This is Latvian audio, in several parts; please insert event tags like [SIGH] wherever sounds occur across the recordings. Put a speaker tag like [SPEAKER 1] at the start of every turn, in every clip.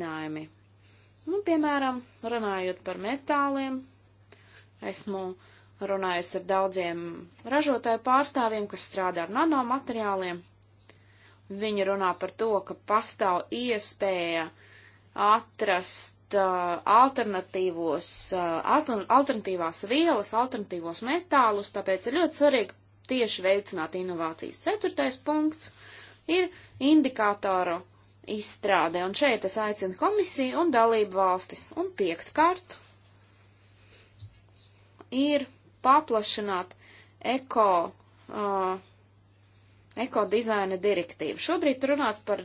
[SPEAKER 1] risinājumi. Nu, piemēram, runājot par metāliem, esmu runājis ar daudziem ražotāju pārstāvjiem, kas strādā ar nanomateriāliem. Viņi runā par to, ka pastāv iespēja atrast uh, alternatīvos, uh, alternatīvās vielas, alternatīvos metālus, tāpēc ir ļoti svarīgi tieši veicināt inovācijas. Ceturtais punkts ir indikātoru izstrādē. Un šeit es aicinu komisiju un dalību valstis. Un piektkārt ir paplašināt eko, uh, eko dizaina direktīvu. Šobrīd runāts par,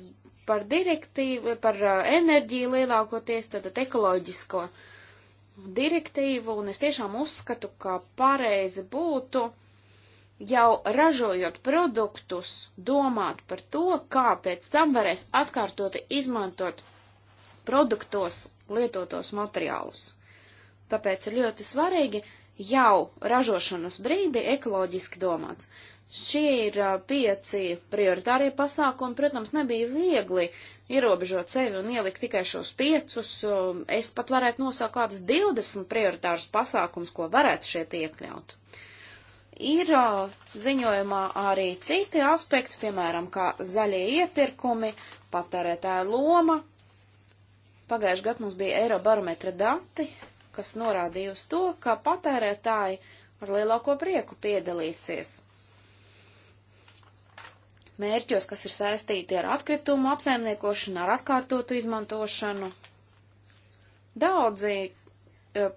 [SPEAKER 1] par direktīvu, par uh, enerģiju lielākoties, tad ekoloģisko direktīvu, un es tiešām uzskatu, ka pareizi būtu uh, jau ražojot produktus, domāt par to, kā pēc tam varēs atkārtoti izmantot produktos lietotos materiālus. Tāpēc ir ļoti svarīgi jau ražošanas brīdi ekoloģiski domāts. Šie ir pieci prioritārie pasākumi. Protams, nebija viegli ierobežot sevi un ielikt tikai šos piecus. Es pat varētu nosaukt kādus 20 prioritārus pasākumus, ko varētu šeit iekļaut. Ir ziņojumā arī citi aspekti, piemēram, kā zaļie iepirkumi, patērētāja loma. Pagājuši gadu mums bija Eirobarometra dati, kas norādīja uz to, ka patērētāji ar lielāko prieku piedalīsies mērķos, kas ir saistīti ar atkritumu apsaimniekošanu, ar atkārtotu izmantošanu. Daudzi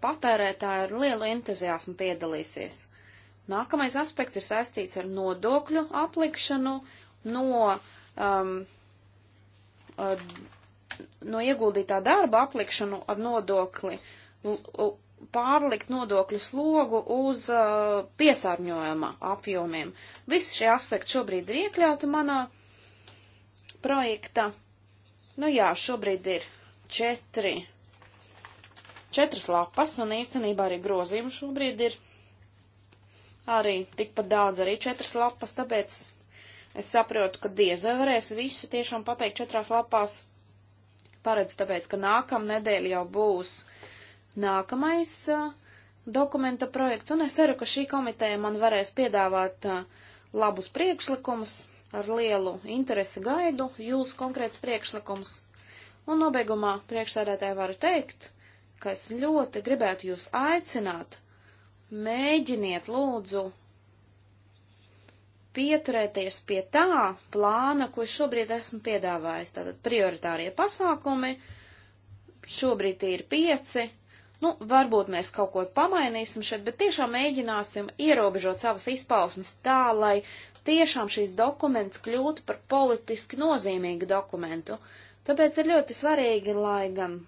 [SPEAKER 1] patērētāji ar lielu entuziasmu piedalīsies. Nākamais aspekts ir saistīts ar nodokļu aplikšanu no, um, no ieguldītā darba aplikšanu ar nodokli, pārlikt nodokļu slogu uz uh, piesārņojuma apjomiem. Visi šie aspekti šobrīd ir iekļauti manā projekta. Nu jā, šobrīd ir četri, četras lapas, un īstenībā arī grozījumi šobrīd ir arī tikpat daudz, arī četras lapas, tāpēc es saprotu, ka diez vai varēs visu tiešām pateikt četrās lapās. Paredz tāpēc, ka nākamnedēļ jau būs nākamais uh, dokumenta projekts, un es ceru, ka šī komiteja man varēs piedāvāt uh, labus priekšlikumus, ar lielu interesi gaidu jūsu konkrēts priekšlikums. Un nobeigumā priekšsēdētāji varu teikt, ka es ļoti gribētu jūs aicināt Mēģiniet, lūdzu, pieturēties pie tā plāna, ko šobrīd esmu piedāvājis. Tātad prioritārie pasākumi, šobrīd tie ir pieci. Nu, varbūt mēs kaut ko pamainīsim šeit, bet tiešām mēģināsim ierobežot savas izpausmes tā, lai tiešām šīs dokuments kļūtu par politiski nozīmīgu dokumentu. Tāpēc ir ļoti svarīgi, lai gan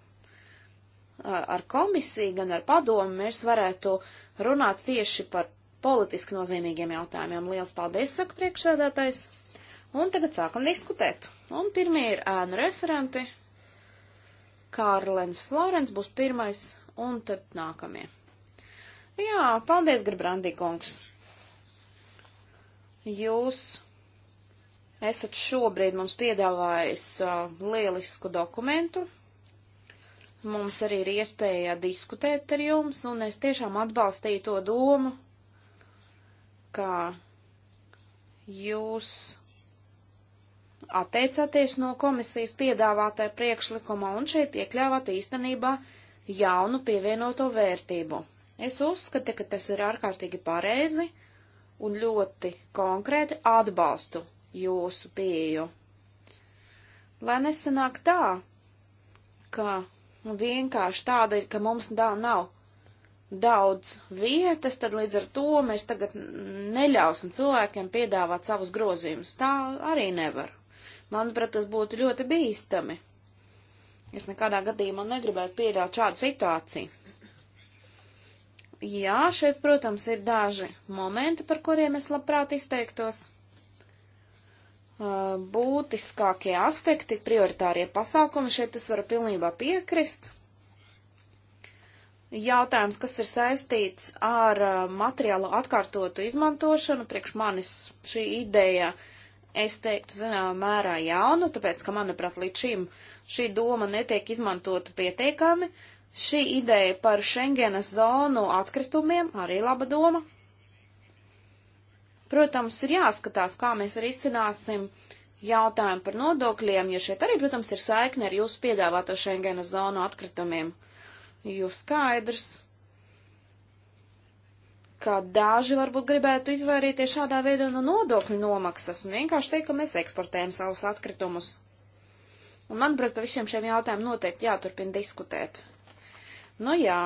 [SPEAKER 1] ar komisiju, gan ar padomu mēs varētu runāt tieši par politiski nozīmīgiem jautājumiem. Liels paldies, saka priekšsēdētājs. Un tagad sākam diskutēt. Un pirmie ir ēnu referenti. Kārlens Florens būs pirmais, un tad nākamie. Jā, paldies, Gribrandī kungs. Jūs esat šobrīd mums piedāvājis uh, lielisku dokumentu, Mums arī ir iespēja diskutēt ar jums, un es tiešām atbalstīju to domu, ka jūs atteicāties no komisijas piedāvātā priekšlikuma un šeit iekļāvāt īstenībā jaunu pievienoto vērtību. Es uzskatu, ka tas ir ārkārtīgi pareizi un ļoti konkrēti atbalstu jūsu pieju. Lai nesanāk tā, ka Nu, vienkārši tāda ir, ka mums da nav daudz vietas, tad līdz ar to mēs tagad neļausim cilvēkiem piedāvāt savus grozījumus. Tā arī nevar. Manuprāt, tas būtu ļoti bīstami. Es nekādā gadījumā negribētu pieļaut šādu situāciju. Jā, šeit, protams, ir daži momenti, par kuriem es labprāt izteiktos. Uh, būtiskākie aspekti, prioritārie pasākumi. Šeit es varu pilnībā piekrist. Jautājums, kas ir saistīts ar uh, materiālu atkārtotu izmantošanu, priekš manis šī ideja, es teiktu, zināmā mērā jauna, tāpēc, ka, manuprāt, līdz šim šī doma netiek izmantota pietiekami. Šī ideja par Schengenas zonu atkritumiem arī laba doma, Protams, ir jāskatās, kā mēs risināsim jautājumu par nodokļiem, jo šeit arī, protams, ir saikne ar jūsu piedāvāto Schengena zonu atkritumiem. Jo skaidrs, ka daži varbūt gribētu izvairīties šādā veidā no nodokļu nomaksas un vienkārši teikt, ka mēs eksportējam savus atkritumus. Un, manuprāt, par visiem šiem jautājumiem noteikti jāturpina diskutēt. Nu jā,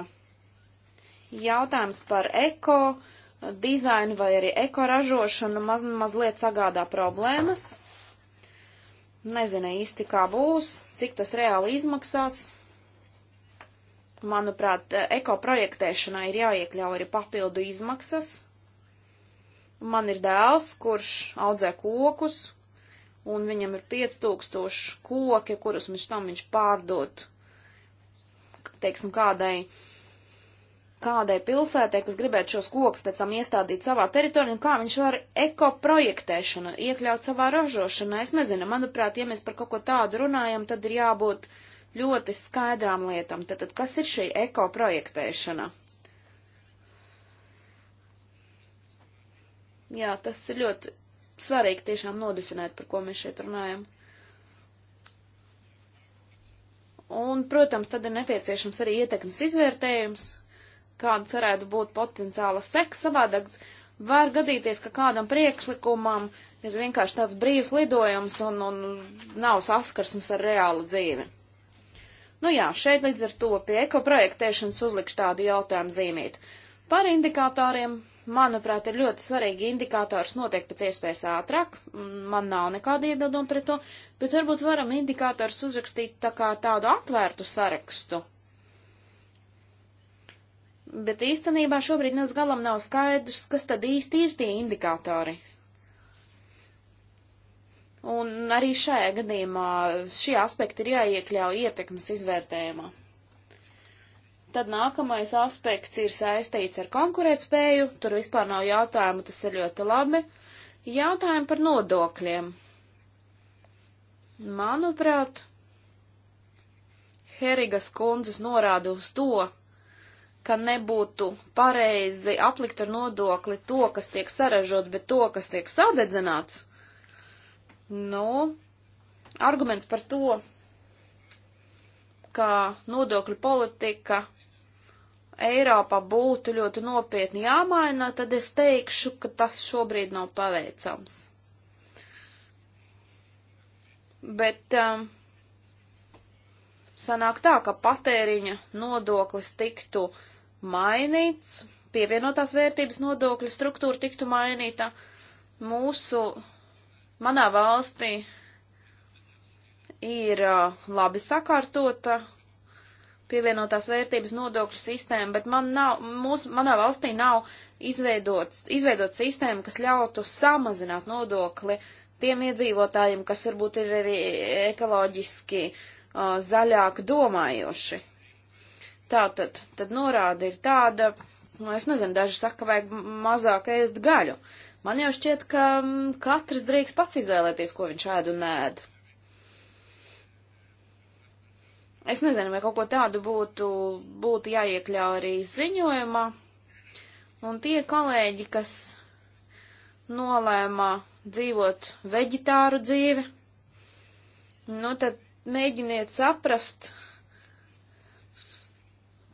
[SPEAKER 1] jautājums par eko dizainu vai arī ekoražošanu maz, mazliet sagādā problēmas. Nezinu īsti, kā būs, cik tas reāli izmaksās. Manuprāt, ekoprojektēšanā ir jāiekļau arī papildu izmaksas. Man ir dēls, kurš audzē kokus, un viņam ir 5000 koki, kurus viņš tam viņš pārdot, teiksim, kādai uh, kādai pilsētai, kas gribētu šos kokus pēc tam iestādīt savā teritorijā, un kā viņš var ekoprojektēšanu iekļaut savā ražošanā. Es nezinu, manuprāt, ja mēs par kaut ko tādu runājam, tad ir jābūt ļoti skaidrām lietām. Tad, tad kas ir šī ekoprojektēšana? Jā, tas ir ļoti svarīgi tiešām nodefinēt, par ko mēs šeit runājam. Un, protams, tad ir nepieciešams arī ietekmes izvērtējums, kādas varētu būt potenciāla seks, savādāk var gadīties, ka kādam priekšlikumam ir vienkārši tāds brīvs lidojums un, un nav saskarsmes ar reālu dzīvi. Nu jā, šeit līdz ar to pie ekoprojektēšanas uzlikšu tādu jautājumu zīmīt. Par indikatoriem, manuprāt, ir ļoti svarīgi indikators noteikti pēc iespējas ātrāk. Man nav nekāda iebilduma pret to, bet varbūt varam indikators uzrakstīt tā kā tādu atvērtu sarakstu, bet īstenībā šobrīd līdz galam nav skaidrs, kas tad īsti ir tie indikātori. Un arī šajā gadījumā šie aspekti ir jāiekļauj ietekmes izvērtējumā. Tad nākamais aspekts ir saistīts ar konkurētspēju, tur vispār nav jautājumu, tas ir ļoti labi. Jautājumi par nodokļiem. Manuprāt, Herigas kundzes norāda uz to, ka nebūtu pareizi aplikt ar nodokli to, kas tiek saražot, bet to, kas tiek sadedzināts. Nu, arguments par to, ka nodokļu politika Eiropā būtu ļoti nopietni jāmaina, tad es teikšu, ka tas šobrīd nav paveicams. Bet um, sanāk tā, ka patēriņa nodoklis tiktu uh, mainīts, pievienotās vērtības nodokļu struktūra tiktu mainīta. Mūsu, manā valstī ir uh, labi sakārtota pievienotās vērtības nodokļu sistēma, bet man nav, mūs, manā valstī nav izveidot, izveidot sistēmu, kas ļautu samazināt nodokli tiem iedzīvotājiem, kas varbūt ir arī ekoloģiski uh, zaļāk domājoši. Tātad, tad norāda ir tāda, nu, es nezinu, daži saka, vajag mazāk ēst gaļu. Man jau šķiet, ka katrs drīkst pats izvēlēties, ko viņš ēd un ēd. Es nezinu, vai kaut ko tādu būtu, būtu jāiekļau arī ziņojumā. Un tie kolēģi, kas nolēma dzīvot veģetāru dzīvi, nu tad mēģiniet saprast,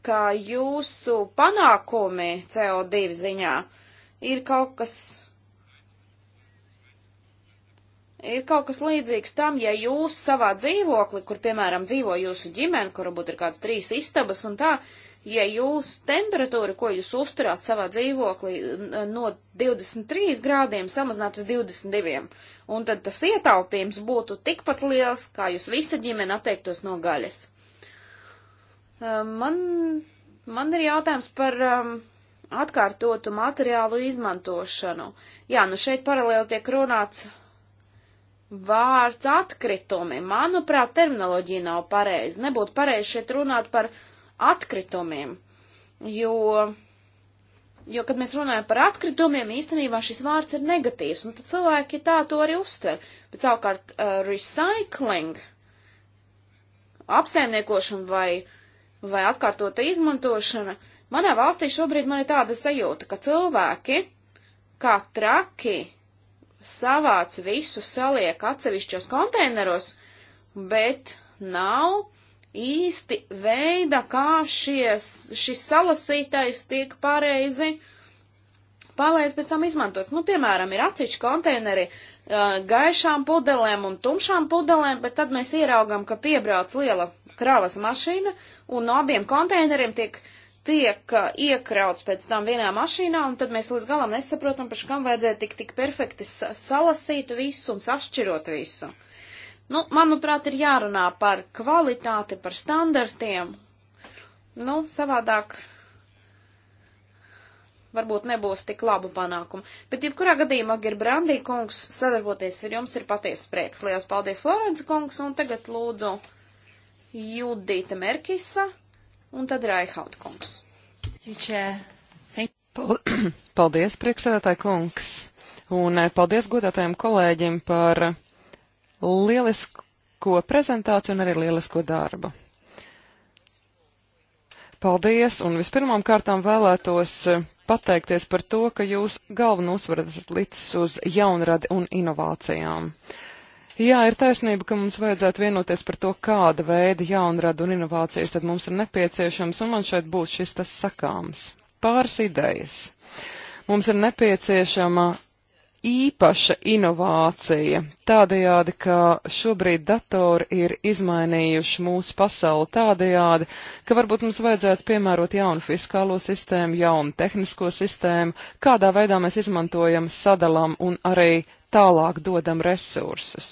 [SPEAKER 1] ka jūsu panākumi CO2 ziņā ir kaut kas. Ir kaut kas līdzīgs tam, ja jūs savā dzīvoklī, kur, piemēram, dzīvo jūsu ģimene, kur varbūt ir kāds trīs istabas un tā, ja jūs temperatūru, ko jūs uzturāt savā dzīvoklī, no 23 grādiem samazinātu uz 22, un tad tas ietaupījums būtu tikpat liels, kā jūs visa ģimene atteiktos no gaļas. Man, man ir jautājums par um, atkārtotu materiālu izmantošanu. Jā, nu šeit paralēli tiek runāts vārds atkritumi. Manuprāt, terminoloģija nav pareiza. Nebūtu pareizi šeit runāt par atkritumiem, jo, jo, kad mēs runājam par atkritumiem, īstenībā šis vārds ir negatīvs, un tad cilvēki tā to arī uztver. Bet savukārt uh, recycling, apsaimniekošana vai uh, vai atkārtota izmantošana. Manā valstī šobrīd man ir tāda sajūta, ka cilvēki kā traki savāc visu, saliek atsevišķos konteineros, bet nav īsti veida, kā šies, šis salasītais tiek pareizi palaists pēc tam izmantot. Nu, piemēram, ir atsevišķi konteineri gaišām pudelēm un tumšām pudelēm, bet tad mēs ieraugam, ka piebrauc liela krāvas mašīna, un no abiem konteineriem tiek, tiek uh, iekrauts pēc tam vienā mašīnā, un tad mēs līdz galam nesaprotam, paši kam vajadzēja tik, tik perfekti salasīt visu un sašķirot visu. Nu, manuprāt, ir jārunā par kvalitāti, par standartiem. Nu, savādāk varbūt nebūs tik labu panākumu. Bet, jebkurā gadījumā, Gerbrandī kungs, sadarboties ar jums ir patiesa prieks. Lielas paldies, Florence kungs, un tagad lūdzu Judita Merkisa un tad Raihaut kungs.
[SPEAKER 2] Paldies, priekšsēdētāji kungs, un eh, paldies godātajiem kolēģiem par lielisko prezentāciju un arī lielisko darbu. Paldies, un vispirmām kārtām vēlētos eh, pateikties par to, ka jūs galvenu uzsvarat līdz uz jaunradi un inovācijām. Uh, Jā, ir taisnība, ka mums vajadzētu vienoties par to, kāda veida jaunrada un inovācijas tad mums ir nepieciešams, un man šeit būs šis tas sakāms. Pāris idejas. Mums ir nepieciešama īpaša inovācija, tādējādi, ka šobrīd datori ir izmainījuši mūsu pasauli tādējādi, ka varbūt mums vajadzētu piemērot jaunu fiskālo sistēmu, jaunu tehnisko sistēmu, kādā veidā mēs izmantojam, sadalām un arī tālāk dodam resursus.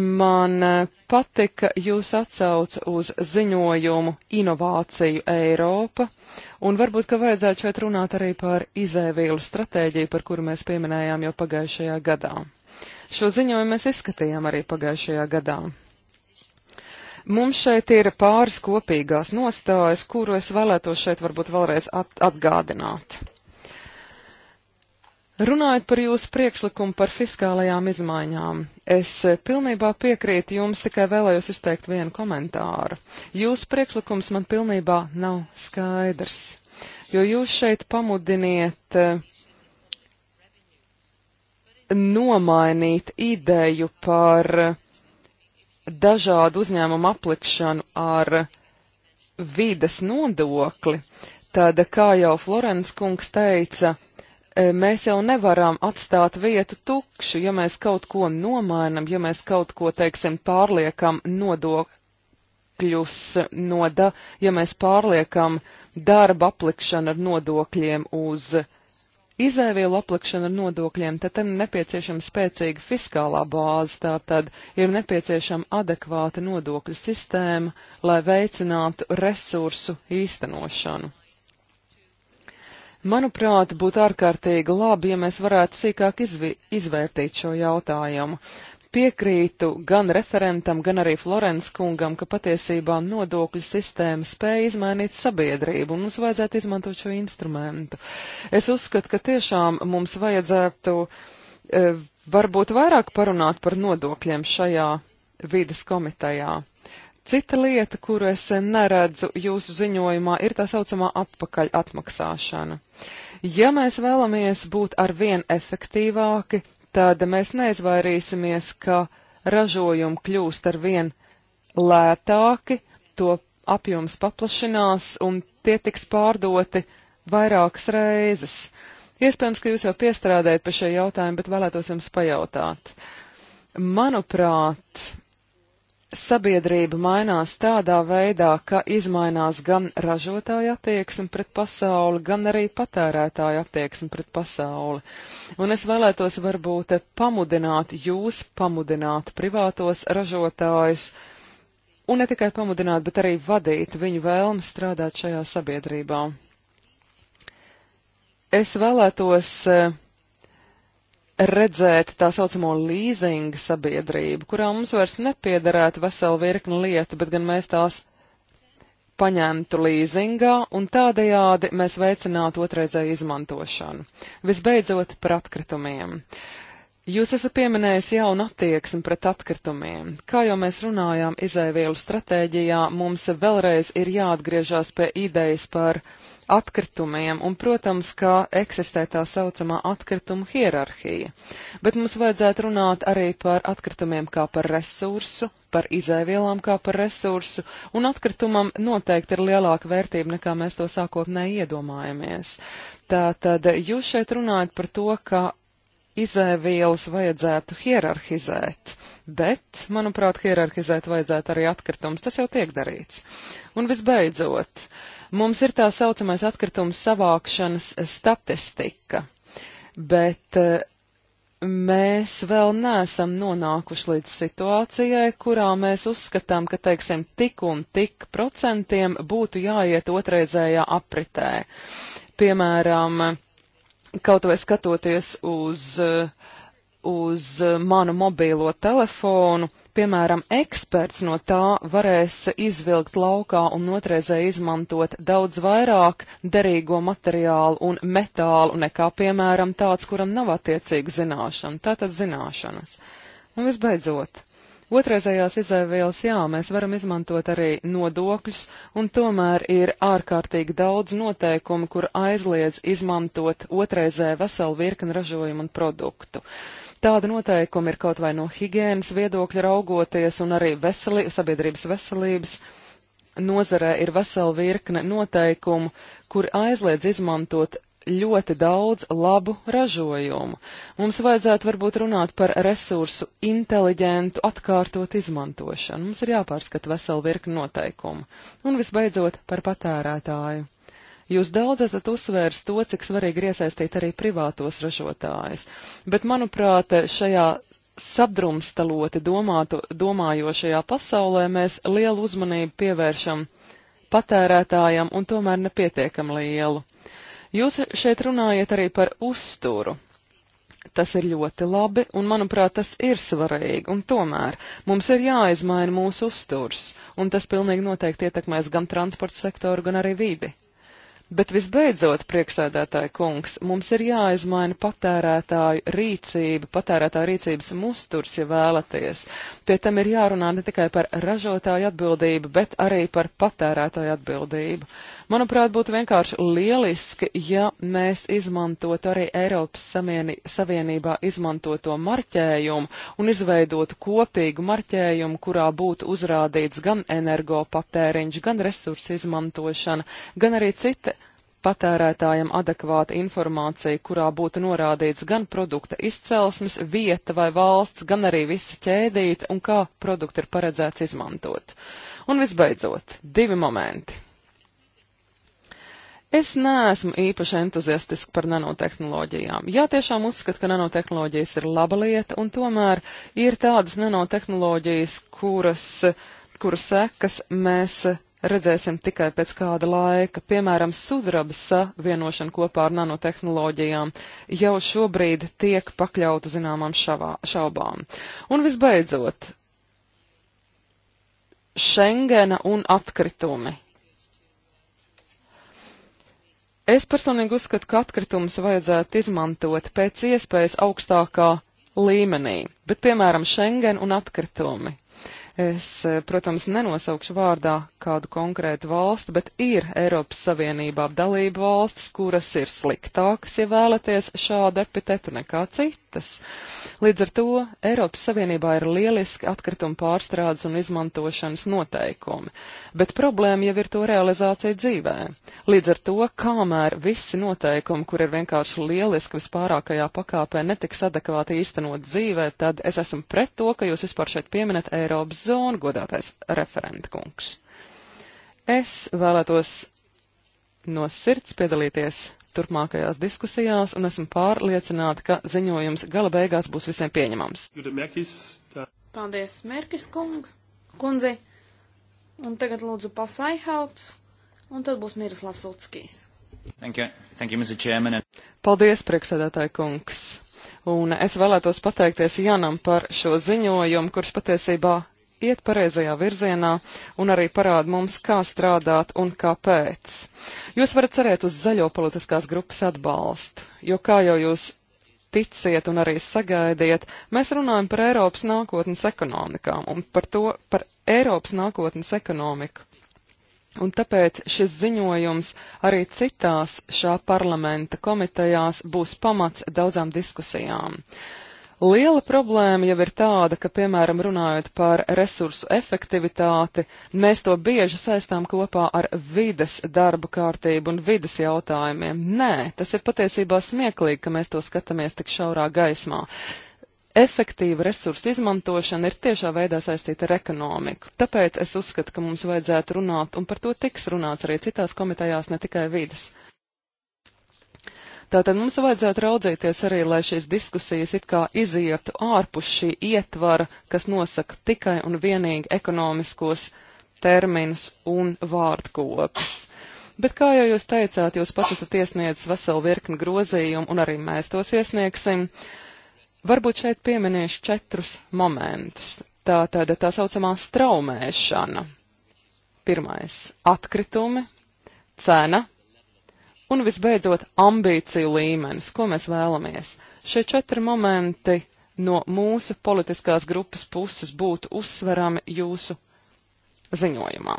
[SPEAKER 2] Man eh, patika jūs atsauc uz ziņojumu Inovāciju Eiropa, un varbūt, ka vajadzētu šeit runāt arī par izēvielu stratēģiju, par kuru mēs pieminējām jau pagājušajā gadā. Šo ziņojumu mēs izskatījām arī pagājušajā gadā. Mums šeit ir pāris kopīgās nostājas, kuru es vēlētos šeit varbūt vēlreiz at atgādināt. Runājot par jūsu priekšlikumu par fiskālajām izmaiņām, es eh, pilnībā piekrītu jums, tikai vēlējos izteikt vienu komentāru. Jūsu priekšlikums man pilnībā nav skaidrs, jo jūs šeit pamudiniet eh, nomainīt ideju par dažādu uzņēmumu aplikšanu ar vides nodokli, tad, kā jau Florence kungs teica, E, mēs jau nevaram atstāt vietu tukšu, ja mēs kaut ko nomainam, ja mēs kaut ko, teiksim, pārliekam nodokļus noda, ja mēs pārliekam darba aplikšanu ar nodokļiem uz Izēvielu aplikšana ar nodokļiem, tad tam nepieciešama spēcīga fiskālā bāze, tātad ir nepieciešama adekvāta nodokļu sistēma, lai veicinātu resursu īstenošanu. Manuprāt, būtu ārkārtīgi labi, ja mēs varētu sīkāk izvērtīt šo jautājumu. Piekrītu gan referentam, gan arī Florence kungam, ka patiesībā nodokļu sistēma spēja izmainīt sabiedrību, un mums vajadzētu izmantot šo instrumentu. Es uzskatu, ka tiešām mums vajadzētu e, varbūt vairāk parunāt par nodokļiem šajā vidas komitejā. Cita lieta, kuru es neredzu jūsu ziņojumā, ir tā saucamā atpakaļ atmaksāšana. Ja mēs vēlamies būt arvien efektīvāki, tad mēs neizvairīsimies, ka ražojumi kļūst arvien lētāki, to apjoms paplašinās un tie tiks pārdoti vairākas reizes. Iespējams, ka jūs jau piestrādājat pie šī jautājuma, bet vēlētos jums pajautāt. Manuprāt, sabiedrība mainās tādā veidā, ka izmainās gan ražotāja attieksme pret pasauli, gan arī patērētāja attieksme pret pasauli. Un es vēlētos varbūt pamudināt jūs, pamudināt privātos ražotājus, un ne tikai pamudināt, bet arī vadīt viņu vēlmi strādāt šajā sabiedrībā. Es vēlētos uh, redzēt tā saucamo leasinga sabiedrību, kurā mums vairs nepiederētu vesela virkni lieta, bet gan mēs tās paņemtu līzingā un tādējādi mēs veicinātu otrreizēju izmantošanu. Visbeidzot, par atkritumiem. Jūs esat pieminējis jaunu attieksmi pret atkritumiem. Kā jau mēs runājām izēvielu stratēģijā, mums vēlreiz ir jāatgriežās pie idejas par uh, atkritumiem, un, protams, kā eksistē tā saucamā atkrituma hierarhija. Bet mums vajadzētu runāt arī par atkritumiem kā par resursu, par izēvielām kā par resursu, un atkritumam noteikti ir lielāka vērtība, nekā mēs to sākotnēji iedomājamies. Tātad jūs šeit runājat par to, ka izēvielas vajadzētu hierarhizēt bet, manuprāt, hierarhizēt vajadzētu arī atkritumus. Tas jau tiek darīts. Un visbeidzot, uh, Mums ir tā saucamais atkritums savākšanas statistika, bet eh, mēs vēl neesam nonākuši līdz situācijai, kurā mēs uzskatām, ka, teiksim, tik un tik procentiem būtu jāiet otrreizējā apritē. Piemēram, kaut vai skatoties uz uh, uz eh, manu mobīlo telefonu, piemēram, eksperts no tā varēs izvilkt laukā un notreizē izmantot daudz vairāk derīgo materiālu un metālu nekā, piemēram, tāds, kuram nav attiecīgu zināšanu, tātad zināšanas. Un visbeidzot, otrreizējās izēvielas, jā, mēs varam izmantot arī nodokļus, un tomēr ir ārkārtīgi daudz noteikumu, kur aizliedz izmantot otrreizē veselu virkni ražojumu un produktu. Uh, Tāda noteikuma ir kaut vai no higiēnas viedokļa raugoties, un arī veselī, sabiedrības veselības nozarē ir vesela virkne noteikumu, kur aizliedz izmantot ļoti daudz labu ražojumu. Mums vajadzētu varbūt runāt par resursu inteliģentu atkārtot izmantošanu. Mums ir jāpārskata vesela virkni noteikumu. Un visbeidzot par patērētāju. Jūs daudz esat uzsvērs to, cik svarīgi ir iesaistīt arī privātos ražotājus, bet, manuprāt, šajā sapdrumstaloti domātu, domājošajā pasaulē mēs lielu uzmanību pievēršam patērētājam un tomēr nepietiekam lielu. Jūs šeit runājat arī par uzturu. Tas ir ļoti labi, un manuprāt, tas ir svarīgi, un tomēr mums ir jāizmaina mūsu uzturs, un tas pilnīgi noteikti ietekmēs gan transporta sektoru, gan arī vidi. Bet visbeidzot, priekšsēdētāja kungs, mums ir jāizmaina patērētāju rīcība, patērētāju rīcības musturs, ja vēlaties. Pie tam ir jārunā ne tikai par ražotāju atbildību, bet arī par patērētāju atbildību. Uh, Manuprāt, būtu vienkārši lieliski, ja mēs izmantotu arī Eiropas samieni, Savienībā izmantoto marķējumu un izveidotu kopīgu marķējumu, kurā būtu uzrādīts gan energopatēriņš, gan resursu izmantošana, gan arī citi patērētājiem adekvāta informācija, kurā būtu norādīts gan produkta izcelsmes, vieta vai valsts, gan arī visa ķēdīte un kā produktu ir paredzēts izmantot. Un visbeidzot, divi momenti. Es neesmu īpaši entuziastiski par nanotehnoloģijām. Jā, tiešām uzskatu, ka nanotehnoloģijas ir laba lieta, un tomēr ir tādas nanotehnoloģijas, kuras, kuras sekas mēs redzēsim tikai pēc kāda laika, piemēram, sudraba savienošana kopā ar nanotehnoloģijām jau šobrīd tiek pakļauta zināmām šavā, šaubām. Un visbeidzot, Šengena un atkritumi. Es personīgi uzskatu, ka atkritumus vajadzētu izmantot pēc iespējas augstākā līmenī, bet, piemēram, Schengen un atkritumi. Es, eh, protams, nenosaukšu vārdā kādu konkrētu valstu, bet ir Eiropas Savienībā dalību valstis, kuras ir sliktākas, ja vēlaties šādu epitetu nekā citas. Līdz ar to Eiropas Savienībā ir lieliski atkrituma pārstrādes un izmantošanas noteikumi, bet problēma jau ir to realizācija dzīvē. Līdz ar to, kamēr visi noteikumi, kur ir vienkārši lieliski vispārākajā pakāpē, netiks adekvāti īstenot dzīvē, tad es esmu pret to, ka jūs vispār šeit pieminat Eiropas zonu, godātais referenta kungs. Es vēlētos no sirds piedalīties turpmākajās diskusijās, un esmu pārliecināta, ka ziņojums gala beigās būs visiem pieņemams.
[SPEAKER 1] Paldies, Merkis kung, kundzi, un tagad lūdzu pasaihauts, un tad būs Miroslavs Utskijs.
[SPEAKER 2] Thank you. Thank you, Mr. Chairman. Paldies, priekšsēdētāji kungs. Un es vēlētos pateikties Janam par šo ziņojumu, kurš patiesībā iet pareizajā virzienā un arī parāda mums, kā strādāt un kāpēc. Jūs varat cerēt uz zaļo politiskās grupas atbalstu, jo kā jau jūs ticiet un arī sagaidiet, mēs runājam par Eiropas nākotnes ekonomikām un par to, par Eiropas nākotnes ekonomiku. Un tāpēc šis ziņojums arī citās šā parlamenta komitejās būs pamats daudzām diskusijām. Uh, Liela problēma jau ir tāda, ka, piemēram, runājot par resursu efektivitāti, mēs to bieži saistām kopā ar vides darba kārtību un vides jautājumiem. Nē, tas ir patiesībā smieklīgi, ka mēs to skatāmies tik šaurā gaismā. Efektīva resursu izmantošana ir tiešā veidā saistīta ar ekonomiku. Tāpēc es uzskatu, ka mums vajadzētu runāt, un par to tiks runāts arī citās komitejās, ne tikai vidas Tātad mums vajadzētu raudzīties arī, lai šīs diskusijas it kā izietu ārpus šī ietvara, kas nosaka tikai un vienīgi ekonomiskos terminus un vārdkopus. Bet, kā jau jūs teicāt, jūs pats esat iesniedzis veselu virkni grozījumu, un arī mēs tos iesniegsim. Varbūt šeit pieminēšu četrus momentus. Tātad tā saucamā straumēšana. Pirmais - atkritumi, cena, Un visbeidzot, ambīciju līmenis, ko mēs vēlamies. Šie četri momenti no mūsu politiskās grupas puses būtu uzsverami jūsu ziņojumā.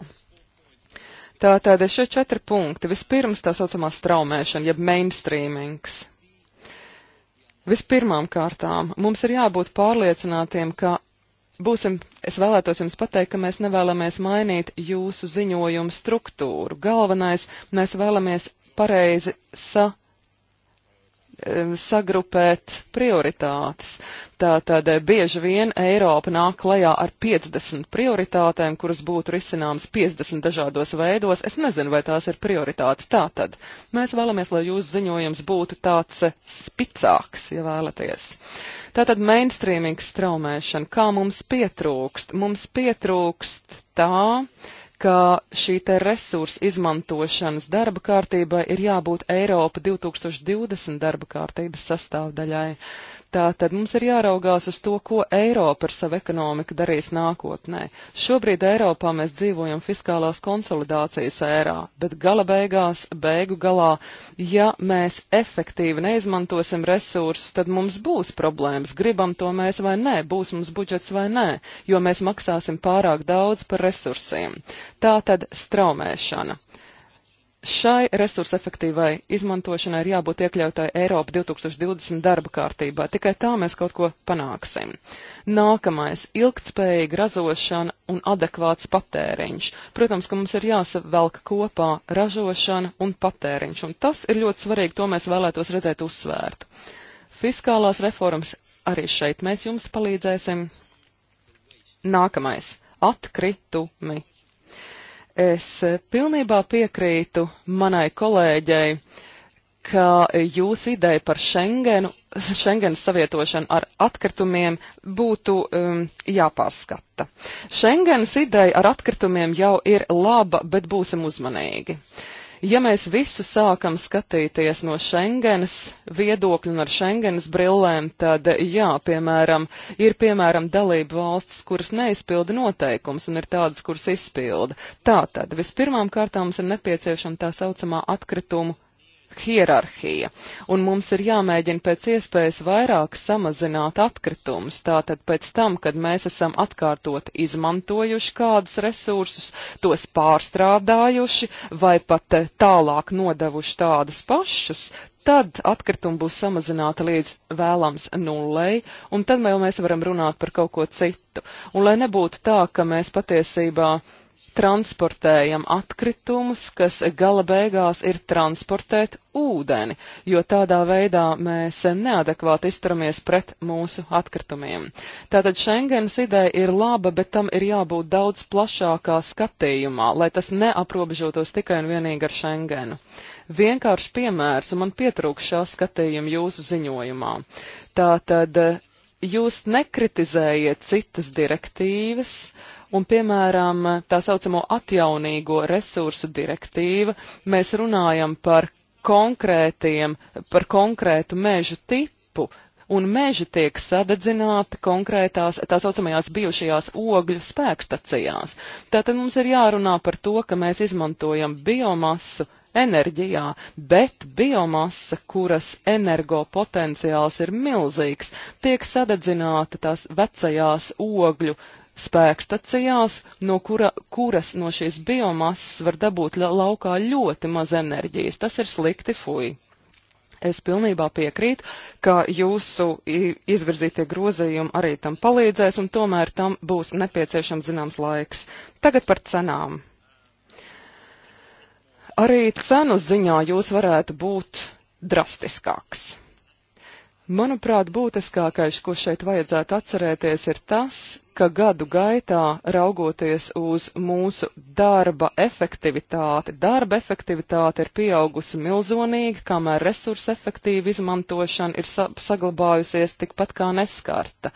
[SPEAKER 2] Tātad šie četri punkti. Vispirms tā saucamā straumēšana, jeb mainstreamings. Vispirmām kārtām mums ir jābūt pārliecinātiem, ka būsim, es vēlētos jums pateikt, ka mēs nevēlamies mainīt jūsu ziņojumu struktūru. Galvenais, mēs vēlamies pareizi sa, sagrupēt prioritātes. Tātad eh, bieži vien Eiropa nāk klajā ar 50 prioritātēm, kuras būtu risināmas 50 dažādos veidos. Es nezinu, vai tās ir prioritātes. Tātad mēs vēlamies, lai jūsu ziņojums būtu tāds eh, spicāks, ja vēlaties. Tātad mainstreaming straumēšana, kā mums pietrūkst? Mums pietrūkst tā, ka šī te resursa izmantošanas darba kārtībai ir jābūt Eiropa 2020 darba kārtības sastāvdaļai. Tātad mums ir jāraugās uz to, ko Eiropa ar savu ekonomiku darīs nākotnē. Šobrīd Eiropā mēs dzīvojam fiskālās konsolidācijas ērā, bet gala beigās, beigu galā, ja mēs efektīvi neizmantosim resursus, tad mums būs problēmas, gribam to mēs vai nē, būs mums budžets vai nē, jo mēs maksāsim pārāk daudz par resursiem. Tātad straumēšana. Šai resursefektīvai izmantošanai ir jābūt iekļautai Eiropa 2020 darba kārtībā. Tikai tā mēs kaut ko panāksim. Nākamais - ilgtspējīga ražošana un adekvāts patēriņš. Protams, ka mums ir jāsavelk kopā ražošana un patēriņš, un tas ir ļoti svarīgi, to mēs vēlētos redzēt uzsvērtu. Fiskālās reformas arī šeit mēs jums palīdzēsim. Nākamais - atkritumi Es pilnībā piekrītu manai kolēģei, ka jūsu ideja par Schengenu, Schengenas savietošanu ar atkritumiem būtu um, jāpārskata. Schengenas ideja ar atkritumiem jau ir laba, bet būsim uzmanīgi. Uh, Ja mēs visu sākam skatīties no Schengenas viedokļa un ar Schengenas brillēm, tad jā, piemēram, ir piemēram dalība valstis, kuras neizpilda noteikums un ir tādas, kuras izpilda. Tātad, vispirmām kārtām mums ir nepieciešama tā saucamā atkritumu hierarhija, un mums ir jāmēģina pēc iespējas vairāk samazināt atkritumus. Tātad pēc tam, kad mēs esam atkārtot izmantojuši kādus resursus, tos pārstrādājuši vai pat eh, tālāk nodevuši tādus pašus, tad atkritumi būs samazināti līdz vēlams nullei, un tad jau mēs varam runāt par kaut ko citu. Un lai nebūtu tā, ka mēs patiesībā transportējam atkritumus, kas gala beigās ir transportēt ūdeni, jo tādā veidā mēs neadekvāti izturamies pret mūsu atkritumiem. Tātad Schengens ideja ir laba, bet tam ir jābūt daudz plašākā skatījumā, lai tas neaprobežotos tikai un vienīgi ar Schengenu. Vienkārši piemērs, un man pietrūks šā skatījuma jūsu ziņojumā. Tātad eh, jūs nekritizējiet citas direktīvas, uh, un, piemēram, tā saucamo atjaunīgo resursu direktīva, mēs runājam par konkrētiem, par konkrētu mežu tipu, un meži tiek sadedzināti konkrētās tā saucamajās bijušajās ogļu spēkstacijās. Tātad mums ir jārunā par to, ka mēs izmantojam biomasu enerģijā, bet biomasa, kuras energopotenciāls ir milzīgs, tiek sadedzināta tās vecajās ogļu spēkstacijās spēkstacijās, no kura, kuras no šīs biomasas var dabūt laukā ļoti maz enerģijas. Tas ir slikti fuj. Es pilnībā piekrītu, ka jūsu izvirzītie grozījumi arī tam palīdzēs, un tomēr tam būs nepieciešams zināms laiks. Tagad par cenām. Arī cenu ziņā jūs varētu būt drastiskāks. Manuprāt, būtiskākais, ko šeit vajadzētu atcerēties, ir tas, ka gadu gaitā, raugoties uz mūsu darba efektivitāti, darba efektivitāte ir pieaugusi milzonīgi, kamēr resursa efektīva izmantošana ir sa saglabājusies tikpat kā neskarta.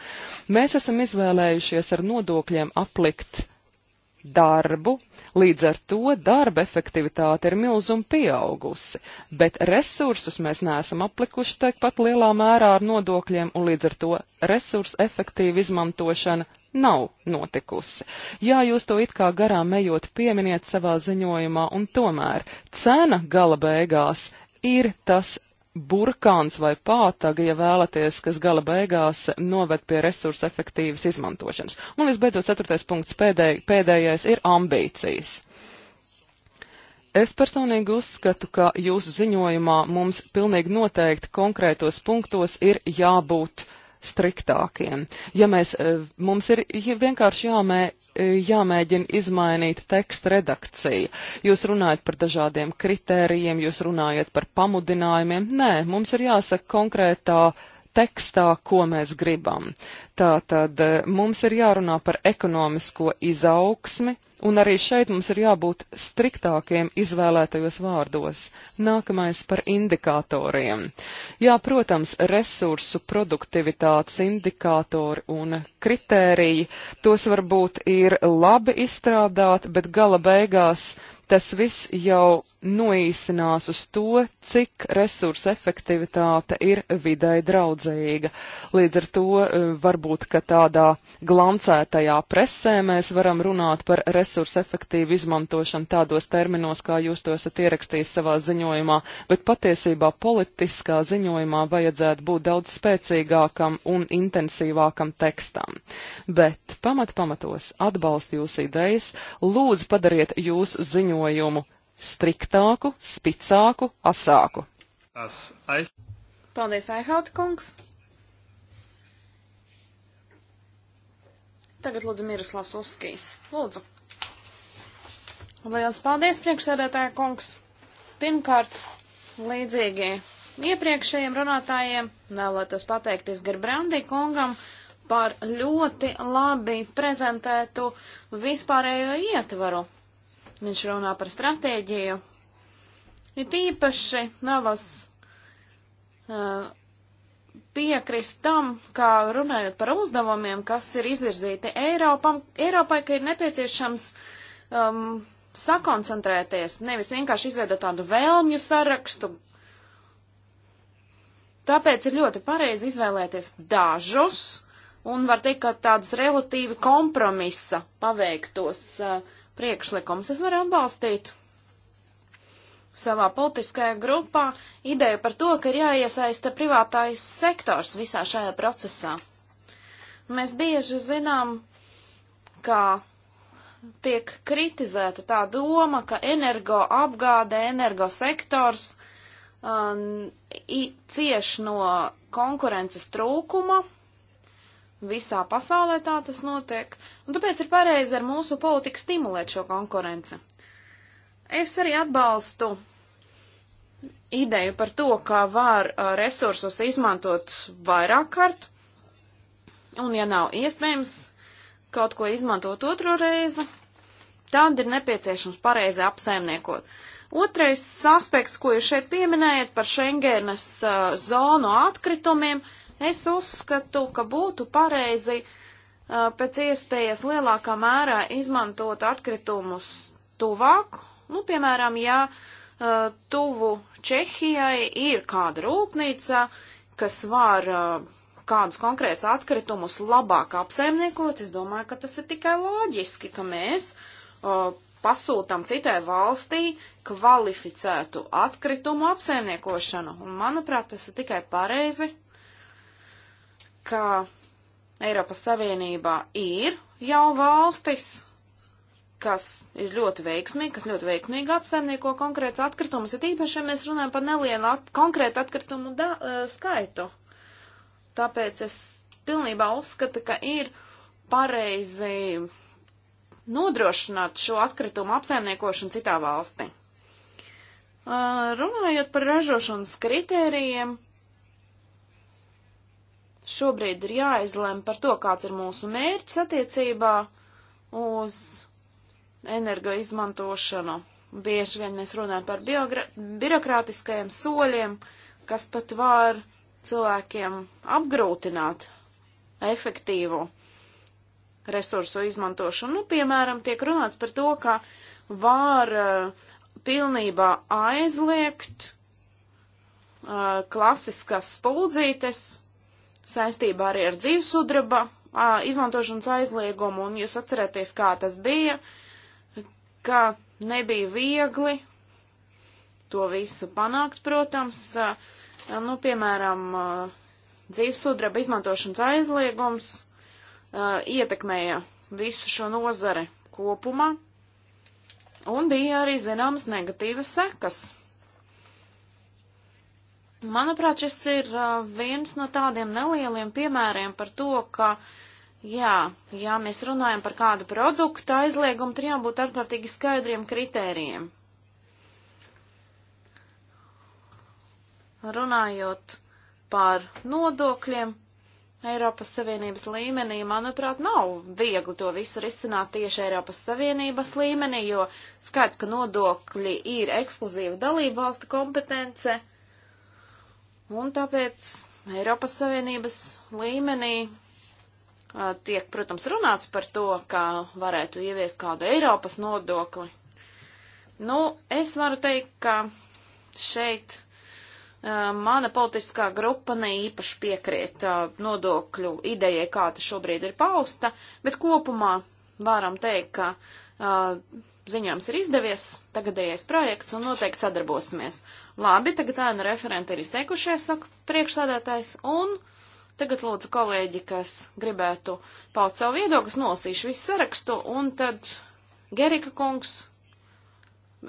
[SPEAKER 2] Mēs esam izvēlējušies ar nodokļiem aplikt darbu, līdz ar to darba efektivitāte ir milzuma pieaugusi, bet resursus mēs neesam aplikuši teikpat lielā mērā ar nodokļiem, un līdz ar to resursu efektīva izmantošana nav notikusi. Jā, jūs to it kā garām ejot pieminiet savā ziņojumā, un tomēr cena gala beigās ir tas burkāns vai pātaga, ja vēlaties, kas gala beigās noved pie resursu efektīvas izmantošanas. Un visbeidzot, ceturtais punkts pēdēj, pēdējais ir ambīcijas. Es personīgi uzskatu, ka jūsu ziņojumā mums pilnīgi noteikti konkrētos punktos ir jābūt striktākiem. Ja mēs, e, mums ir ja vienkārši jāmē, e, jāmēģina izmainīt teksta redakciju. Jūs runājat par dažādiem kritērijiem, jūs runājat par pamudinājumiem. Nē, mums ir jāsaka konkrētā tekstā, ko mēs gribam. Tātad e, mums ir jārunā par ekonomisko izaugsmi, un arī šeit mums ir jābūt striktākiem izvēlētajos vārdos. Nākamais par indikatoriem. Jā, protams, resursu produktivitātes indikatori un kritēriji, tos varbūt ir labi izstrādāt, bet gala beigās tas viss jau noīsinās uz to, cik resursa efektivitāte ir vidai draudzīga. Līdz ar to eh, varbūt, ka tādā glancētajā presē mēs varam runāt par resursa efektīvu izmantošanu tādos terminos, kā jūs to esat ierakstījis savā ziņojumā, bet patiesībā politiskā ziņojumā vajadzētu būt daudz spēcīgākam un intensīvākam tekstam. Bet pamat pamatos atbalstu jūs idejas, lūdzu padariet jūsu ziņojumu ziņojumu striktāku, spicāku, asāku. As, ai...
[SPEAKER 1] Paldies, Aihaut kungs! Tagad lūdzu Miroslavs Uskijs. Lūdzu! Liels paldies, priekšsēdētāja kungs! Pirmkārt, līdzīgi iepriekšējiem runātājiem vēlētos pateikties Gerbrandī kungam par ļoti labi prezentētu vispārējo ietvaru Viņš runā par stratēģiju. It īpaši vēlos uh, piekrist tam, kā runājot par uzdevumiem, kas ir izvirzīti Eiropam, Eiropai, ka ir nepieciešams um, sakoncentrēties, nevis vienkārši izveidot tādu vēlmju sarakstu. Tāpēc ir ļoti pareizi izvēlēties dažus, un var teikt, ka tādas relatīvi kompromisa paveiktos uh, priekšlikums. Es varu atbalstīt savā politiskajā grupā ideju par to, ka ir jāiesaista privātais sektors visā šajā procesā. Mēs bieži zinām, ka tiek kritizēta tā doma, ka energo apgāde, energo sektors um, cieš no konkurences trūkuma Visā pasaulē tā tas notiek, un tāpēc ir pareizi ar mūsu politiku stimulēt šo konkurenci. Es arī atbalstu ideju par to, kā var uh, resursus izmantot vairāk kārt, un ja nav iespējams kaut ko izmantot otro reizi, tad ir nepieciešams pareizi apsaimniekot. Otrais aspekts, ko jūs šeit pieminējat par Schengenas uh, zonu atkritumiem, Es uzskatu, ka būtu pareizi uh, pēc iespējas lielākā mērā izmantot atkritumus tuvāk. Nu, piemēram, ja uh, tuvu Čehijai ir kāda rūpnīca, kas var uh, kādus konkrētus atkritumus labāk apsaimniekot, es domāju, ka tas ir tikai loģiski, ka mēs pasūtam citai valstī kvalificētu atkritumu apsaimniekošanu. Un, manuprāt, tas ir tikai pareizi ka Eiropas Savienībā ir jau valstis, kas ir ļoti veiksmīgi, kas ļoti veiksmīgi apsaimnieko konkrēts atkritumus, ir īpaši, ja mēs runājam par nelielu at konkrētu atkritumu da, uh, skaitu. Tāpēc es pilnībā uzskatu, ka ir pareizi nodrošināt šo atkritumu apsaimniekošanu citā valstī. Uh, runājot par ražošanas kritērijiem, Šobrīd ir jāizlem par to, kāds ir mūsu mērķis attiecībā uz energo izmantošanu. Bieži vien mēs runājam par birokrātiskajiem soļiem, kas pat var cilvēkiem apgrūtināt efektīvu resursu izmantošanu. Nu, piemēram, tiek runāts par to, ka var uh, pilnībā aizliegt uh, klasiskas spuldzītes, saistībā arī ar dzīvesudraba izmantošanas aizliegumu, un jūs atcerēties, kā tas bija, ka nebija viegli to visu panākt, protams, a, nu, piemēram, a, dzīvesudraba izmantošanas aizliegums a, ietekmēja visu šo nozare kopumā, un bija arī zināmas negatīvas sekas Manuprāt, šis ir viens no tādiem nelieliem piemēriem par to, ka, jā, ja mēs runājam par kādu produktu aizliegumu, tur jābūt ārkārtīgi skaidriem kritērijiem. Runājot par nodokļiem, Eiropas Savienības līmenī, manuprāt, nav viegli to visu risināt tieši Eiropas Savienības līmenī, jo skaidrs, ka nodokļi ir ekskluzīva dalība valsta kompetence. Un tāpēc Eiropas Savienības līmenī a, tiek, protams, runāts par to, kā varētu ieviest kādu Eiropas nodokli. Nu, es varu teikt, ka šeit a, mana politiskā grupa ne īpaši piekriet a, nodokļu idejai, kā tas šobrīd ir pausta, bet kopumā varam teikt, ka ziņojums ir izdevies, tagadējais projekts un noteikti sadarbosimies. Labi, tagad ēnu referenti ir izteikušies, saka priekšsādātājs, un tagad lūdzu kolēģi, kas gribētu paut savu viedokli, nolasīšu visu sarakstu, un tad Gerika kungs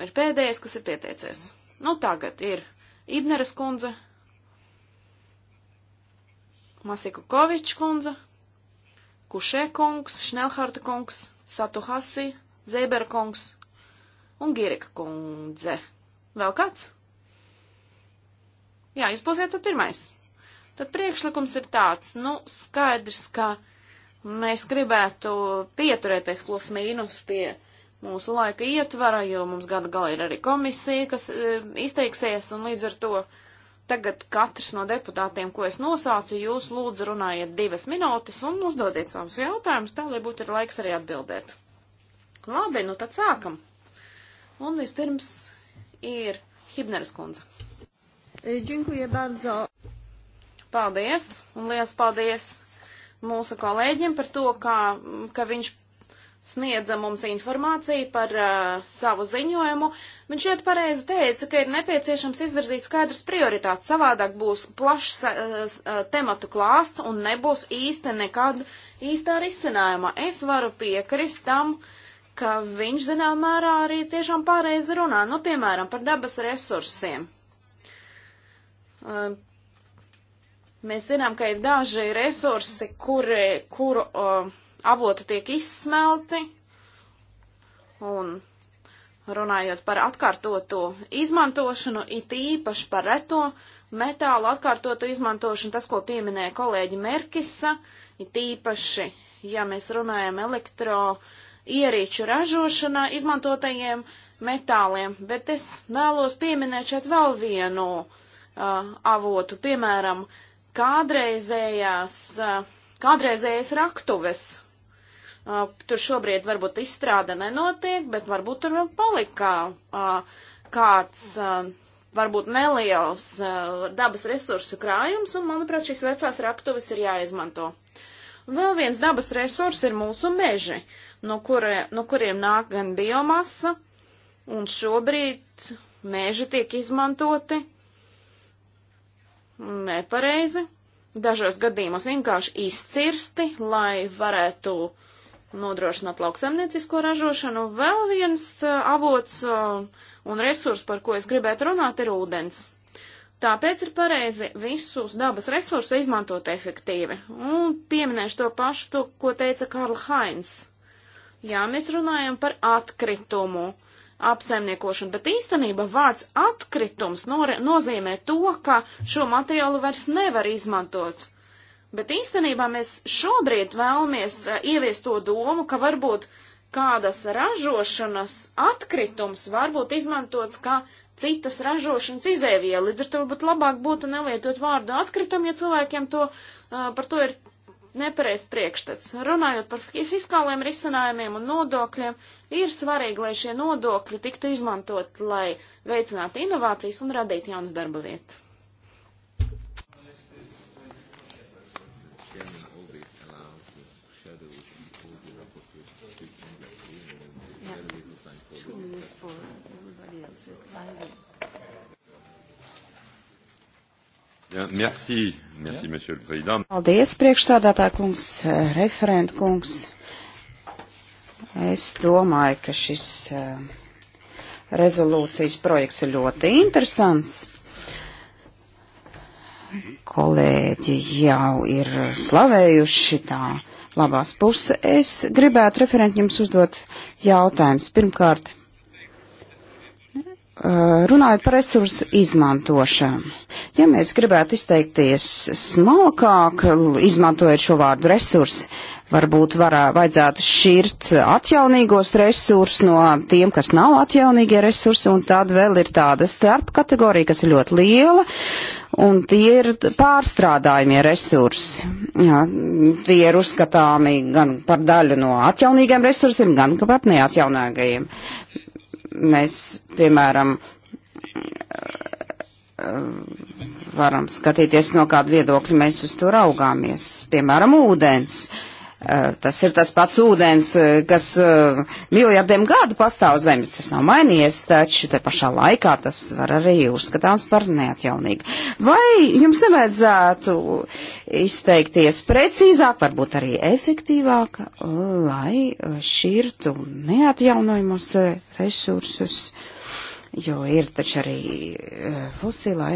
[SPEAKER 1] ir pēdējais, kas ir pieteicies. Nu, tagad ir Ibneres kundze, Masiku Kovičs kundze, Kušē kungs, Šnelharta kungs, Satu Hasi, Zeiberkungs un Girika kundze. Vēl kāds? Jā, jūs būsiet tad pirmais. Tad priekšlikums ir tāds, nu, skaidrs, ka mēs gribētu pieturēties plus mīnus pie mūsu laika ietvara, jo mums gada galā ir arī komisija, kas e, izteiksies, un līdz ar to tagad katrs no deputātiem, ko es nosaucu, jūs lūdzu runājiet divas minūtes un uzdodiet savus jautājumus, tā lai būtu ir laiks arī atbildēt. Labi, nu tad sākam. Un vispirms ir Hibneres kundze. E, Džinkuja bardzo. Paldies, un liels paldies mūsu kolēģim par to, ka, ka viņš sniedza mums informāciju par uh, savu ziņojumu. Viņš ļoti pareizi teica, ka ir nepieciešams izvirzīt skaidrs prioritātes, savādāk būs plašs uh, tematu klāsts un nebūs īsti nekad īstā risinājuma. Es varu piekrist tam, uh, ka viņš zinām mērā arī tiešām pareizi runā, nu, piemēram, par dabas resursiem. Uh, mēs zinām, ka ir daži resursi, kuri, kuru uh, avoti tiek izsmelti, un runājot par atkārtoto izmantošanu, it īpaši par reto metālu atkārtotu izmantošanu, tas, ko pieminēja kolēģi Merkisa, it īpaši, ja mēs runājam elektro uh, ierīču ražošanā izmantotajiem metāliem, bet es vēlos pieminēt šeit vēl vienu uh, avotu, piemēram, kādreizējās, uh, kādreizējas raktuves. Uh, tur šobrīd varbūt izstrāde nenotiek, bet varbūt tur vēl palika uh, kāds uh, varbūt neliels uh, dabas resursu krājums, un, manuprāt, šīs vecās raktuves ir jāizmanto. Un vēl viens dabas resurs ir mūsu meži no, kurē, no kuriem nāk gan biomasa, un šobrīd mēži tiek izmantoti nepareizi, dažos gadījumos vienkārši izcirsti, lai varētu nodrošināt lauksaimniecisko ražošanu. Vēl viens uh, avots uh, un resurs, par ko es gribētu runāt, ir ūdens. Tāpēc ir pareizi visus dabas resursus izmantot efektīvi. Un pieminēšu to pašu, to, ko teica Karl Heinz. Jā, mēs runājam par atkritumu apsaimniekošanu, bet īstenībā vārds atkritums nozīmē to, ka šo materiālu vairs nevar izmantot. Bet īstenībā mēs šobrīd vēlamies eh, ieviest to domu, ka varbūt kādas ražošanas atkritums var būt izmantots kā citas ražošanas izēviela. Līdz ar to varbūt labāk būtu nelietot vārdu atkritumu, ja cilvēkiem to, eh, par to ir nepareizs priekšstats. Runājot par fiskāliem risinājumiem un nodokļiem, ir svarīgi, lai šie nodokļi tiktu izmantot, lai veicinātu inovācijas un radītu jaunas darba vietas.
[SPEAKER 2] Merci, Merci, monsieur le président.
[SPEAKER 3] Paldies, priekšsādātāja kungs, eh, referent kungs. Es domāju, ka šis eh, rezolūcijas projekts ir ļoti interesants. Kolēģi jau ir slavējuši tā labās puse. Es gribētu referent jums uzdot jautājums. Pirmkārt, Eh, runājot par resursu izmantošanu, ja mēs gribētu izteikties smalkāk, izmantojot šo vārdu resursi, varbūt varā, vajadzētu šķirt atjaunīgos resursus no tiem, kas nav atjaunīgie resursi, un tad vēl ir tāda starp kategorija, kas ir ļoti liela, un tie ir pārstrādājumie resursi. Jā, tie ir uzskatāmi gan par daļu no atjaunīgiem resursiem, gan par neatjaunīgajiem mēs, piemēram, varam skatīties no kāda viedokļa mēs uz to raugāmies. Piemēram, ūdens. Uh, Eh, tas ir tas pats ūdens, eh, kas eh, miljardiem gadu pastāv zemes. Tas nav mainījies, taču te pašā laikā tas var arī uzskatāms par neatjaunīgu. Vai jums nevajadzētu izteikties precīzāk, varbūt arī efektīvāk, lai šķirtu neatjaunojamos resursus? jo ir taču arī eh, fosilā,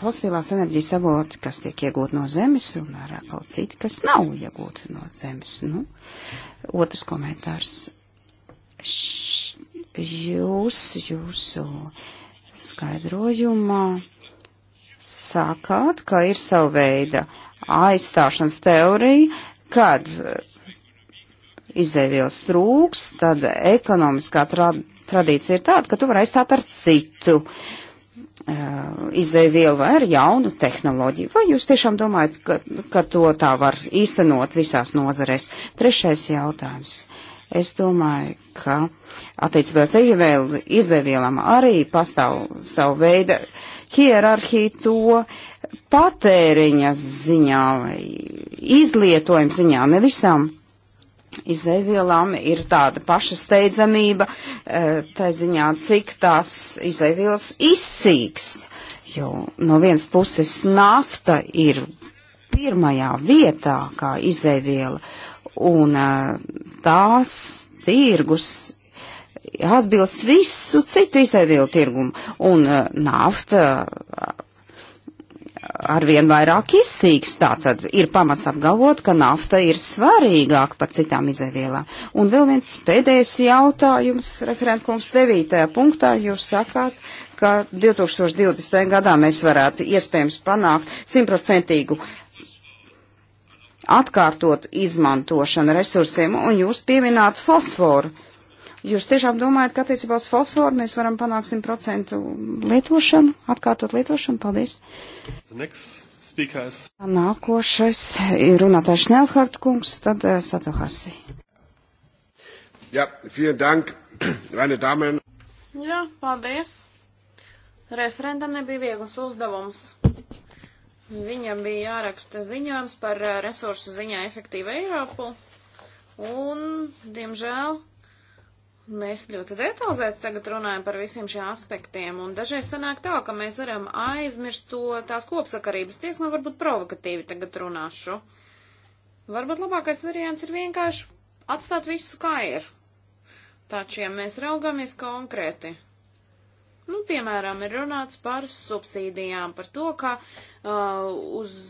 [SPEAKER 3] fosilās enerģijas avoti, kas tiek iegūti no zemes, un arī kaut citi, kas nav iegūti no zemes. Nu, otrs komentārs. Jūs, jūsu skaidrojumā sākāt, ka ir sava veida aizstāšanas teorija, kad eh, izēvielas trūks, tad ekonomiskā tradicionāla tradīcija ir tāda, ka tu vari aizstāt ar citu izdevi vielu vai ar jaunu tehnoloģiju. Vai jūs tiešām domājat, ka, ka to tā var īstenot visās nozarēs? Trešais jautājums. Es domāju, ka attiecībā uz izdevielām arī pastāv savu veidu hierarhiju to patēriņa ziņā vai izlietojuma ziņā. Ne visām izēvielām ir tāda paša steidzamība, e, tā ziņā, cik tās izēvielas izsīkst. Jo no vienas puses nafta ir pirmajā vietā kā izēviela, un e, tās tirgus atbilst visu citu izēvielu tirgumu, un e, nafta arvien vairāk izsīks, tā tad ir pamats apgalvot, ka nafta ir svarīgāka par citām izēvielām. Un vēl viens pēdējais jautājums, referentkungs, devītajā punktā jūs sakāt, ka 2020. gadā mēs varētu iespējams panākt simtprocentīgu atkārtotu izmantošanu resursiem, un jūs piemināt fosforu. Uh, Jūs tiešām domājat, ka attiecībā uz fosforu mēs varam panākt 100% lietošanu, atkārtot lietošanu? Paldies. Is... Nākošais ir runātājs Nelhart kungs, tad uh, eh, Satohasi. Jā, ja, vielen dank, meine Damen.
[SPEAKER 1] Jā, paldies. Referendam nebija viegls uzdevums. Viņam bija jāraksta ziņojums par eh, resursu ziņā efektīvu Eiropu, un, diemžēl, Mēs ļoti detalizēti tagad runājam par visiem šiem aspektiem, un dažreiz sanāk tā, ka mēs varam aizmirst to tās kopsakarības. Tiesa, nu, varbūt provokatīvi tagad runāšu. Varbūt labākais variants ir vienkārši atstāt visu, kā ir. Taču, ja mēs raugāmies konkrēti, nu, piemēram, ir runāts par subsīdijām, par to, ka uh, uz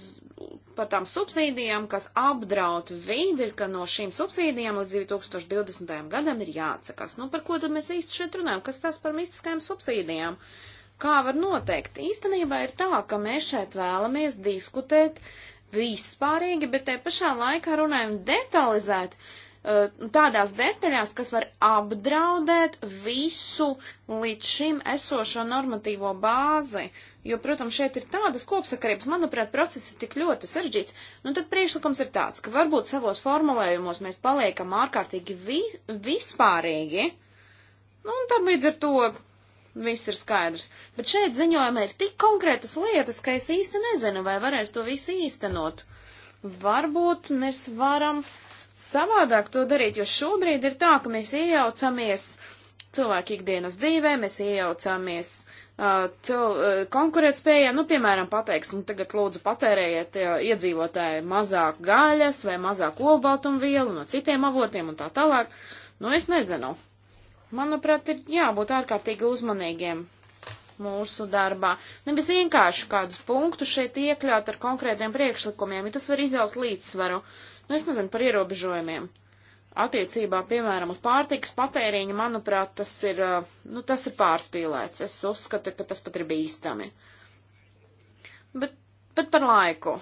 [SPEAKER 1] par tām subsīdijām, kas apdraud vidi, ka no šīm subsīdijām līdz 2020. gadam ir jāatsakās. Nu, par ko tad mēs īsti šeit runājam? Kas tas par mistiskajām subsīdijām? Kā var noteikt? Īstenībā ir tā, ka mēs šeit vēlamies diskutēt vispārīgi, bet te pašā laikā runājam detalizēt. Uh, Eh, tādās detaļās, kas var apdraudēt visu līdz šim esošo normatīvo bāzi. Jo, protams, šeit ir tādas kopsakarības, manuprāt, process ir tik ļoti sarežģīts. Nu, tad priekšlikums ir tāds, ka varbūt savos formulējumos mēs paliekam ārkārtīgi vi vispārīgi, nu, un tad līdz ar to viss ir skaidrs. Bet šeit ziņojumā ir tik konkrētas lietas, ka es īsti nezinu, vai varēs to visu īstenot. Varbūt mēs varam uh, savādāk to darīt, jo šobrīd ir tā, ka mēs iejaucamies cilvēku ikdienas dzīvē, mēs iejaucamies uh, cil, uh, konkurētspējā, nu, piemēram, pateiksim, tagad lūdzu patērējiet uh, iedzīvotāji mazāk gaļas vai mazāk olbaltumvielu no citiem avotiem un tā tālāk. Nu, es nezinu. Manuprāt, ir jābūt ārkārtīgi uzmanīgiem mūsu darbā. Nevis vienkārši kādus punktus šeit iekļaut ar konkrētiem priekšlikumiem, ja tas var izjaukt līdzsvaru. Uh, Nu, es nezinu par ierobežojumiem. Attiecībā, piemēram, uz pārtikas patēriņu, manuprāt, tas ir, uh, nu, tas ir pārspīlēts. Es uzskatu, ka tas pat ir bīstami. Bet, bet par laiku.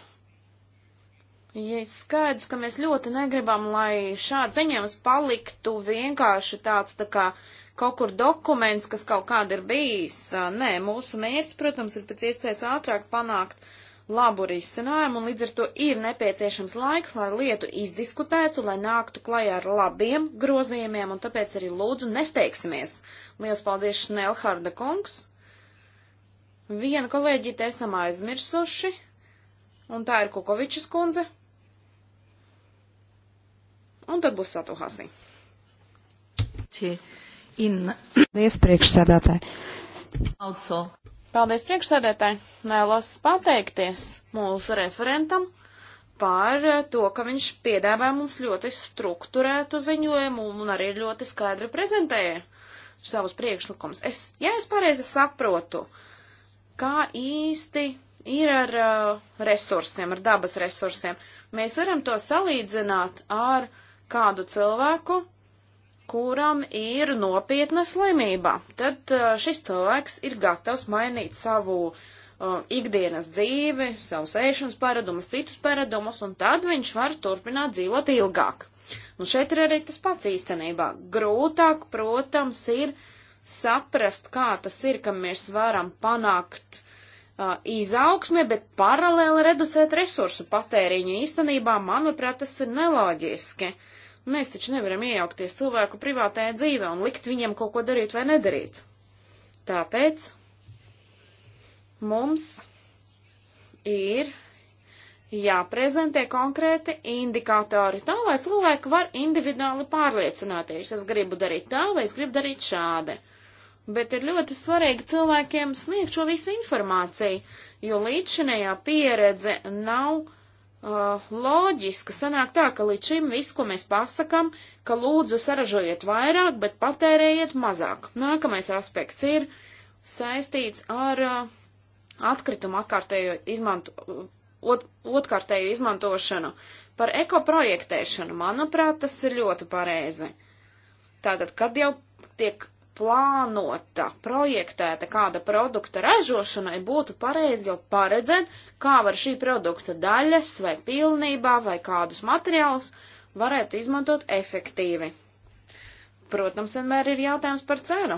[SPEAKER 1] Ja skaidrs, ka mēs ļoti negribam, lai šāds ziņojums paliktu vienkārši tāds tā kā kaut kur dokuments, kas kaut kāda ir bijis. Nē, mūsu mērķis, protams, ir pēc iespējas ātrāk panākt labu risinājumu, un līdz ar to ir nepieciešams laiks, lai lietu izdiskutētu, lai nāktu klajā ar labiem grozījumiem, un tāpēc arī lūdzu nesteigsimies. Lielas paldies, Šnelharda kungs! Vienu kolēģi te esam aizmirsuši, un tā ir Kukovičas kundze. Un tad būs Satuhasi.
[SPEAKER 3] In... Lies priekšsēdētāji. Also.
[SPEAKER 1] Paldies priekšsēdētāji. Vēlos pateikties mūsu referentam par eh, to, ka viņš piedāvā mums ļoti strukturētu ziņojumu un arī ļoti skaidri prezentēja savus priekšlikumus. Es, ja es pareizi saprotu, kā īsti ir ar uh, resursiem, ar dabas resursiem. Mēs varam to salīdzināt ar kādu cilvēku, kuram ir nopietna slimība, tad uh, šis cilvēks ir gatavs mainīt savu uh, ikdienas dzīvi, savus ēšanas paradumus, citus paradumus, un tad viņš var turpināt dzīvot ilgāk. Un šeit ir arī tas pats īstenībā. Grūtāk, protams, ir saprast, kā tas ir, ka mēs varam panākt uh, izaugsmi, bet paralēli reducēt resursu patēriņu. Īstenībā, manuprāt, tas ir neloģiski. Uh, Mēs taču nevaram iejaukties cilvēku privātajā dzīvē un likt viņiem kaut ko darīt vai nedarīt. Tāpēc mums ir jāprezentē konkrēti indikātori tā, lai cilvēki var individuāli pārliecināties, es gribu darīt tā vai es gribu darīt šādi. Bet ir ļoti svarīgi cilvēkiem sniegt šo visu informāciju, jo līdzinējā pieredze nav uh, loģiska. Sanāk tā, ka līdz šim viss, ko mēs pasakam, ka lūdzu saražojiet vairāk, bet patērējiet mazāk. Nākamais aspekts ir saistīts ar uh, atkritumu atkārtējo izmanto, uh, ot, otkārtēju izmantošanu. Par ekoprojektēšanu, manuprāt, tas ir ļoti pareizi. Tātad, kad jau tiek plānota, projektēta kāda produkta ražošanai, būtu pareizi jau paredzēt, kā var šī produkta daļas vai pilnībā vai kādus materiālus varētu izmantot efektīvi. Protams, vienmēr ir jautājums par cenu.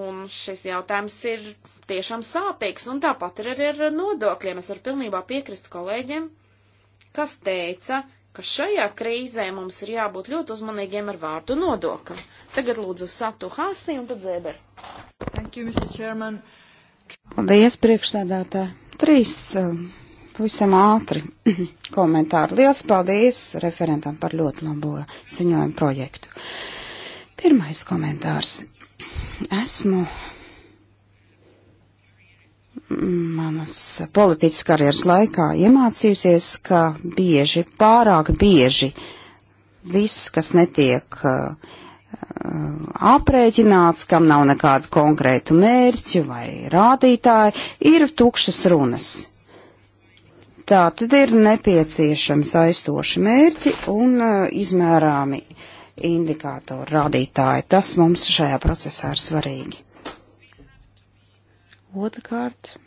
[SPEAKER 1] Un šis jautājums ir tiešām sāpīgs, un tāpat ir arī ar nodokļiem. Es varu pilnībā piekrist kolēģiem, kas teica, ka šajā krīzē mums ir jābūt ļoti uzmanīgiem ar vārdu nodokli. Tagad lūdzu Satu Hāsī un tad Zēber. Thank you, Mr. Chairman.
[SPEAKER 3] Paldies, priekšsēdētā. Trīs um, pavisam ātri [CLEARS THROAT] komentāri. Liels paldies referentam par ļoti labo ziņojumu projektu. Pirmais komentārs. Esmu manas politiķas karjeras laikā iemācījusies, ka bieži, pārāk bieži viss, kas netiek uh, uh, aprēķināts, kam nav nekādu konkrētu mērķu vai rādītāju, ir tukšas runas. Tā tad ir nepieciešams aizstoši mērķi un uh, izmērāmi indikātori rādītāji. Tas mums šajā procesā ir svarīgi. Otrkārt,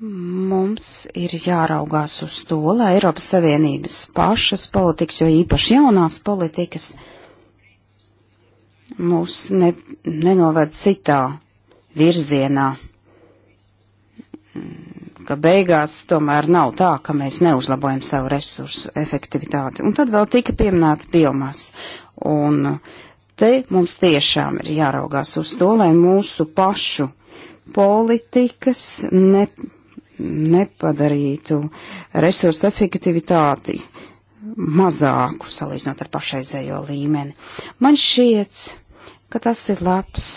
[SPEAKER 3] mums ir jāraugās uz to, lai Eiropas Savienības pašas politikas, jo īpaši jaunās politikas, mūs ne, nenoved citā virzienā, mm, ka beigās tomēr nav tā, ka mēs neuzlabojam savu resursu efektivitāti. Un tad vēl tika pieminēta biomasa. Un uh, Te mums tiešām ir jāraugās uz to, lai mūsu pašu politikas ne, nepadarītu resursu efektivitāti mazāku salīdzinot ar pašreizējo līmeni. Man šķiet, ka tas ir labs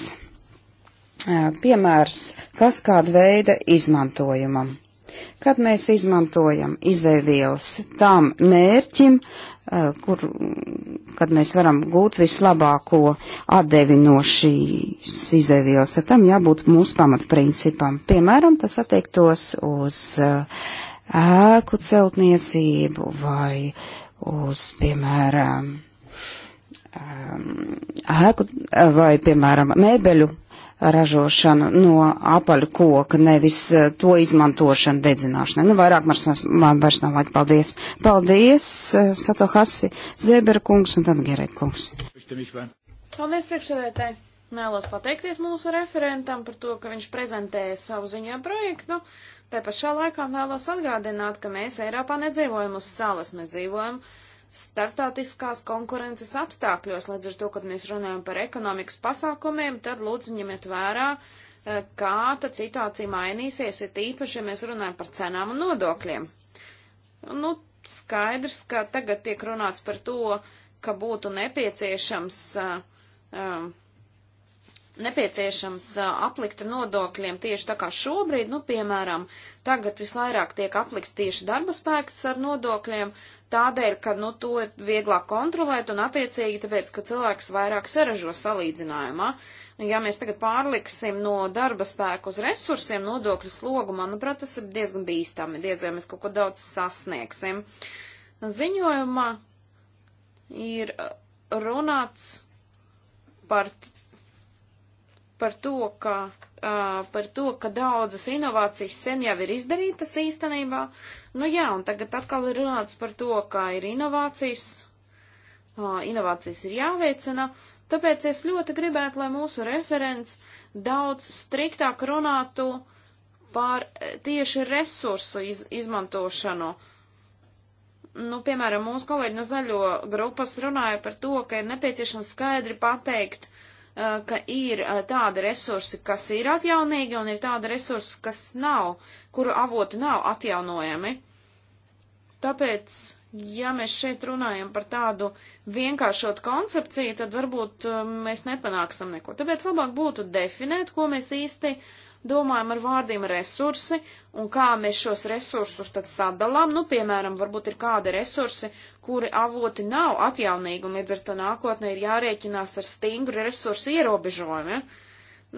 [SPEAKER 3] piemērs, kas kāda veida izmantojumam. Kad mēs izmantojam izēvielas tam mērķim, uh, Eh, kur, kad mēs varam gūt vislabāko atdevi no šīs izēvielas, tad tam jābūt mūsu pamatprincipam. Piemēram, tas attiektos uz eh, ēku celtniecību vai uz, piemēram, eh, ēku vai, piemēram, mēbeļu ražošanu no apaļu koka, nevis eh, to izmantošanu dedzināšanai. Nu, vairāk mars, man vairs nav laika. Paldies. Paldies, eh, Sato Hasi, Zēberkungs un tad Gerekungs.
[SPEAKER 2] Paldies,
[SPEAKER 1] priekšsēdētāji. Mēlos pateikties mūsu referentam par to, ka viņš prezentēja savu ziņā projektu. Te pašā laikā vēlos atgādināt, ka mēs Eiropā nedzīvojam uz salas, mēs dzīvojam uh, starptautiskās konkurences apstākļos. Līdz ar to, kad mēs runājam par ekonomikas pasākumiem, tad lūdzu ņemiet vērā, eh, kā tad situācija mainīsies, ir tīpaši, ja mēs runājam par cenām un nodokļiem. Nu, skaidrs, ka tagad tiek runāts par to, ka būtu nepieciešams uh, uh, nepieciešams aplikt nodokļiem tieši tā kā šobrīd, nu, piemēram, tagad visvairāk tiek aplikts tieši darba spēks ar nodokļiem, tādēļ, ka, nu, to ir vieglāk kontrolēt un attiecīgi tāpēc, ka cilvēks vairāk saražo salīdzinājumā. Ja mēs tagad pārliksim no darba spēku uz resursiem nodokļu slogu, manuprāt, tas ir diezgan bīstami, diez vai mēs kaut ko daudz sasniegsim. Ziņojumā ir runāts par par to, ka, uh, par to, ka daudzas inovācijas sen jau ir izdarītas īstenībā. Nu jā, un tagad atkal ir runāts par to, ka ir inovācijas, uh, inovācijas ir jāveicina, tāpēc es ļoti gribētu, lai mūsu referents daudz striktāk runātu par tieši resursu iz, izmantošanu. Nu, piemēram, mūsu kolēģi no zaļo grupas runāja par to, ka ir nepieciešams skaidri pateikt, uh, Uh, ka ir uh, tādi resursi, kas ir atjaunīgi, un ir tādi resursi, kas nav, kuru avoti nav atjaunojami. Tāpēc, ja mēs šeit runājam par tādu vienkāršotu koncepciju, tad varbūt um, mēs nepanāksim neko. Tāpēc labāk būtu definēt, ko mēs īsti domājam ar vārdiem resursi un kā mēs šos resursus tad sadalām. Nu, piemēram, varbūt ir kādi resursi, kuri avoti nav atjaunīgi un līdz ar to nākotnē ir jārēķinās ar stingru resursu ierobežojumu. Ja?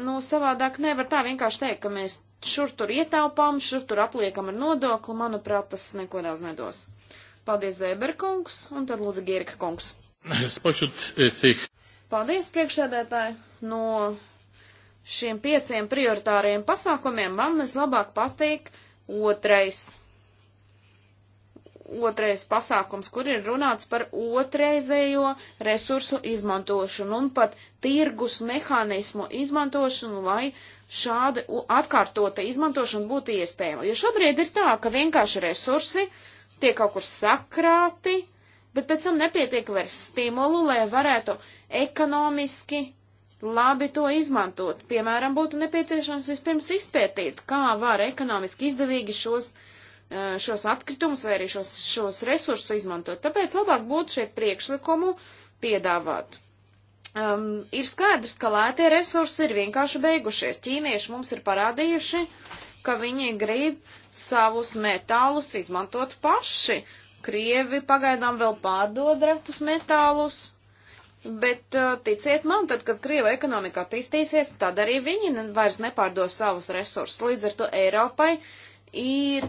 [SPEAKER 1] Nu, savādāk nevar tā vienkārši teikt, ka mēs šur tur ietaupām, šur tur apliekam ar nodokli. Manuprāt, tas neko daudz nedos. Paldies, Zēberkungs, un tad lūdzu Gierka kungs.
[SPEAKER 2] Spošut, eh,
[SPEAKER 1] Paldies, priekšsēdētāji, no šiem pieciem prioritāriem pasākumiem man vislabāk patīk otrais. Otrais pasākums, kur ir runāts par otrreizējo resursu izmantošanu un pat tirgus mehānismu izmantošanu, lai šāda atkārtota izmantošana būtu iespējama. Jo šobrīd ir tā, ka vienkārši resursi tiek kaut kur sakrāti, bet pēc tam nepietiek vairs stimulu, lai varētu ekonomiski labi to izmantot. Piemēram, būtu nepieciešams vispirms izpētīt, kā var ekonomiski izdevīgi šos, eh, šos atkritumus vai arī šos, šos resursus izmantot. Tāpēc labāk būtu šeit priekšlikumu piedāvāt. Um, ir skaidrs, ka lētie resursi ir vienkārši beigušies. Ķīnieši mums ir parādījuši, ka viņi grib savus metālus izmantot paši. Krievi pagaidām vēl pārdod retus metālus, Bet uh, ticiet man, tad, kad Krieva ekonomika attīstīsies, tad arī viņi vairs nepārdos savus resursus. Līdz ar to Eiropai ir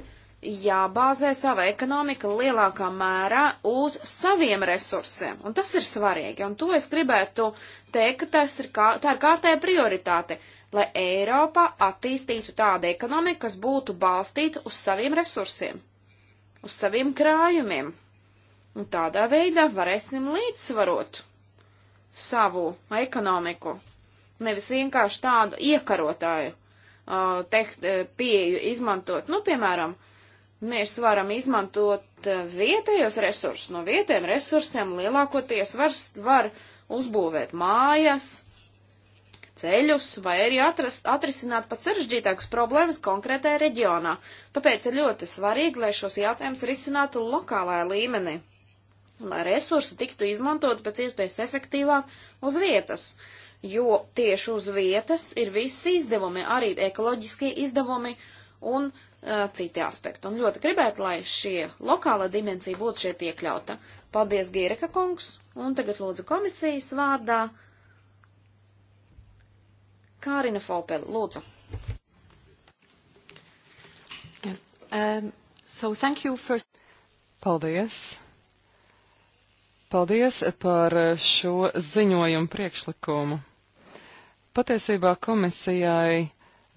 [SPEAKER 1] jābāzē sava ekonomika lielākā mērā uz saviem resursiem. Un tas ir svarīgi. Un to es gribētu teikt, ka tas ir kā, tā ir kārtēja prioritāte, lai Eiropa attīstītu tādu ekonomiku, kas būtu balstīta uz saviem resursiem, uz saviem krājumiem. Un tādā veidā varēsim līdzsvarot savu ekonomiku, nevis vienkārši tādu iekarotāju uh, teht, eh, pieju izmantot. Nu, piemēram, mēs varam izmantot eh, vietējos resursus. No vietējiem resursiem lielākoties var, var uzbūvēt mājas, ceļus, vai arī atrast, atrisināt pat sarežģītākas problēmas konkrētajā reģionā. Tāpēc ir ļoti svarīgi, lai šos jautājumus risinātu lokālajā līmenī lai resursi tiktu izmantot pēc iespējas efektīvāk uz vietas, jo tieši uz vietas ir visi izdevumi, arī ekoloģiskie izdevumi un uh, citi aspekti. Un ļoti gribētu, lai šie lokāla dimensija būtu šeit iekļauta. Paldies, Giereka kungs, un tagad lūdzu komisijas vārdā Kārina Folpeli, lūdzu.
[SPEAKER 2] Um, so thank you first. Paldies. Paldies par šo ziņojumu priekšlikumu. Patiesībā komisijai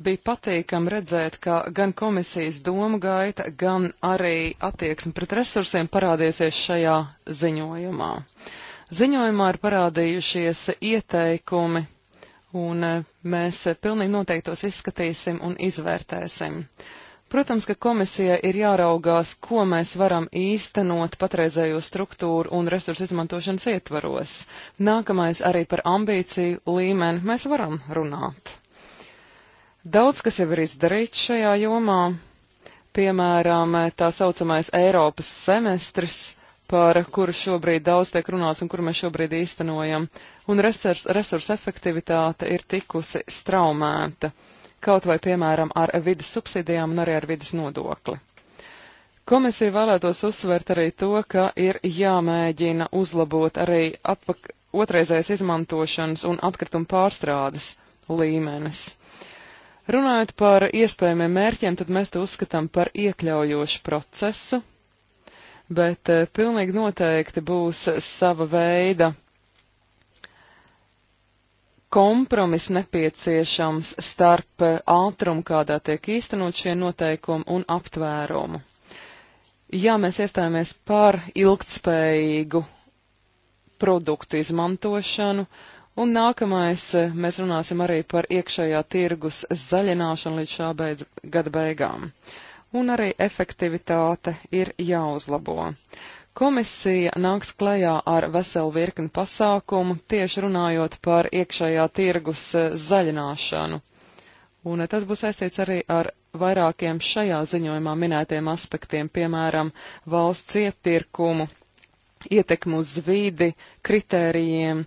[SPEAKER 2] bija patīkami redzēt, ka gan komisijas doma gaita, gan arī attieksme pret resursiem parādījusies šajā ziņojumā. Ziņojumā ir parādījušies ieteikumi, un mēs pilnīgi noteikti tos izskatīsim un izvērtēsim. Protams, ka komisijai ir jāraugās, ko mēs varam īstenot patreizējo struktūru un resursu izmantošanas ietvaros. Nākamais arī par ambīciju līmeni mēs varam runāt. Daudz, kas jau ir izdarīts šajā jomā, piemēram, tā saucamais Eiropas semestris, par kuru šobrīd daudz tiek runāts un kuru mēs šobrīd īstenojam, un resursu resurs efektivitāte ir tikusi straumēta kaut vai piemēram ar vidas subsidijām un arī ar vidas nodokli. Komisija vēlētos uzsvērt arī to, ka ir jāmēģina uzlabot arī atpak otrreizējas izmantošanas un atkrituma pārstrādes līmenis. Runājot par iespējamiem mērķiem, tad mēs to uzskatām par iekļaujošu procesu, bet eh, pilnīgi noteikti būs sava veida kompromiss nepieciešams starp ātrumu, kādā tiek īstenot šie noteikumi, un aptvērumu. Ja mēs iestājāmies par ilgtspējīgu produktu izmantošanu, un nākamais mēs runāsim arī par iekšējā tirgus zaļināšanu līdz šā beidz, gada beigām. Un arī efektivitāte ir jāuzlabo. Komisija nāks klajā ar veselu virkni pasākumu, tieši runājot par iekšējā tirgus e, zaļināšanu. Un e, tas būs saistīts arī ar vairākiem šajā ziņojumā minētiem aspektiem, piemēram, valsts iepirkumu, ietekmu uz vidi, kritērijiem.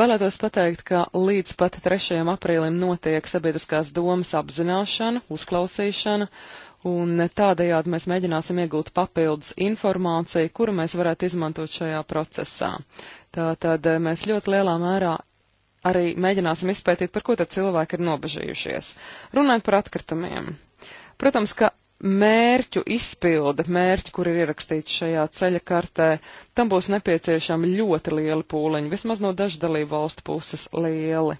[SPEAKER 2] Vēlētos pateikt, ka līdz pat 3. aprīlim notiek sabiedriskās domas apzināšana, uzklausīšana, uh, un tādējādi mēs mēģināsim iegūt papildus informāciju, kuru mēs varētu izmantot šajā procesā. Tātad eh, mēs ļoti lielā mērā arī mēģināsim izpētīt, par ko tad cilvēki ir nobežījušies. Runājot par atkritumiem. Protams, ka mērķu izpilde, mērķi, kur ir ierakstīts šajā ceļa kartē, tam būs nepieciešama ļoti liela pūliņa, vismaz no dažu dalību valstu puses lieli.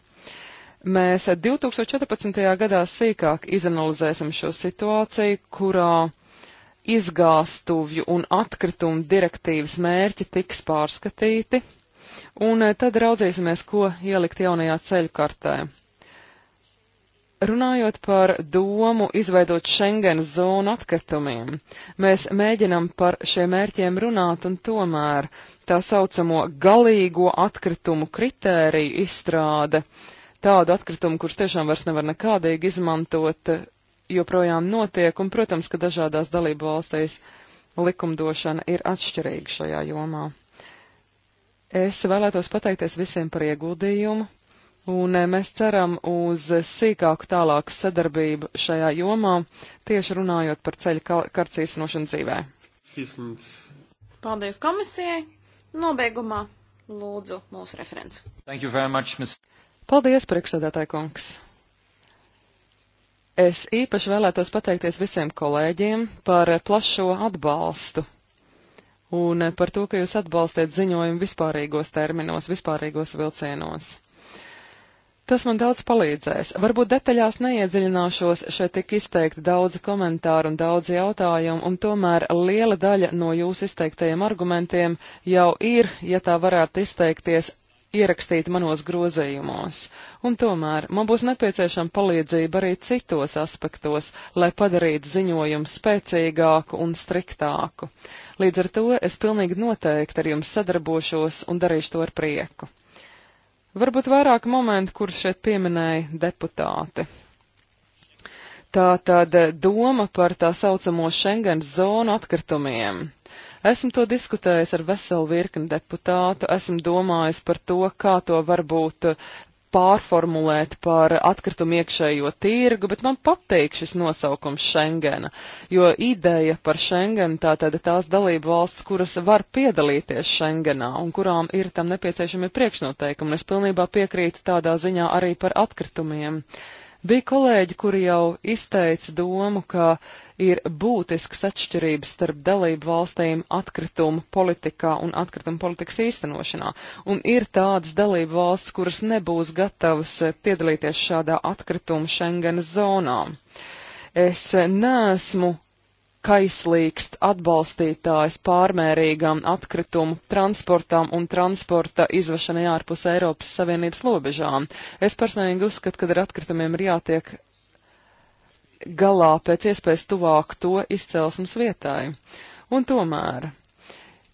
[SPEAKER 2] Mēs 2014. gadā sīkāk izanalizēsim šo situāciju, kurā izgāstuvju un atkritumu direktīvas mērķi tiks pārskatīti, un eh, tad raudzīsimies, ko ielikt jaunajā ceļkartē. Runājot par domu izveidot Schengenas zonu atkritumiem, mēs mēģinam par šiem mērķiem runāt un tomēr tā saucamo galīgo atkritumu kritēriju izstrāde uh, tādu atkritumu, kurš tiešām vairs nevar nekādīgi izmantot, joprojām notiek, un, protams, ka dažādās dalību valstīs likumdošana ir atšķirīga šajā jomā. Es vēlētos pateikties visiem par ieguldījumu, un e, mēs ceram uz sīkāku tālāku sadarbību šajā jomā, tieši runājot par ceļu karcīsnošanu dzīvē.
[SPEAKER 1] Paldies komisijai! Nobeigumā lūdzu mūsu referents.
[SPEAKER 2] Much, miss... Paldies, priekšsēdētāji kungs! Es īpaši vēlētos pateikties visiem kolēģiem par plašo atbalstu un par to, ka jūs atbalstiet ziņojumu vispārīgos terminos, vispārīgos vilcienos. Tas man daudz palīdzēs. Varbūt detaļās neiedziļināšos, šeit tik izteikti daudzi komentāri un daudzi jautājumi, un tomēr liela daļa no jūsu izteiktajiem argumentiem jau ir, ja tā varētu izteikties, ierakstīti manos grozījumos. Un tomēr man būs nepieciešama palīdzība arī citos aspektos, lai padarītu ziņojumu spēcīgāku un striktāku. Līdz ar to es pilnīgi noteikti ar jums sadarbošos un darīšu to ar prieku. Varbūt vairāk momentu, kurus šeit pieminēja deputāti. Tā tad doma par tā saucamo Schengens zonu atkritumiem. Esmu to diskutējis ar veselu virkni deputātu, esmu domājis par to, kā to varbūt pārformulēt par atkritumu iekšējo tirgu, bet man patīk šis nosaukums Schengena, jo ideja par Schengenu tātad tās dalību valsts, kuras var piedalīties Schengenā un kurām ir tam nepieciešami priekšnoteikumi, un es pilnībā piekrītu tādā ziņā arī par atkritumiem. Bija kolēģi, kuri jau izteica domu, ka ir būtisks atšķirības starp dalību valstīm atkritumu politikā un atkritumu politikas īstenošanā. Un ir tādas dalību valsts, kuras nebūs gatavas piedalīties šādā atkritumu Schengenas zonā. Es neesmu kaislīgs atbalstītājs pārmērīgām atkritumu transportām un transporta izvešanai ārpus Eiropas Savienības robežām. Es personīgi uzskatu, ka ar atkritumiem ir jātiek galā pēc iespējas tuvāk to izcelsmes vietai. Un tomēr,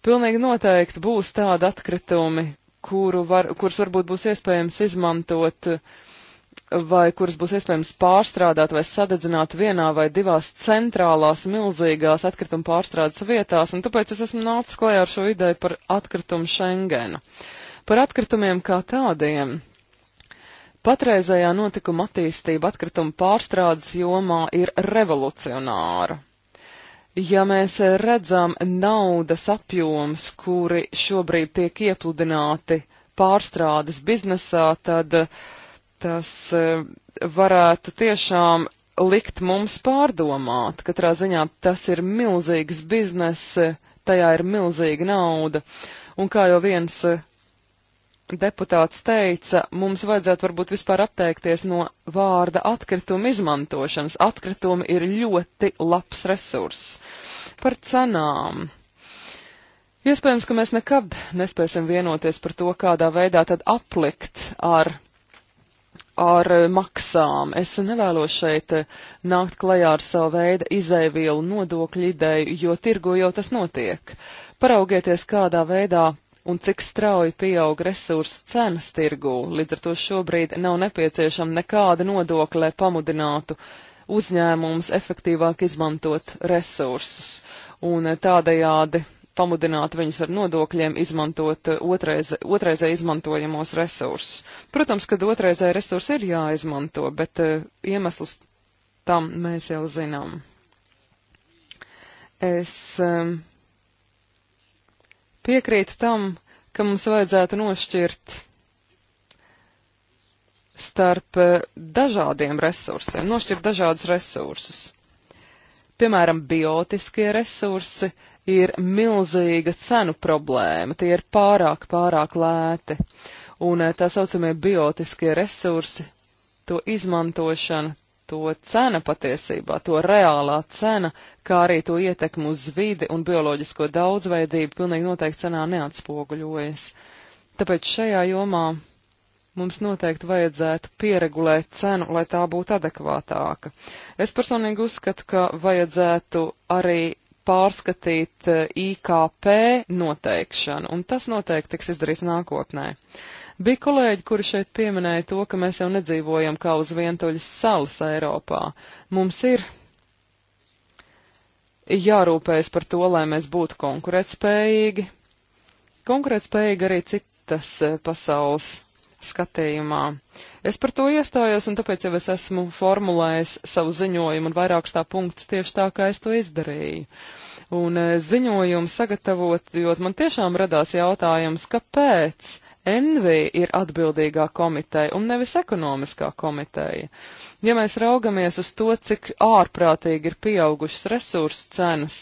[SPEAKER 2] pilnīgi noteikti būs tādi atkritumi, kuru var, kurus varbūt būs iespējams izmantot vai kurus būs iespējams pārstrādāt vai sadedzināt vienā vai divās centrālās milzīgās atkrituma pārstrādes vietās, un tāpēc es esmu nācis klajā ar šo ideju par atkritumu Schengenu. Par atkritumiem kā tādiem Patreizējā notikuma attīstība atkrituma pārstrādes jomā ir revolucionāra. Ja mēs redzam naudas apjoms, kuri šobrīd tiek iepludināti pārstrādes biznesā, tad tas eh, varētu tiešām likt mums pārdomāt. Katrā ziņā tas ir milzīgs bizness, tajā ir milzīga nauda. Un kā jau viens eh, deputāts teica, mums vajadzētu varbūt vispār atteikties no vārda atkrituma izmantošanas. Atkritumi ir ļoti labs resurss. Par cenām. Iespējams, ka mēs nekad nespēsim vienoties par to, kādā veidā tad aplikt ar, ar maksām. Es nevēlos šeit nākt klajā ar savu veidu izēvielu nodokļu ideju, jo tirgo jau tas notiek. Paraugieties, kādā veidā un cik strauji pieaug resursu cenas tirgū, līdz ar to šobrīd nav nepieciešama nekāda nodokļa, lai pamudinātu uzņēmumus efektīvāk izmantot resursus, un eh, tādējādi pamudināt viņus ar nodokļiem izmantot eh, otrais, otraizē izmantojamos resursus. Protams, ka otraizē resursi ir jāizmanto, bet uh, iemeslus tam mēs jau zinām. Es um, Piekrītu tam, ka mums vajadzētu nošķirt starp eh, dažādiem resursiem, nošķirt dažādus resursus. Piemēram, biotiskie resursi ir milzīga cenu problēma, tie ir pārāk, pārāk lēti, un eh, tā saucamie biotiskie resursi, to izmantošana to cena patiesībā, to reālā cena, kā arī to ietekmu uz vidi un bioloģisko daudzveidību pilnīgi noteikti cenā neatspoguļojas. Tāpēc šajā jomā mums noteikti vajadzētu pieregulēt cenu, lai tā būtu adekvātāka. Es personīgi uzskatu, ka vajadzētu arī pārskatīt eh, IKP noteikšanu, un tas noteikti tiks izdarīts nākotnē. Uh, Bija kolēģi, kuri šeit pieminēja to, ka mēs jau nedzīvojam kā uz vientuļas salas Eiropā. Mums ir jārūpējas par to, lai mēs būtu konkurētspējīgi. Konkurētspējīgi arī citas eh, pasaules skatījumā. Es par to iestājos, un tāpēc jau es esmu formulējis savu ziņojumu un vairākus tā punktus tieši tā, kā es to izdarīju un eh, ziņojumu sagatavot, jo man tiešām radās jautājums, kāpēc NV ir atbildīgā komiteja un nevis ekonomiskā komiteja. Ja mēs raugamies uz to, cik ārprātīgi ir pieaugušas resursu cenas,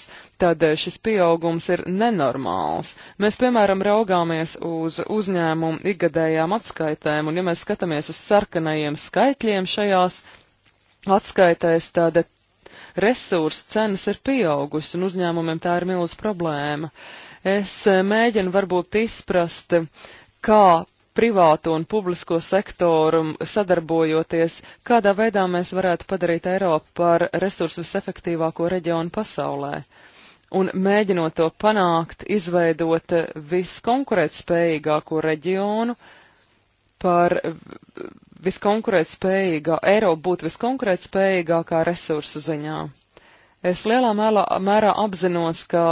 [SPEAKER 2] tad eh, šis pieaugums ir nenormāls. Mēs, piemēram, raugāmies uz uzņēmumu ikgadējām atskaitēm, un ja mēs skatāmies uz sarkanajiem skaitļiem šajās atskaitēs, tad resursu cenas ir pieaugušas, un uzņēmumiem tā ir milz problēma. Es eh, mēģinu varbūt izprast, kā privātu un publisko sektoru sadarbojoties, kādā veidā mēs varētu padarīt Eiropu par resursu visefektīvāko reģionu pasaulē. Un mēģinot to panākt, izveidot viskonkurētspējīgāko reģionu, par viskonkurētspējīgā, Eiropa būtu viskonkurētspējīgākā resursu ziņā. Es lielā mērā, mērā apzinos, ka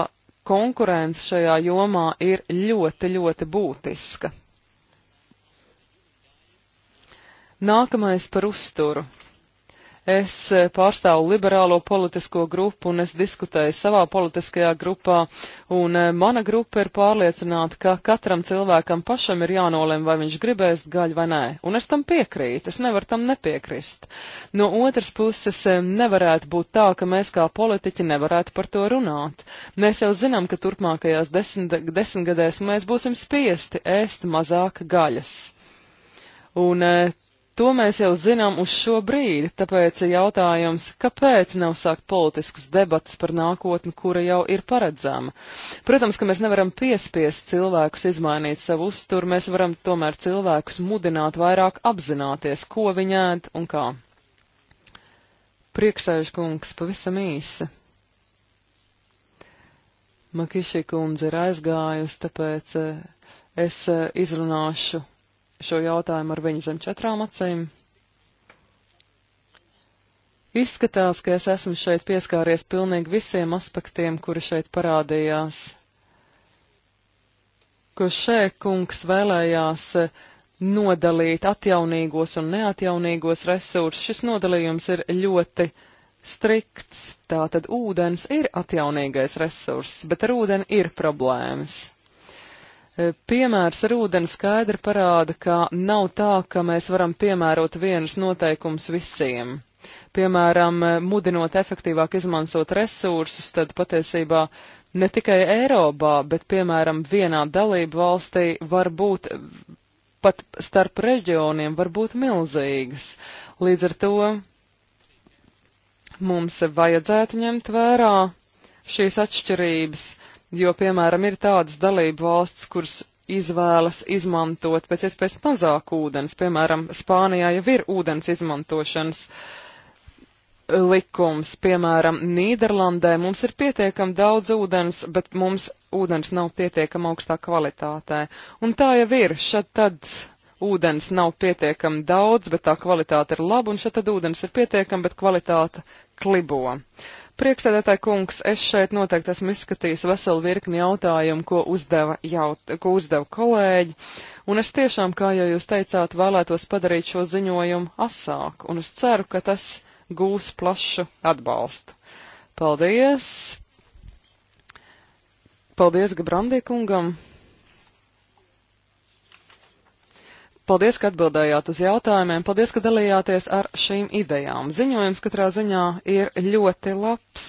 [SPEAKER 2] konkurence šajā jomā ir ļoti, ļoti būtiska. Nākamais par uzturu. Es eh, pārstāvu liberālo politisko grupu un es diskutēju savā politiskajā grupā, un eh, mana grupa ir pārliecināta, ka katram cilvēkam pašam ir jānolem, vai viņš gribēs gaļu vai nē. Un es tam piekrītu, es nevaru tam nepiekrist. No otras puses, eh, nevarētu būt tā, ka mēs kā politiķi nevarētu par to runāt. Mēs jau zinām, ka turpmākajās desmit, desmitgadēs mēs būsim spiesti ēst mazāk gaļas. Un To mēs jau zinām uz šo brīdi, tāpēc jautājums, kāpēc nav sākt politiskas debatas par nākotni, kura jau ir paredzama. Protams, ka mēs nevaram piespiest cilvēkus izmainīt savu uzturu, mēs varam tomēr cilvēkus mudināt vairāk apzināties, ko viņi ēd un kā. Priekšsēžkungs pavisam īsi. Makišī kundze ir aizgājusi, tāpēc eh, es eh, izrunāšu šo jautājumu ar viņu zem četrām acīm. Izskatās, ka es esmu šeit pieskāries pilnīgi visiem aspektiem, kuri šeit parādījās, ko šēkungs vēlējās nodalīt atjaunīgos un neatjaunīgos resursus. Šis nodalījums ir ļoti strikts, tātad ūdens ir atjaunīgais resurss, bet ar ūdeni ir problēmas. Piemērs ar ūdeni skaidri parāda, ka nav tā, ka mēs varam piemērot vienus noteikumus visiem. Piemēram, mudinot efektīvāk izmantot resursus, tad patiesībā ne tikai Eiropā, bet piemēram vienā dalību valstī var būt pat starp reģioniem var būt milzīgas. Līdz ar to mums vajadzētu ņemt vērā šīs atšķirības jo, piemēram, ir tādas dalību valsts, kuras izvēlas izmantot pēc iespējas mazāk ūdens, piemēram, Spānijā jau ir ūdens izmantošanas likums, piemēram, Nīderlandē mums ir pietiekami daudz ūdens, bet mums ūdens nav pietiekami augstā kvalitātē. Un tā jau ir, šad tad ūdens nav pietiekami daudz, bet tā kvalitāte ir laba, un šad tad ūdens ir pietiekami, bet kvalitāte klibo. Prieksēdētāji kungs, es šeit noteikti esmu izskatījis veselu virkni jautājumu, ko uzdeva, jaut, ko uzdeva kolēģi, un es tiešām, kā jau jūs teicāt, vēlētos padarīt šo ziņojumu asāku, un es ceru, ka tas gūs plašu atbalstu. Paldies! Paldies Gabrandī kungam! Paldies, ka atbildējāt uz jautājumiem, paldies, ka dalījāties ar šīm idejām. Ziņojums katrā ziņā ir ļoti labs,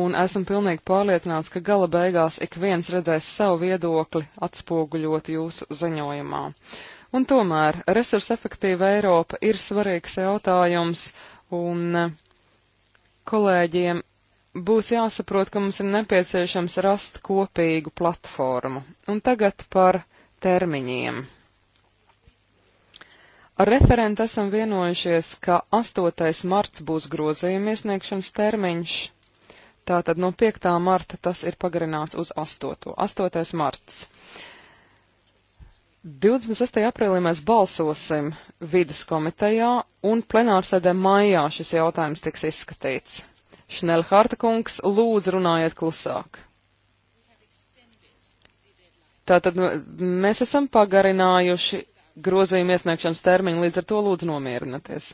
[SPEAKER 2] un esmu pilnīgi pārliecināts, ka gala beigās ik viens redzēs savu viedokli atspoguļot jūsu ziņojumā. Un tomēr resursa efektīva Eiropa ir svarīgs jautājums, un eh, kolēģiem būs jāsaprot, ka mums ir nepieciešams rast kopīgu platformu. Un tagad par termiņiem. Ar referentu esam vienojušies, ka 8. marts būs grozījuma iesniegšanas termiņš. Tātad no 5. marta tas ir pagarināts uz 8. 8. marts. 26. aprīlī mēs balsosim vidas komitejā un plenārsēdē maijā šis jautājums tiks izskatīts. Šnelhārta kungs, lūdzu runājiet klusāk. Tātad mēs esam pagarinājuši grozījuma iesniegšanas termiņu, līdz ar to lūdzu nomierinieties.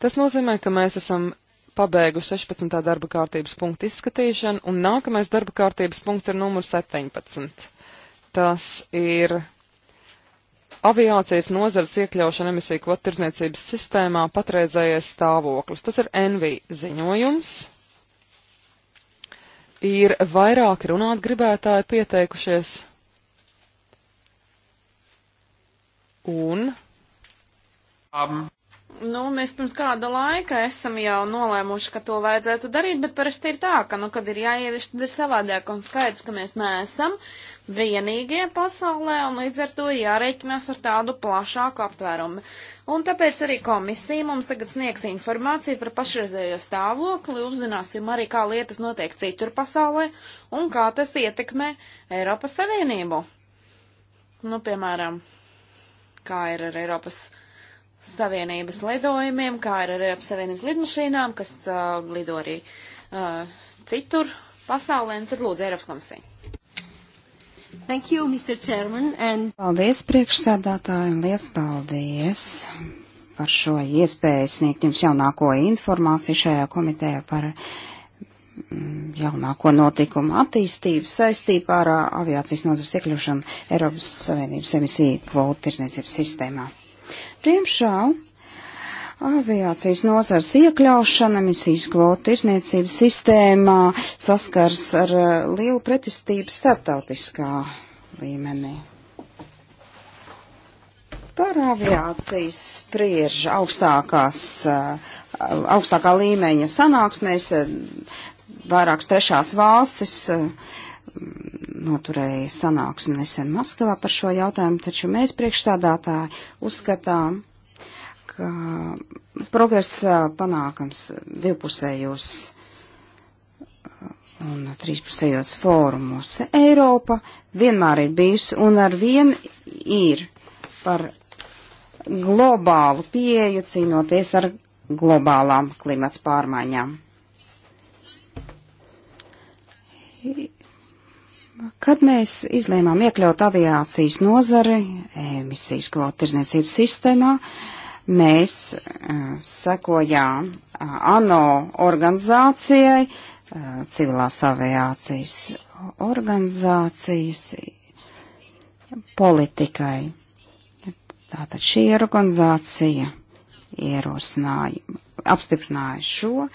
[SPEAKER 2] Tas nozīmē, ka mēs esam pabeiguši 16. darba kārtības punktu izskatīšanu, un nākamais darba kārtības punkts ir numurs 17. Tas ir aviācijas nozares iekļaušana emisiju kvotirdzniecības sistēmā patreizējais stāvoklis. Tas ir NV ziņojums. Ir vairāki runāt gribētāji pieteikušies. Un.
[SPEAKER 1] Um. Nu, mēs pirms kāda laika esam jau nolēmuši, ka to vajadzētu darīt, bet parasti ir tā, ka, nu, kad ir jāievieš, tad ir savādāk un skaidrs, ka mēs neesam vienīgie pasaulē un līdz ar to jārēķinās ar tādu plašāku aptvērumu. Un tāpēc arī komisija mums tagad sniegs informāciju par pašreizējo stāvokli, uzzināsim arī, kā lietas notiek citur pasaulē un kā tas ietekmē Eiropas Savienību. Nu, piemēram, kā ir ar Eiropas Savienības lidojumiem, kā ir ar Eiropas Savienības lidmašīnām, kas uh, lido arī uh, citur pasaulē, un tad lūdzu Eiropas komisiju.
[SPEAKER 3] Thank you, Mr. Chairman, and... Paldies, priekšsādātāji, un liels paldies par šo iespēju sniegt jums jaunāko informāciju šajā komitejā par uh, Mm, jaunāko notikumu attīstību saistībā ar uh, aviācijas nozares iekļūšanu Eiropas Savienības emisiju kvotu tirsniecības sistēmā. Diemžēl aviācijas nozares iekļaušana emisijas kvotu tirsniecības sistēmā saskars ar uh, lielu pretestību starptautiskā līmenī. Par aviācijas spriež augstākās, uh, augstākā līmeņa sanāksmēs Vairākas trešās valstis eh, noturēja sanāksmi nesen Maskavā par šo jautājumu, taču mēs priekšstādātāji uzskatām, ka progress eh, panākams divpusējos eh, un trīspusējos fórumos. Eiropa vienmēr ir bijusi un ar vien ir par globālu pieeju cīnoties ar globālām klimata pārmaiņām. Kad mēs izlēmām iekļaut aviācijas nozari emisijas kvotu tirzniecības sistēmā, mēs uh, sekojām uh, ANO organizācijai, uh, civilās aviācijas organizācijas politikai. Tātad šī organizācija ierosināja, apstiprināja šo uh,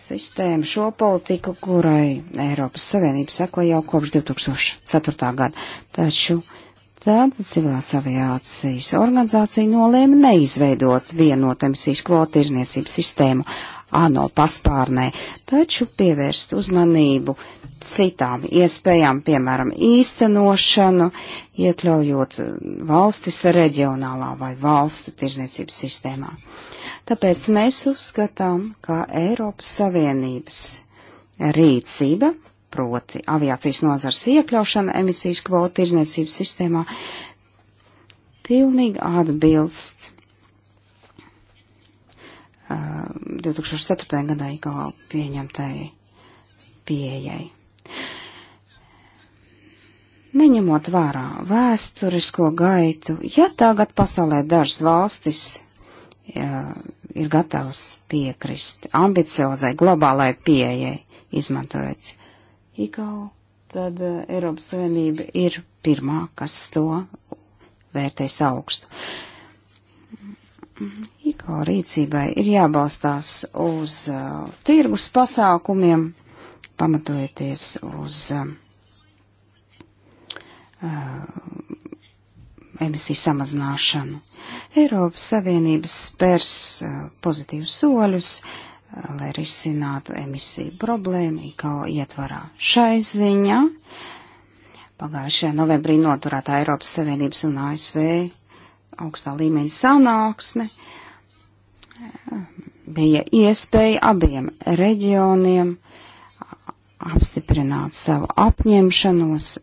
[SPEAKER 3] sistēmu, šo politiku, kurai Eiropas Savienība seko jau kopš 2004. gada. Taču tad civilās aviācijas organizācija nolēma neizveidot vienotu emisijas kvotu tirzniecības sistēmu ANO paspārnē, taču pievērst uzmanību citām iespējām, piemēram, īstenošanu, iekļaujot valstis reģionālā vai valstu tirzniecības sistēmā. Uh, Tāpēc mēs uzskatām, ka Eiropas Savienības rīcība, proti aviācijas nozars iekļaušana emisijas kvotu tirzniecības sistēmā, pilnīgi atbilst 2004. gadā IKO pieņemtai pieejai. Neņemot vērā vēsturisko gaitu, ja tagad pasaulē dažas valstis jā, ir gatavs piekrist ambiciozai globālai pieejai, izmantojot IKO, tad eh, Eiropas Savienība ir pirmā, kas to vērtēs augstu. IKO rīcībai ir jābalstās uz uh, tirgus pasākumiem, pamatojoties uz uh, emisiju samazināšanu. Eiropas Savienības spērs pozitīvus soļus, lai risinātu emisiju problēmu IKO ietvarā. Šai ziņā pagājušajā novembrī noturētā Eiropas Savienības un ASV augstā līmeņa sanāksme bija iespēja abiem reģioniem apstiprināt savu apņemšanos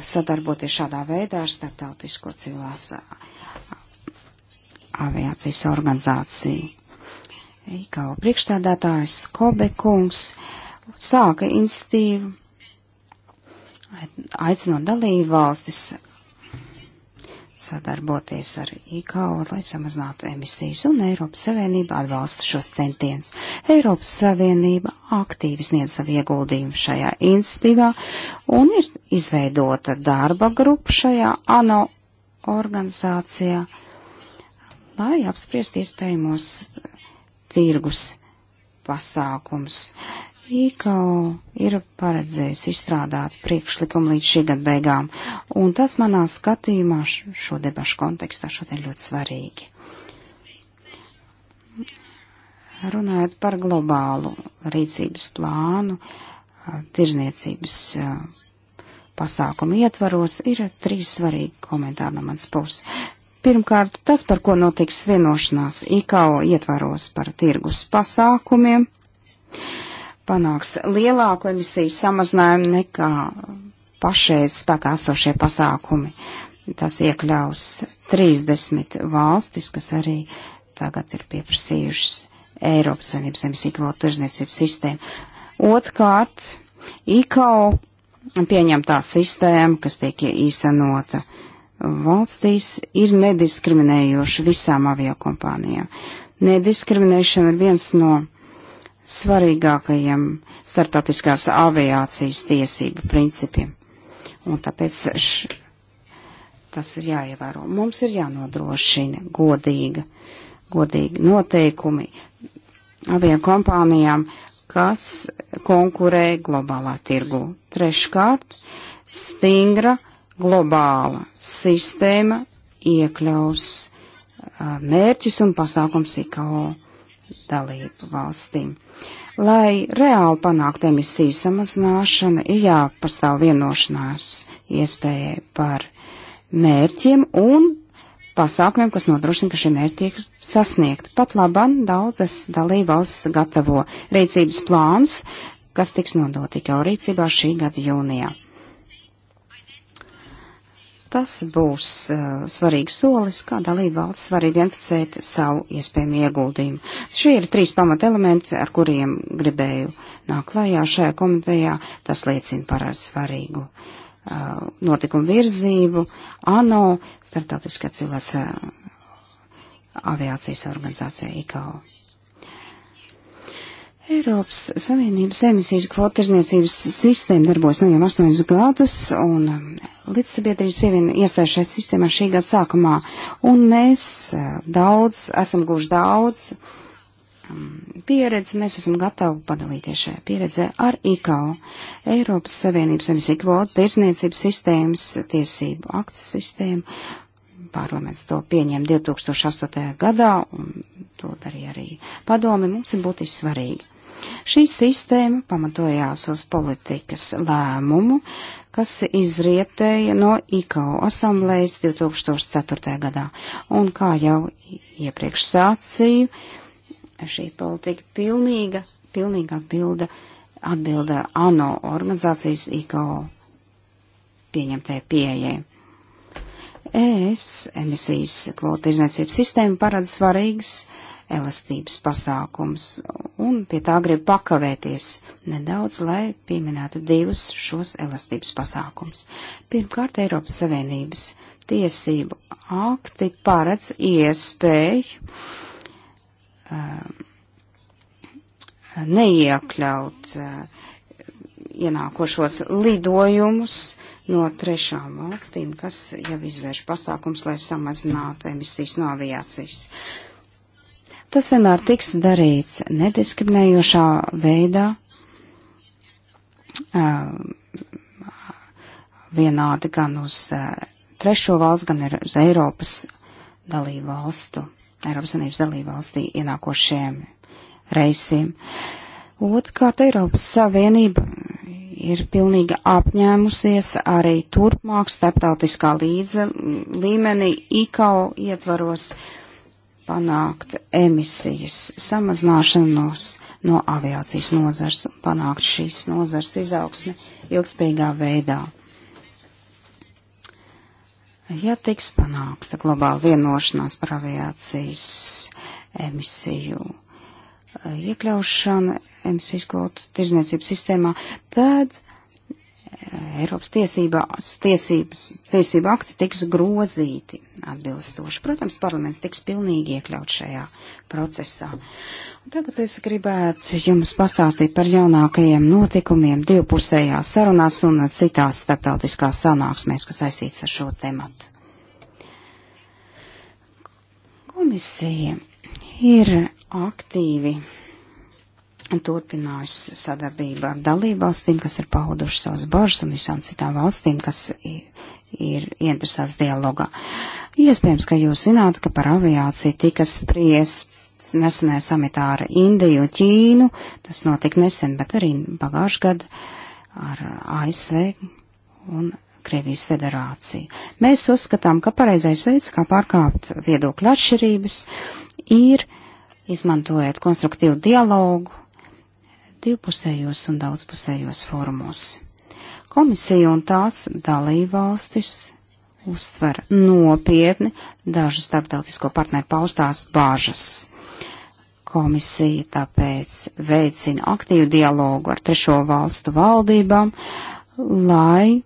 [SPEAKER 3] sadarboties šādā veidā ar starptautisko civilās aviācijas organizāciju. IKO priekšstādātājs Kobe kungs sāka institīvu aicinot dalību valstis sadarboties ar IKO, lai samazinātu emisijas, un Eiropas Savienība atbalsta šos centienus. Eiropas Savienība aktīvi sniedz savu ieguldījumu šajā institīvā, un ir izveidota darba grupa šajā ANO organizācijā, lai apspriest iespējamos tirgus pasākums. Uh, IKO ir paredzējis izstrādāt priekšlikumu līdz šī gada beigām, un tas manā skatījumā šo debašu kontekstā šodien ļoti svarīgi. Runājot par globālu rīcības plānu, tirzniecības pasākumu ietvaros, ir trīs svarīgi komentāri no manas puses. Pirmkārt, tas, par ko notiks vienošanās IKO ietvaros par tirgus pasākumiem. Uh, panāks lielāku emisiju samazinājumu nekā pašreiz spēkā esošie pasākumi. Tas iekļaus 30 valstis, kas arī tagad ir pieprasījušas Eiropas Savienības emisiju kvotu tirzniecības sistēmu. Otkārt, IKO pieņemtā sistēma, kas tiek īstenota valstīs, ir nediskriminējoša visām aviokompānijām. Nediskriminēšana ir viens no svarīgākajiem starptautiskās aviācijas tiesību principiem. Un tāpēc š, tas ir jāievēro. Mums ir jānodrošina godīga, godīgi noteikumi aviokompānijām, kas konkurē globālā tirgu. Treškārt, stingra globāla sistēma iekļaus mērķis un pasākums IKO dalību valstīm. Lai reāli panākt emisiju samazināšanu, ir jāpastāv vienošanās iespējai par mērķiem un pasākumiem, kas nodrošina, ka šie mērķi tiek sasniegti. Pat labam daudzas dalībvalsts gatavo rīcības plāns, kas tiks nodoti jau rīcībā šī gada jūnijā. Tas būs uh, svarīgs solis, kā dalība valsts var identificēt savu iespējamo ieguldījumu. Šie ir trīs pamata elementi, ar kuriem gribēju nākt klajā šajā komitejā. Tas liecina par ar svarīgu uh, notikumu virzību, ANO, starptautiskā cilvēks uh, aviācijas organizācija IKO. Eiropas Savienības emisijas kvotu tirzniecības sistēma darbos nu jau astoņus gadus, un līdzsabiedrības pieviena iestājas šajā sistēmā šī gada sākumā, un mēs eh, daudz, esam guvuši daudz mm, pieredzi, mēs esam gatavi padalīties šajā pieredzē ar IKO, Eiropas Savienības emisiju kvotu tirzniecības sistēmas tiesību aktu sistēmu. Parlaments to pieņēma 2008. gadā, un to darīja arī padomi, mums ir būtiski svarīgi. Šī sistēma pamatojās uz politikas lēmumu, kas izrietēja no IKO asamblējas 2004. gadā. Un kā jau iepriekš sācīju, šī politika pilnīga, pilnīga atbilda, atbilda ANO organizācijas IKO pieņemtajai pieejai. ES emisijas kvota izniecības sistēma parāda svarīgas uh, elastības pasākums, un pie tā grib pakavēties nedaudz, lai pieminētu divus šos elastības pasākums. Pirmkārt, Eiropas Savienības tiesību akti paredz iespēju um, neiekļaut uh, ienākošos lidojumus no trešām valstīm, kas jau izvērš pasākums, lai samazinātu emisijas no aviācijas. Tas vienmēr tiks darīts nediskriminējošā veidā, vienādi gan uz trešo valstu, gan ir uz Eiropas dalību valstu, Eiropas Savienības dalību valstī ienākošiem reisiem. Otrkārt, Eiropas Savienība ir pilnīgi apņēmusies arī turpmāk starptautiskā līdze, līmenī IKO ietvaros panākt emisijas samazināšanos no aviācijas nozars un panākt šīs nozars izaugsmi ilgspējīgā veidā. Ja tiks panākta globāla vienošanās par aviācijas emisiju eh, iekļaušanu emisijas kvotu tirzniecības sistēmā, tad Eiropas tiesībās, tiesības, tiesība akti tiks grozīti atbilstoši. Protams, parlaments tiks pilnīgi iekļaut šajā procesā. Un tagad es gribētu jums pastāstīt par jaunākajiem notikumiem divpusējās sarunās un citās starptautiskās sanāksmēs, kas saistīts ar šo tematu. Komisija ir aktīvi turpinājusi sadarbību ar dalībvalstīm, kas ir pauduši savas bažas un visām citām valstīm, kas ir interesēts dialogā. Iespējams, ka jūs zināt, ka par aviāciju tika spriests nesenē samitā ar Indiju un Ķīnu, tas notika nesen, bet arī pagājuši gadu ar ASV un Krievijas federāciju. Mēs uzskatām, ka pareizais veids, kā pārkāpt viedokļu atšķirības, ir izmantojot konstruktīvu dialogu divpusējos un daudzpusējos formos. Komisija un tās dalībvalstis uztver nopietni dažu starptautisko partneru paustās bāžas. Komisija tāpēc veicina aktīvu dialogu ar trešo valstu valdībām, lai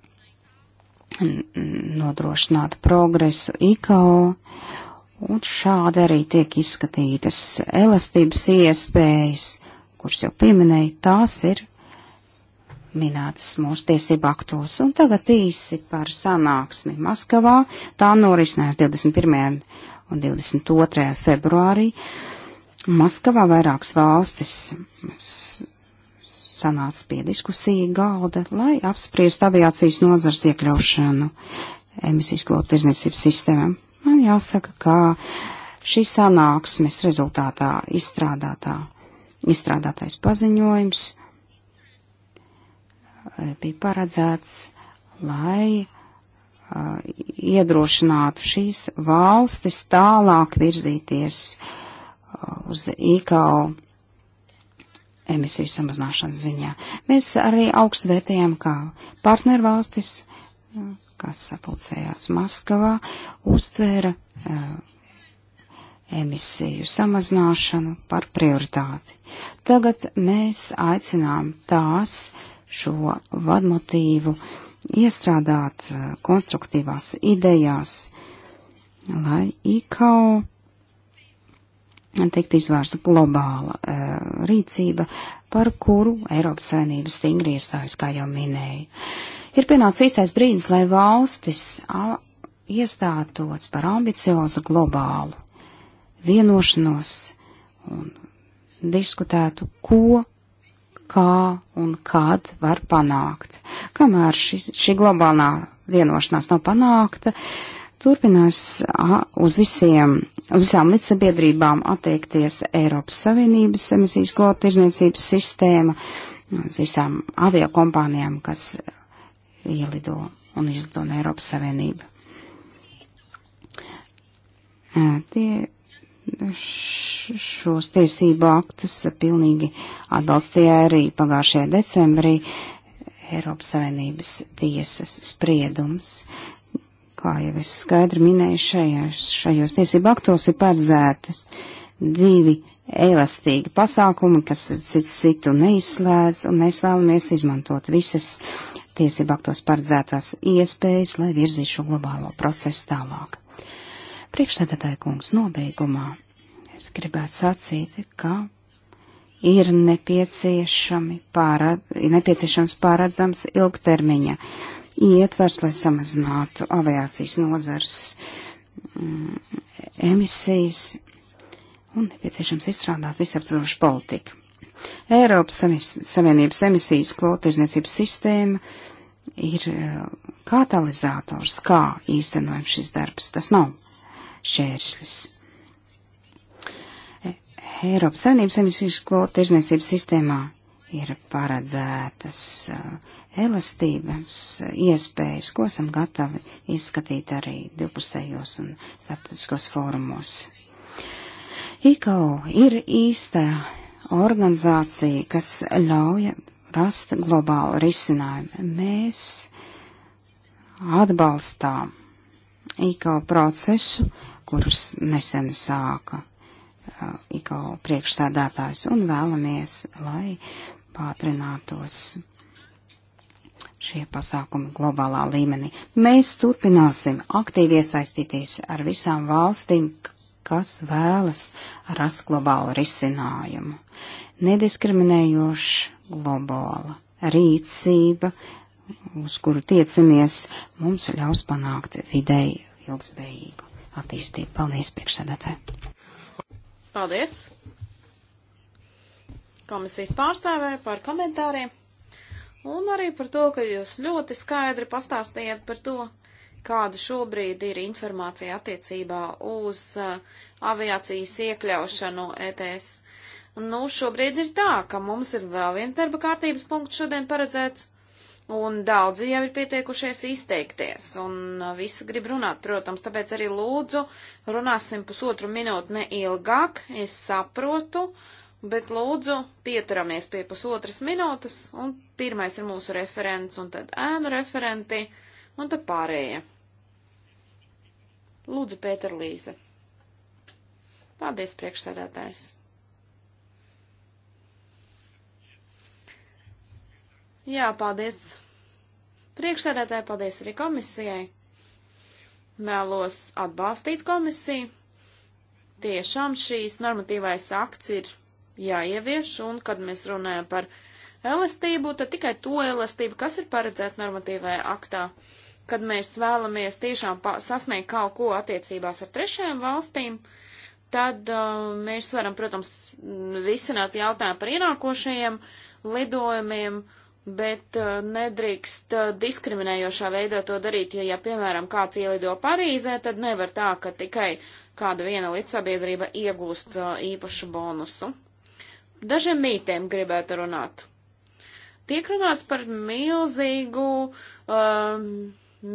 [SPEAKER 3] nodrošinātu progresu IKO, un šādi arī tiek izskatītas elastības iespējas kurus jau pieminēju, tās ir minētas mūsu tiesību aktos. Un tagad īsi par sanāksmi Maskavā. Tā norisinājās 21. un 22. februārī. Maskavā vairākas valstis sanāca pie diskusiju galda, lai apspriestu aviācijas nozars iekļaušanu emisijas kvotu tirzniecības sistēmām. Man jāsaka, ka šī sanāksmes rezultātā izstrādātā izstrādātais paziņojums eh, bija paredzēts, lai uh, iedrošinātu šīs valstis tālāk virzīties uh, uz IKO emisiju samazināšanas ziņā. Mēs arī augstu vērtējām, kā partnervalstis, kas sapulcējās Maskavā, uztvēra uh, emisiju samazināšanu par prioritāti. Tagad mēs aicinām tās šo vadmotīvu iestrādāt eh, konstruktīvās idejās, lai IKO tiktu izvērsta globāla e, rīcība, par kuru Eiropas Savienība stingri iestājas, kā jau minēju. Ir pienācis īstais brīdis, lai valstis iestātos par ambiciozu globālu vienošanos un diskutētu, ko, kā un kad var panākt. Kamēr šis, šī globālā vienošanās nav panākta, turpinās uz visiem, uz visām līdzsabiedrībām attiekties Eiropas Savienības emisijas kvotu tirzniecības sistēma, uz visām aviokompānijām, kas ielido un izlido no Eiropas Savienību. Tie šos tiesību aktus pilnīgi atbalstīja arī pagājušajā decembrī Eiropas Savienības tiesas spriedums. Kā jau es skaidri minēju, šajos, šajos tiesību aktos ir paredzēti divi elastīgi pasākumi, kas cits citu neizslēdz, un mēs vēlamies izmantot visas tiesību aktos paredzētās iespējas, lai virzītu šo globālo procesu tālāk. Priekšsēdētāja kungs nobeigumā es gribētu sacīt, ka ir pārad, nepieciešams pārredzams ilgtermiņa ietvers, lai samazinātu aviācijas nozars mm, emisijas un nepieciešams izstrādāt visaptvarošu politiku. Eiropas Savienības emisijas kvotu izniecības sistēma ir eh, katalizators, kā īstenojam šis darbs. Tas nav šķēršļus. E, Eiropas Savienības emisijas kvotu tirzniecības sistēmā ir paredzētas e, elastības iespējas, ko esam gatavi izskatīt arī divpusējos un starptautiskos fórumos. IKO ir īstā organizācija, kas ļauj rast globālu risinājumu. Mēs atbalstām IKO procesu, kurus nesen sāka uh, IKO priekšstādātājs, un vēlamies, lai pātrinātos šie pasākumi globālā līmenī. Mēs turpināsim aktīvi iesaistīties ar visām valstīm, kas vēlas rast globālu risinājumu. Nediskriminējoša globāla rīcība uz kuru tiecamies, mums ļaus panākt vidēji ilgspējīgu attīstību. Paldies, priekšsēdētāji!
[SPEAKER 1] Paldies! Komisijas pārstāvēju par komentāriem un arī par to, ka jūs ļoti skaidri pastāstījāt par to, kāda šobrīd ir informācija attiecībā uz uh, aviācijas iekļaušanu ETS. Nu, šobrīd ir tā, ka mums ir vēl viens darba kārtības punkts šodien paredzēts un daudzi jau ir pieteikušies izteikties, un uh, visi grib runāt, protams, tāpēc arī lūdzu runāsim pusotru minūtu neilgāk, es saprotu, bet lūdzu pieturamies pie pusotras minūtes, un pirmais ir mūsu referents, un tad ēnu referenti, un tad pārējie. Lūdzu, Pēter Līze. Paldies, priekšsēdētājs. Jā, paldies priekšsēdētāji, paldies arī komisijai. Mēlos atbalstīt komisiju. Tiešām šīs normatīvais akts ir jāievieš, un kad mēs runājam par elastību, tad tikai to elastību, kas ir paredzēta normatīvajā aktā kad mēs vēlamies tiešām sasniegt kaut ko attiecībās ar trešajām valstīm, tad uh, mēs varam, protams, risināt jautājumu par ienākošajiem lidojumiem bet uh, nedrīkst uh, diskriminējošā veidā to darīt, jo, ja, piemēram, kāds ielido Parīzē, tad nevar tā, ka tikai kāda viena līdzsabiedrība iegūst uh, īpašu bonusu. Dažiem mītiem gribētu runāt. Tiek runāts par milzīgu, um,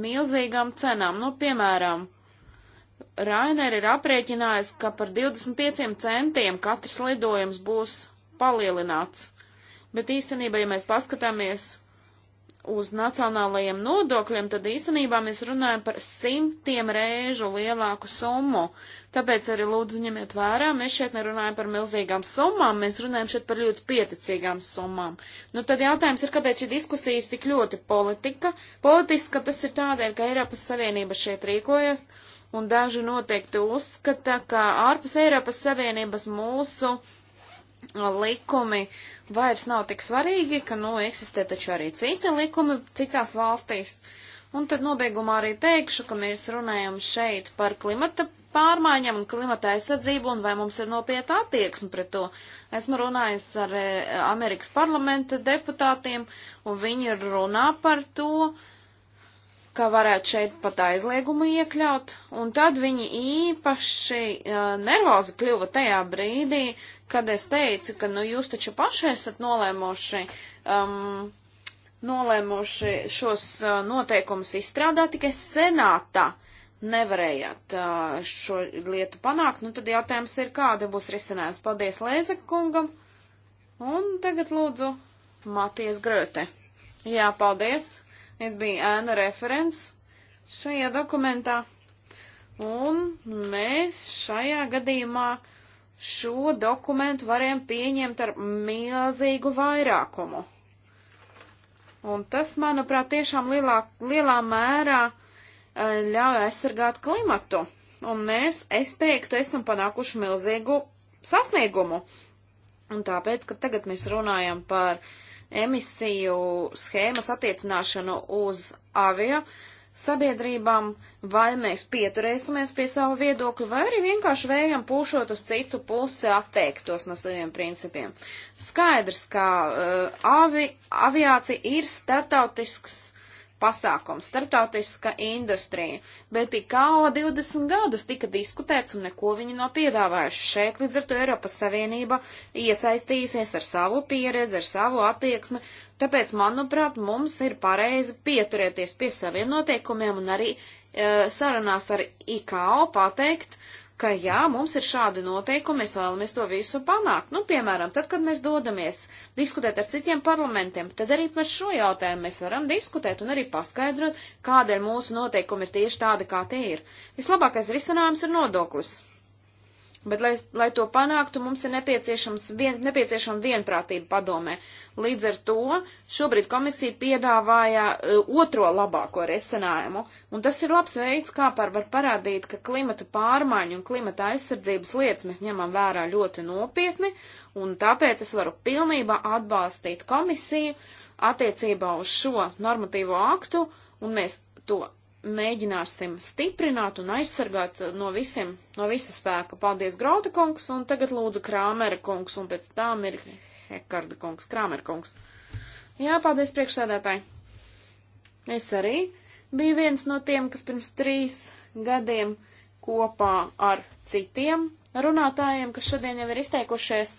[SPEAKER 1] milzīgām cenām. Nu, piemēram, Rainer ir aprēķinājis, ka par 25 centiem katrs lidojums būs palielināts. Bet īstenībā, ja mēs paskatāmies uz nacionālajiem nodokļiem, tad īstenībā mēs runājam par simtiem reižu lielāku summu. Tāpēc arī lūdzu ņemiet vērā, mēs šeit nerunājam par milzīgām summām, mēs runājam šeit par ļoti pieticīgām summām. Nu tad jautājums ir, kāpēc šī diskusija ir tik ļoti politika? Politiska tas ir tādēļ, ka Eiropas Savienība šeit rīkojas, un daži noteikti uzskata, ka ārpus Eiropas Savienības mūsu uh, likumi vairs nav tik svarīgi, ka, nu, eksistē taču arī citi likumi citās valstīs. Un tad nobeigumā arī teikšu, ka mēs runājam šeit par klimata pārmaiņām un klimata aizsardzību un vai mums ir nopietna attieksme pret to. Esmu runājis ar eh, Amerikas parlamenta deputātiem un viņi runā par to, ka varētu šeit pat aizliegumu iekļaut, un tad viņi īpaši uh, nervozi kļuva tajā brīdī, kad es teicu, ka nu jūs taču paši esat nolēmuši, um, nolēmuši šos uh, noteikumus izstrādāt, tikai senātā nevarējāt uh, šo lietu panākt, nu tad jautājums ir, kāda būs risinājums. Paldies Lēzekungam, un tagad lūdzu Maties Gröte. Jā, paldies! Es biju ēnu referents šajā dokumentā, un mēs šajā gadījumā šo dokumentu varējām pieņemt ar milzīgu vairākumu. Un tas, manuprāt, tiešām lielā, lielā mērā e, ļauj aizsargāt klimatu. Un mēs, es teiktu, esam panākuši milzīgu sasniegumu. Un tāpēc, ka tagad mēs runājam par uh, emisiju schēmas attiecināšanu uz avio sabiedrībām, vai mēs pieturēsimies pie savu viedokļu, vai arī vienkārši vējam pūšot uz citu pusi atteiktos no saviem principiem. Skaidrs, ka uh, avi, aviācija ir startautisks uh, pasākums, starptautiska industrija, bet tikko 20 gadus tika diskutēts un neko viņi nav piedāvājuši. Šeit līdz ar to Eiropas Savienība iesaistījusies ar savu pieredzi, ar savu attieksmi, tāpēc, manuprāt, mums ir pareizi pieturēties pie saviem noteikumiem un arī e, sarunās ar IKO pateikt, ka jā, mums ir šādi noteikumi, mēs vēlamies to visu panākt. Nu, piemēram, tad, kad mēs dodamies diskutēt ar citiem parlamentiem, tad arī par šo jautājumu mēs varam diskutēt un arī paskaidrot, kādēļ mūsu noteikumi ir tieši tādi, kā tie ir. Vislabākais risinājums ir nodoklis. Bet, lai, lai to panāktu, mums ir nepieciešams vien, nepieciešama vienprātība padomē. Līdz ar to šobrīd komisija piedāvāja uh, otro labāko resinājumu, un tas ir labs veids, kā par var parādīt, ka klimata pārmaiņu un klimata aizsardzības lietas mēs ņemam vērā ļoti nopietni, un tāpēc es varu pilnībā atbalstīt komisiju attiecībā uz šo normatīvo aktu, un mēs to mēģināsim stiprināt un aizsargāt uh, no visiem, no visa spēka. Paldies, Grauta kungs, un tagad lūdzu Krāmera kungs, un pēc tam ir Hekarda kungs, Krāmera kungs. Jā, paldies priekšsēdētāji. Es arī biju viens no tiem, kas pirms trīs gadiem kopā ar citiem runātājiem, kas šodien jau ir izteikušies,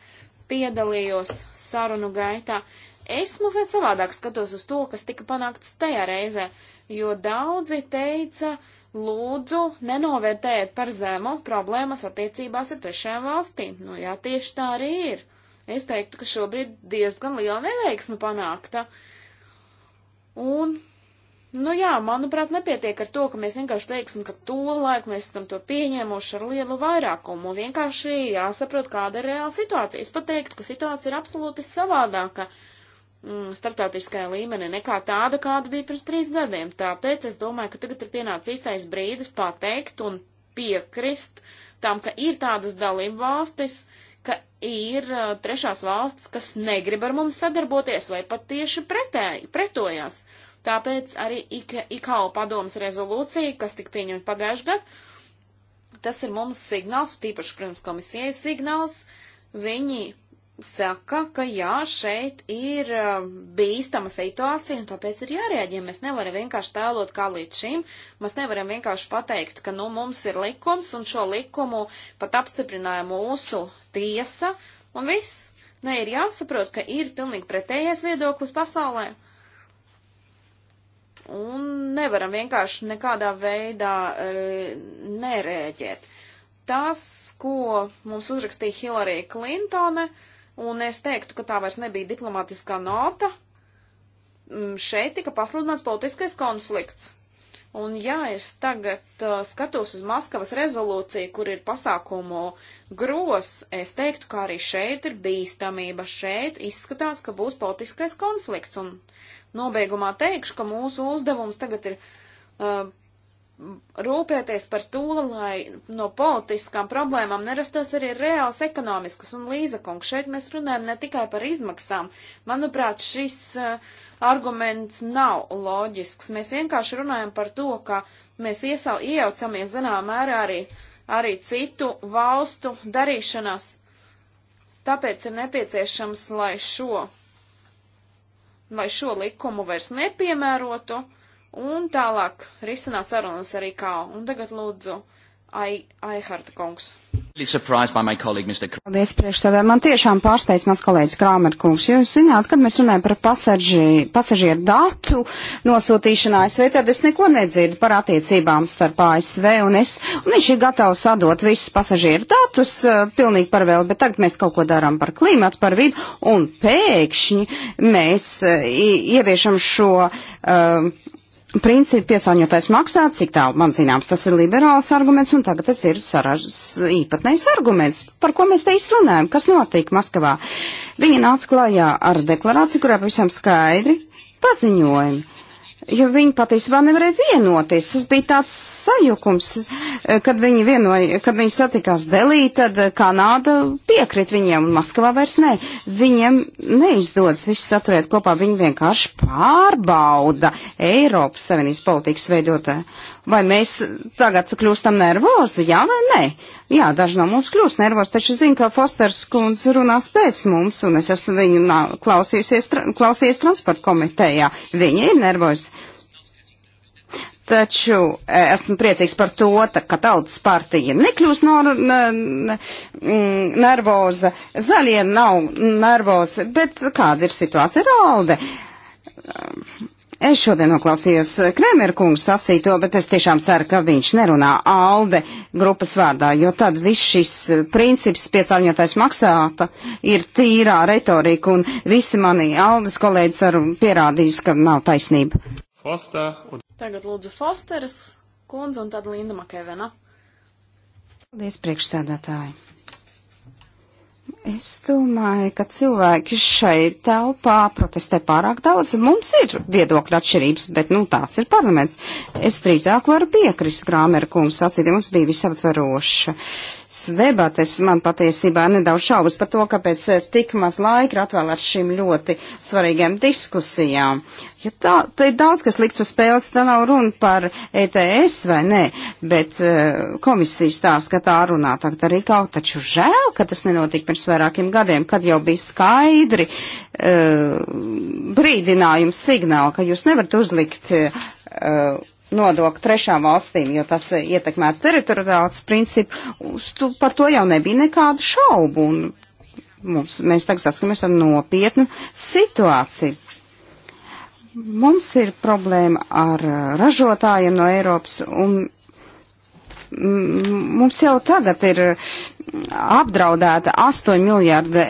[SPEAKER 1] piedalījos sarunu gaitā. Es mazliet savādāk skatos uz to, kas tika panākts tajā reizē. Uh, jo daudzi teica, lūdzu, nenovērtējiet par zemu problēmas attiecībās ar trešajām valstīm. Nu jā, tieši tā arī ir. Es teiktu, ka šobrīd diezgan liela neveiksme panākta. Un, nu jā, manuprāt, nepietiek ar to, ka mēs vienkārši teiksim, ka to laiku mēs esam to pieņēmuši ar lielu vairākumu. Un vienkārši jāsaprot, kāda ir reāla situācija. Es pat teiktu, ka situācija ir absolūti savādāka. Uh, Mm, starptautiskajā līmenī nekā tāda, kāda bija pirms trīs gadiem. Tāpēc es domāju, ka tagad ir pienācis īstais brīdis pateikt un piekrist tam, ka ir tādas dalību valstis, ka ir uh, trešās valsts, kas negrib ar mums sadarboties vai pat tieši pretēji, pretojās. Tāpēc arī IKO padomas rezolūcija, kas tika pieņemta pagājušajā gadā, tas ir mums signāls, tīpaši, protams, komisijai signāls, viņi saka, ka jā, šeit ir uh, bīstama situācija un tāpēc ir jārēģē. Mēs nevaram vienkārši tēlot kā līdz šim, mēs nevaram vienkārši pateikt, ka nu mums ir likums un šo likumu pat apstiprināja mūsu tiesa un viss. Nē, ir jāsaprot, ka ir pilnīgi pretējais viedoklis pasaulē. Un nevaram vienkārši nekādā veidā e, nerēģēt. Tas, ko mums uzrakstīja Hilarija Klintone, e, un es teiktu, ka tā vairs nebija diplomatiskā nota. Mm, šeit tika pasludināts politiskais konflikts. Un ja es tagad uh, skatos uz Maskavas rezolūciju, kur ir pasākumu gros, es teiktu, ka arī šeit ir bīstamība. Šeit izskatās, ka būs politiskais konflikts. Un nobeigumā teikšu, ka mūsu uzdevums tagad ir uh, rūpēties par to, lai no politiskām problēmām nerastos arī reāls ekonomiskas un līzakungs. Šeit mēs runājam ne tikai par izmaksām. Manuprāt, šis uh, arguments nav loģisks. Mēs vienkārši runājam par to, ka mēs iesau, iejaucamies zināmā mērā arī, arī citu valstu darīšanās. Tāpēc ir nepieciešams, lai šo, lai šo likumu vairs nepiemērotu. Uh, un tālāk risināt sarunas ar IKO. Un tagad lūdzu Aiharta kungs.
[SPEAKER 2] Paldies
[SPEAKER 3] priekšsēdē. Man tiešām pārsteidz mans kolēģis Krāmer kungs. Jūs zināt, kad mēs runājam par pasaži, pasažieru datu nosūtīšanu ASV, tad es neko nedzirdu par attiecībām starp ASV un es. Un viņš ir gatavs atdot visus pasažieru datus uh, pilnīgi par vēl, bet tagad mēs kaut ko darām par klimatu, par vidu un pēkšņi mēs uh, ieviešam šo. Uh, principu piesāņotais maksā, cik tā man zināms, tas ir liberāls arguments, un tagad tas ir saražas īpatnējs arguments, par ko mēs te izrunājam, kas notika Maskavā. Viņi nāca klājā ar deklarāciju, kurā pavisam skaidri paziņojumi jo viņi patiesībā nevarēja vienoties. Tas bija tāds sajukums, eh, kad viņi, vienoja, kad viņi satikās Delī, tad eh, Kanāda piekrit viņiem un Maskavā vairs nē. Viņiem neizdodas viss saturēt kopā, viņi vienkārši pārbauda Eiropas Savienības politikas veidotē. Vai mēs tagad kļūstam nervozi, jā vai nē? Jā, daži no mums kļūst nervos, taču zinu, ka Fosters kundze runās pēc mums, un es esmu viņu nā, klausījusies, tra klausījies transporta komitejā. Viņa ir nervos. Taču e, esmu priecīgs par to, ka tautas partija nekļūst no, ne, ne, nervoza, zaļie nav nervozi, bet kāda ir situācija ar Alde? Es šodien noklausījos Kremerkungu sacīto, bet es tiešām ceru, ka viņš nerunā ALDE grupas vārdā, jo tad viss šis princips piesārņotais maksāta ir tīrā retorika, un visi mani ALDES kolēģi ceru pierādīs, ka nav taisnība.
[SPEAKER 2] Foster. Un...
[SPEAKER 1] Tagad lūdzu Fosteres kundze un tad Linda Makēvena.
[SPEAKER 3] Paldies, priekšsēdētāji. Es domāju, ka cilvēki šeit telpā protestē pārāk daudz. Mums ir viedokļa atšķirības, bet, nu, tāds ir parlaments. Es drīzāk varu piekrist Krāmera kungs sacīt, mums bija visaptveroša debates. Man patiesībā nedaudz šaubas par to, kāpēc tik maz laika ir atvēlēts šīm ļoti svarīgām diskusijām. Jo tā, te ir daudz, kas likts uz spēles, tā nav runa par ETS vai nē, bet uh, komisija stāsta, ka tā runā tagad arī kaut, taču žēl, ka tas nenotika pirms vairākiem gadiem, kad jau bija skaidri uh, brīdinājums signāli, ka jūs nevarat uzlikt uh, nodokli trešām valstīm, jo tas ietekmē teritoriāls principu, tu, par to jau nebija nekādu šaubu, un mums, mēs tagad saskamies ar nopietnu situāciju Mums ir problēma ar uh, ražotājiem no Eiropas, un mums jau tagad ir uh, apdraudēta 8 miljārda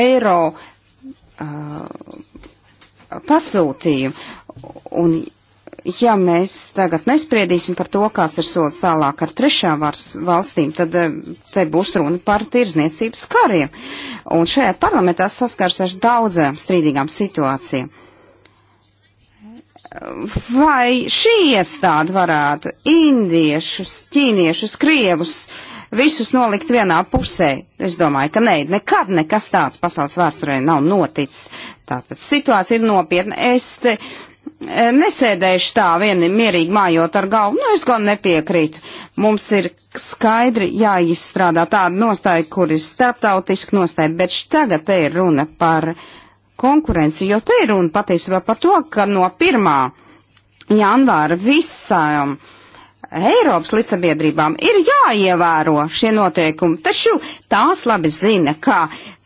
[SPEAKER 3] eiro uh, pasūtījumu. Un ja mēs tagad nespriedīsim par to, kāds ir solis tālāk ar trešām valstīm, tad uh, te būs runa par tirzniecības kariem. Un šajā parlamentā saskars ar daudzām strīdīgām situācijām. Vai šī iestāde varētu indiešus, ķīniešus, krievus visus nolikt vienā pusē? Es domāju, ka nē, ne, nekad nekas tāds pasaules vēsturē nav noticis. Tātad situācija ir nopietna. Es te e, nesēdējuši tā vieni mierīgi mājot ar galvu. Nu, es gan nepiekrītu. Mums ir skaidri jāizstrādā tāda nostāja, kur ir starptautiski nostāja, bet tagad te ir runa par konkurenci, jo te ir runa patiesībā par to, ka no 1. janvāra visām Eiropas līdzsabiedrībām ir jāievēro šie noteikumi, taču tās labi zina, ka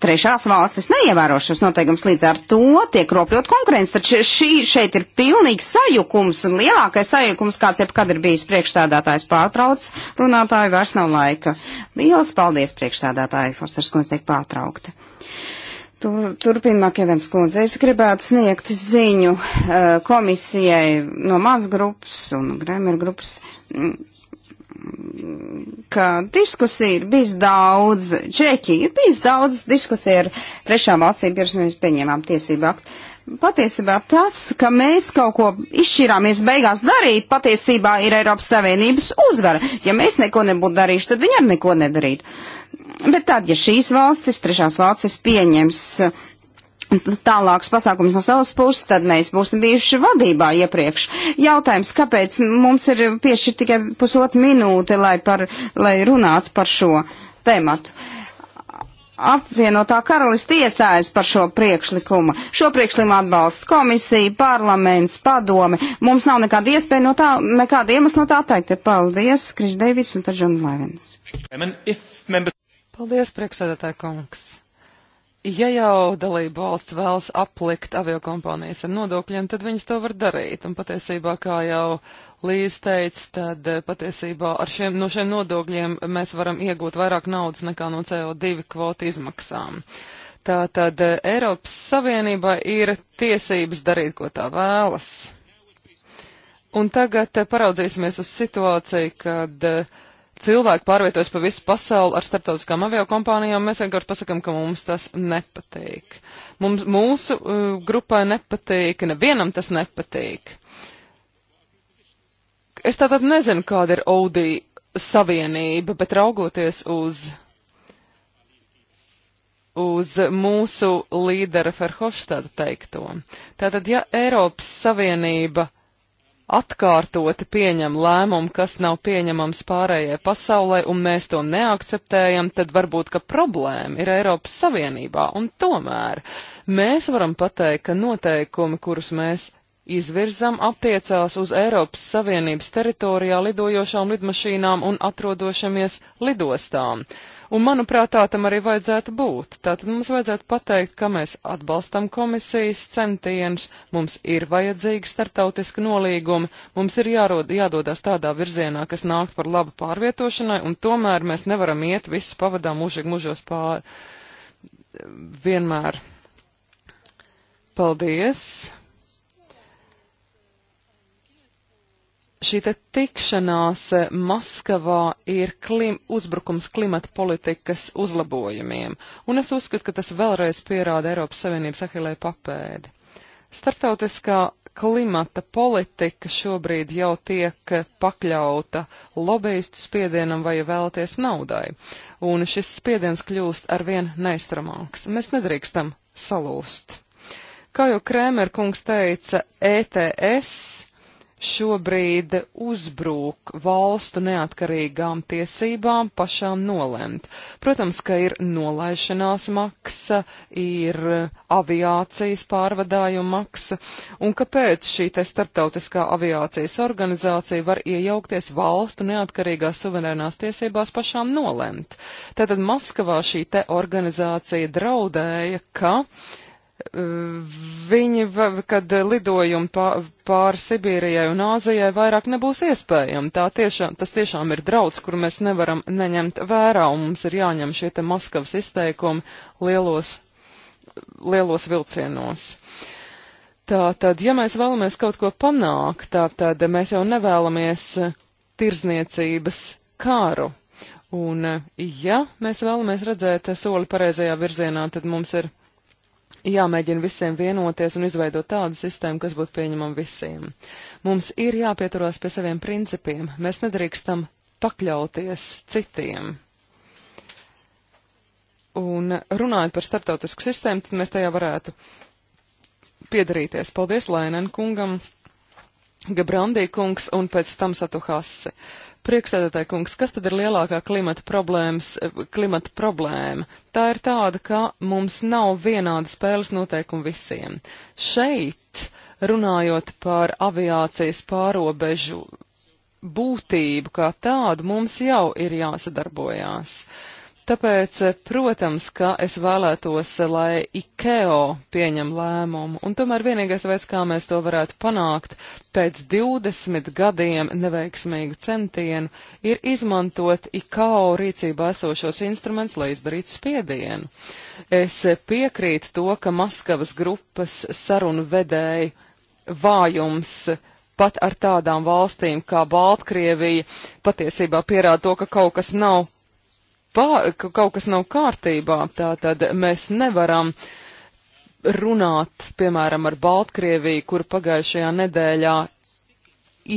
[SPEAKER 3] trešās valstis neievēro šos noteikumus, līdz ar to tiek ropļot konkurence, taču šī šeit ir pilnīgs sajukums un lielākais sajukums, kāds jebkad ir bijis priekšsēdētājs pārtrauc, runātāju vairs nav laika. Lielas paldies priekšsēdētāju, Fosters kundze tiek pārtraukta. Uh, Tur, turpina Makevens kundze. Es gribētu sniegt ziņu eh, komisijai no mans grupas un Gremer grupas, mm, ka diskusija ir bijis daudz, Čēķija ir bijis daudz diskusija ar trešām valstīm pirms mēs pieņēmām tiesību aktu. Patiesībā tas, ka mēs kaut ko izšķirāmies beigās darīt, patiesībā ir Eiropas Savienības uzvara. Ja mēs neko nebūtu darījuši, tad viņi arī neko nedarītu. Bet tad, ja šīs valstis, trešās valstis pieņems uh, tālākus pasākumus no savas puses, tad mēs būsim bijuši vadībā iepriekš. Jautājums, kāpēc mums ir piešķirt tikai pusotru minūti, lai, par, lai runātu par šo tēmatu? Uh, apvienotā karalisti iestājas par šo priekšlikumu. Šo priekšlikumu atbalsta komisija, parlaments, padome. Mums nav nekāda iespēja no tā, nekāda iemesla no tā atteikt. Paldies, Kris Deivis un Taržona Laivins.
[SPEAKER 2] Paldies, priekšsēdētāja kungs. Ja jau dalību valsts vēlas aplikt aviokompānijas ar nodokļiem, tad viņas to var darīt. Un patiesībā, kā jau Līs teica, tad eh, patiesībā ar šiem, no šiem nodokļiem mēs varam iegūt vairāk naudas nekā no CO2 kvotu izmaksām. Tātad eh, Eiropas Savienībai ir tiesības darīt, ko tā vēlas. Un tagad eh, paraudzīsimies uz situāciju, kad uh, cilvēki pārvietojas pa visu pasauli ar starptautiskām aviokompānijām, mēs vienkārši pasakam, ka mums tas nepatīk. Mums, mūsu uh, grupai nepatīk, nevienam tas nepatīk. Es tātad nezinu, kāda ir Audi savienība, bet raugoties uz, uz mūsu līdera Ferhofstāda teikto. Tātad, ja Eiropas Savienība atkārtoti pieņem lēmumu, kas nav pieņemams pārējai pasaulē, un mēs to neakceptējam, tad varbūt, ka problēma ir Eiropas Savienībā. Un tomēr mēs varam pateikt, ka noteikumi, kurus mēs izvirzam, attiecās uz Eiropas Savienības teritorijā lidojošām lidmašīnām un atrodošamies lidostām. Un, manuprāt, tā tam arī vajadzētu būt. Tātad mums vajadzētu pateikt, ka mēs atbalstam komisijas centienus, mums ir vajadzīgi startautiski nolīgumi, mums ir jārod, jādodas tādā virzienā, kas nāk par labu pārvietošanai, un tomēr mēs nevaram iet visus pavadām mūžīgi mužos pāri. Vienmēr. Paldies! šī te tikšanās eh, Maskavā ir klim, uzbrukums klimata politikas uzlabojumiem, un es uzskatu, ka tas vēlreiz pierāda Eiropas Savienības ahilē papēdi. Startautiskā klimata politika šobrīd jau tiek pakļauta lobbyistu spiedienam vai vēlties naudai, un šis spiediens kļūst arvien neiztramāks. Mēs nedrīkstam salūst. Kā jau Krēmer kungs teica, ETS šobrīd uzbrūk valstu neatkarīgām tiesībām pašām nolemt. Protams, ka ir nolaišanās maksa, ir aviācijas pārvadājuma maksa, un kāpēc šī te starptautiskā aviācijas organizācija var iejaukties valstu neatkarīgās suverēnās tiesībās pašām nolemt. Tātad Maskavā šī te organizācija draudēja, ka uh, viņi, kad lidojumi pāri Sibīrijai un Āzijai vairāk nebūs iespējami. Tā tiešām, tas tiešām ir draudz, kur mēs nevaram neņemt vērā, un mums ir jāņem šie te Maskavas izteikumi lielos, lielos vilcienos. Tātad, ja mēs vēlamies kaut ko panākt, tātad mēs jau nevēlamies tirzniecības kāru. Un, ja mēs vēlamies redzēt soli pareizajā virzienā, tad mums ir jāmēģina visiem vienoties un izveidot tādu sistēmu, kas būtu pieņemama visiem. Mums ir jāpieturās pie saviem principiem. Mēs nedrīkstam pakļauties citiem. Un runājot par starptautisku sistēmu, tad mēs tajā varētu piedarīties. Paldies Lainen kungam! Gabrandī kungs un pēc tam Satu Hasi. Priekšsēdētāji kungs, kas tad ir lielākā klimata, eh, klimata problēma? Tā ir tāda, ka mums nav vienāda spēles noteikuma visiem. Šeit, runājot par aviācijas pārobežu būtību kā tādu, mums jau ir jāsadarbojās. Uh, Tāpēc, eh, protams, ka es vēlētos, eh, lai IKEO pieņem lēmumu, un tomēr vienīgais veids, kā mēs to varētu panākt pēc 20 gadiem neveiksmīgu centienu, ir izmantot IKEO rīcībā esošos instrumentus, lai izdarītu spiedienu. Es eh, piekrītu to, ka Maskavas grupas sarunu vedēji vājums pat ar tādām valstīm kā Baltkrievija patiesībā pierāda to, ka kaut kas nav pār, ka kaut kas nav kārtībā, tā tad mēs nevaram runāt, piemēram, ar Baltkrieviju, kur pagājušajā nedēļā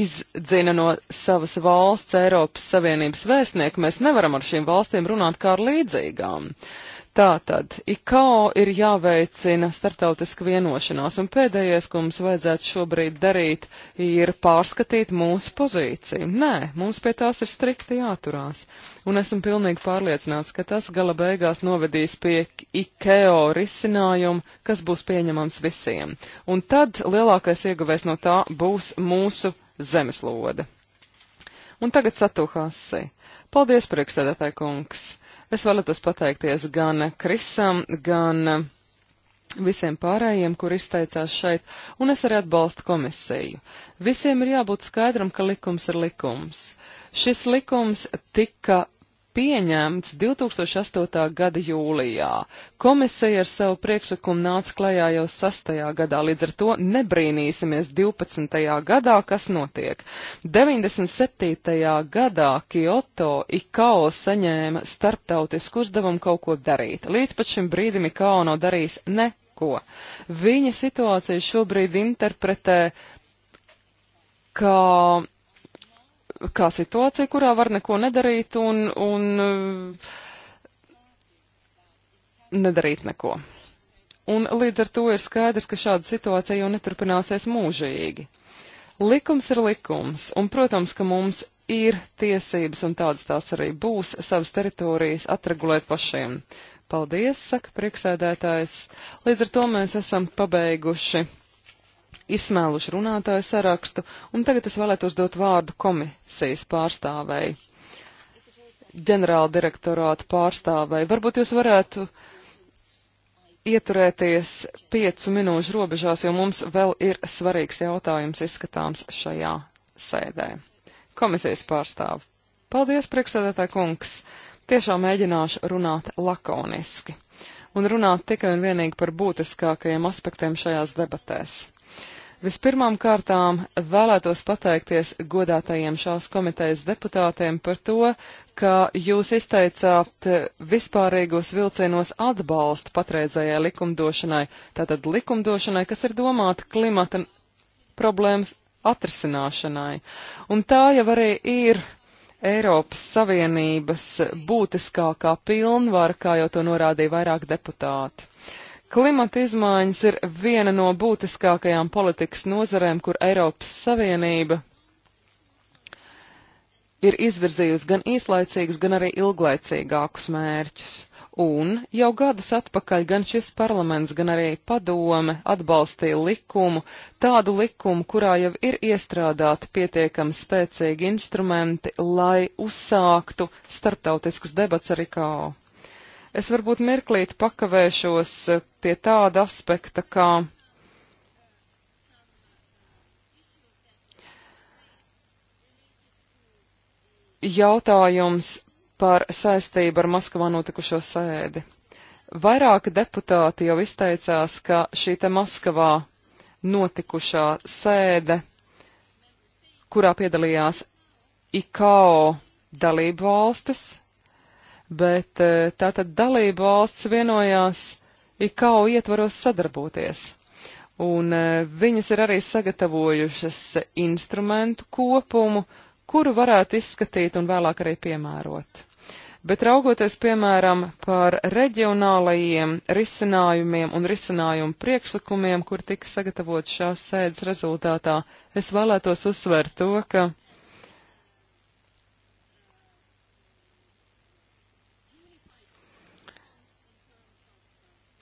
[SPEAKER 2] izdzina no savas valsts Eiropas Savienības vēstnieku, mēs nevaram ar šīm valstīm runāt kā ar līdzīgām. Uh, Tātad, IKO ir jāveicina starptautiska vienošanās, un pēdējais, ko mums vajadzētu šobrīd darīt, ir pārskatīt mūsu pozīciju. Nē, mums pie tās ir strikti jāturās, un esmu pilnīgi pārliecināts, ka tas gala beigās novedīs pie IKO risinājumu, kas būs pieņemams visiem. Un tad lielākais ieguvējs no tā būs mūsu zemeslode. Un tagad satūkās. Paldies, priekšstādātāji kungs! Es vēlētos pateikties gan Krisam, gan visiem pārējiem, kur izteicās šeit, un es arī atbalstu komisiju. Visiem ir jābūt skaidram, ka likums ir likums. Šis likums tika pieņemts 2008. gada jūlijā. Komisija ar savu priekšlikumu nāca klajā jau 6. gadā, līdz ar to nebrīnīsimies 12. gadā, kas notiek. 97. gadā Kyoto IKO saņēma starptautisku uzdevumu kaut ko darīt. Līdz pat šim brīdim IKO nav darījis neko. Viņa situācija šobrīd interpretē kā kā situācija, kurā var neko nedarīt un, un eh, nedarīt neko. Un līdz ar to ir skaidrs, ka šāda situācija jau neturpināsies mūžīgi. Likums ir likums, un, protams, ka mums ir tiesības, un tādas tās arī būs, savas teritorijas atregulēt pašiem. Paldies, saka priekšsēdētājs. Līdz ar to mēs esam pabeiguši izsmēluši runātāju sarakstu, un tagad es vēlētos dot vārdu komisijas pārstāvēji, ģenerāla direktorāta pārstāvēji. Varbūt jūs varētu ieturēties piecu minūšu robežās, jo mums vēl ir svarīgs jautājums izskatāms šajā sēdē. Komisijas pārstāve. Paldies, priekšsēdētāj kungs! Tiešām mēģināšu runāt lakoniski un runāt tikai un vienīgi par būtiskākajiem aspektiem šajās debatēs. Vispirmām kārtām vēlētos pateikties godātajiem šās komitejas deputātiem par to, ka jūs izteicāt vispārīgos vilcienos atbalstu patreizējai likumdošanai, tātad likumdošanai, kas ir domāta klimata problēmas atrisināšanai. Un tā jau arī ir Eiropas Savienības būtiskākā pilnvara, kā jau to norādīja vairāk deputāti. Klimata izmaiņas ir viena no būtiskākajām politikas nozarēm, kur Eiropas Savienība ir izvirzījusi gan īslaicīgus, gan arī ilglaicīgākus mērķus. Un jau gadus atpakaļ gan šis parlaments, gan arī padome atbalstīja likumu, tādu likumu, kurā jau ir iestrādāti pietiekami spēcīgi instrumenti, lai uzsāktu starptautiskas debats ar IKO. Es varbūt mirklīt pakavēšos eh, pie tāda aspekta, kā jautājums par saistību ar Maskavā notikušo sēdi. Vairāki deputāti jau izteicās, ka šī te Maskavā notikušā sēde, kurā piedalījās IKO dalību valstis, bet eh, tātad dalību valsts vienojās IKAU ietvaros sadarboties. Un eh, viņas ir arī sagatavojušas instrumentu kopumu, kuru varētu izskatīt un vēlāk arī piemērot. Bet raugoties, piemēram, par reģionālajiem risinājumiem un risinājumu priekšlikumiem, kur tika sagatavot šās sēdes rezultātā, es vēlētos uzsvērt to, ka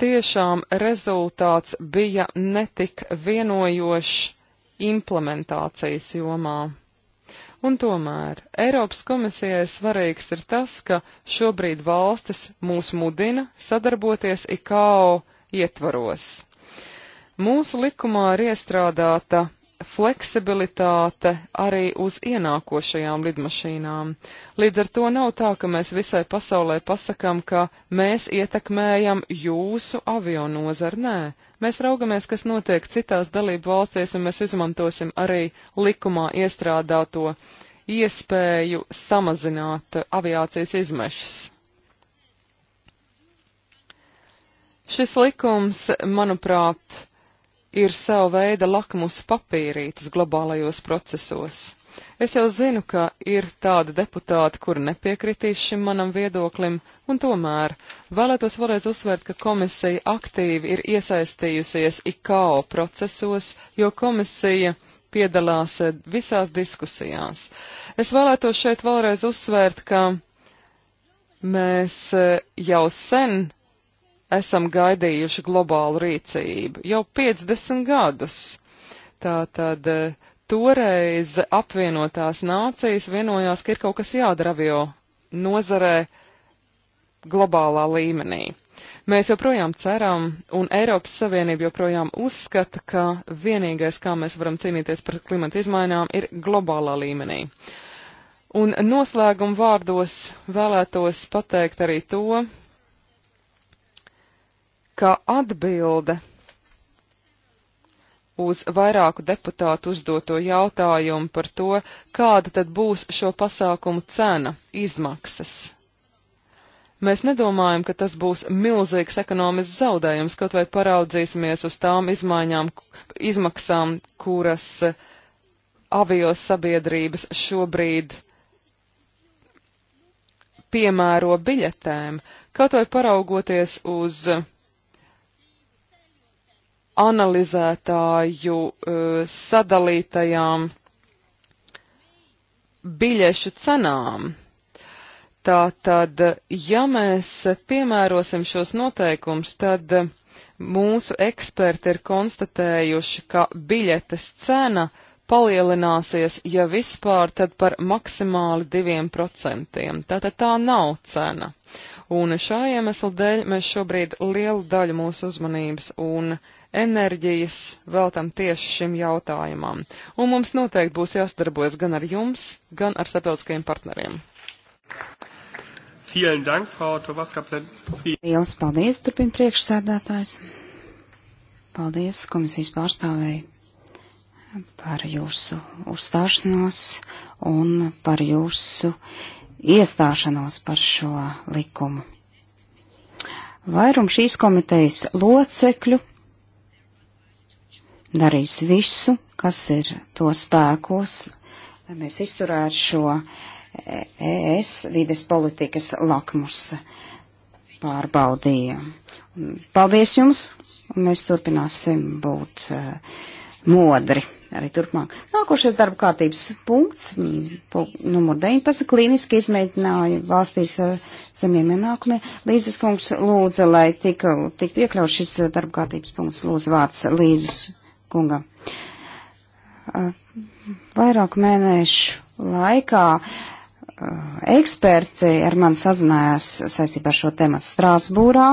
[SPEAKER 2] tiešām rezultāts bija netik vienojošs implementācijas jomā. Un tomēr Eiropas komisijai svarīgs ir tas, ka šobrīd valstis mūs mudina sadarboties IKO ietvaros. Mūsu likumā ir iestrādāta fleksibilitāte arī uz ienākošajām lidmašīnām. Līdz ar to nav tā, ka mēs visai pasaulē pasakam, ka mēs ietekmējam jūsu avionozaru. Nē, mēs raugamies, kas notiek citās dalību valstīs, un mēs izmantosim arī likumā iestrādāto iespēju samazināt aviācijas izmešas. Šis likums, manuprāt, ir sava veida lakmus papīrītis globālajos procesos. Es jau zinu, ka ir tādi deputāti, kuri nepiekritīs šim manam viedoklim, un tomēr vēlētos vēlreiz uzsvērt, ka komisija aktīvi ir iesaistījusies IKO procesos, jo komisija piedalās eh, visās diskusijās. Es vēlētos šeit vēlreiz uzsvērt, ka mēs eh, jau sen esam gaidījuši globālu rīcību jau 50 gadus. Tātad eh, toreiz apvienotās nācijas vienojās, ka ir kaut kas jādara avio nozarē globālā līmenī. Mēs joprojām ceram, un Eiropas Savienība joprojām uzskata, ka vienīgais, kā mēs varam cīnīties par klimata izmaiņām, ir globālā līmenī. Un noslēguma vārdos vēlētos pateikt arī to, ka atbilde uz vairāku deputātu uzdoto jautājumu par to, kāda tad būs šo pasākumu cena, izmaksas. Mēs nedomājam, ka tas būs milzīgs ekonomisks zaudējums, kaut vai paraudzīsimies uz tām izmaiņām, izmaksām, kuras avios sabiedrības šobrīd piemēro biļetēm, kaut vai paraugoties uz uh, analizētāju eh, sadalītajām biļešu cenām. Tātad, ja mēs piemērosim šos noteikumus, tad mūsu eksperti ir konstatējuši, ka biļetes cena palielināsies, ja vispār, tad par maksimāli diviem procentiem. Tātad tā nav cena. Un šā iemesla dēļ mēs šobrīd lielu daļu mūsu uzmanības un uh, enerģijas veltam tieši šim jautājumam. Un mums noteikti būs jāsadarbojas gan ar jums, gan ar starptautiskajiem partneriem. Lielas paldies, turpina priekšsēdētājs.
[SPEAKER 3] Paldies komisijas pārstāvēji par jūsu uzstāšanos un par jūsu iestāšanos par šo likumu. Vairum šīs komitejas locekļu darīs visu, kas ir to spēkos, lai mēs izturētu šo ES vides politikas lakmusa pārbaudījumu. Paldies jums, un mēs turpināsim būt uh, modri arī turpmāk. Nākošais darba kārtības punkts, numur 19, klīniski izmēģināja valstīs ar zemiem ienākumiem. Līdzes kungs lūdza, lai tika, tiktu iekļauts šis darba kārtības punkts, lūdzu vārds Līdzes kungam. Vairāk mēnešu laikā eh, eksperti ar mani sazinājās saistībā ar šo tematu Strāsbūrā.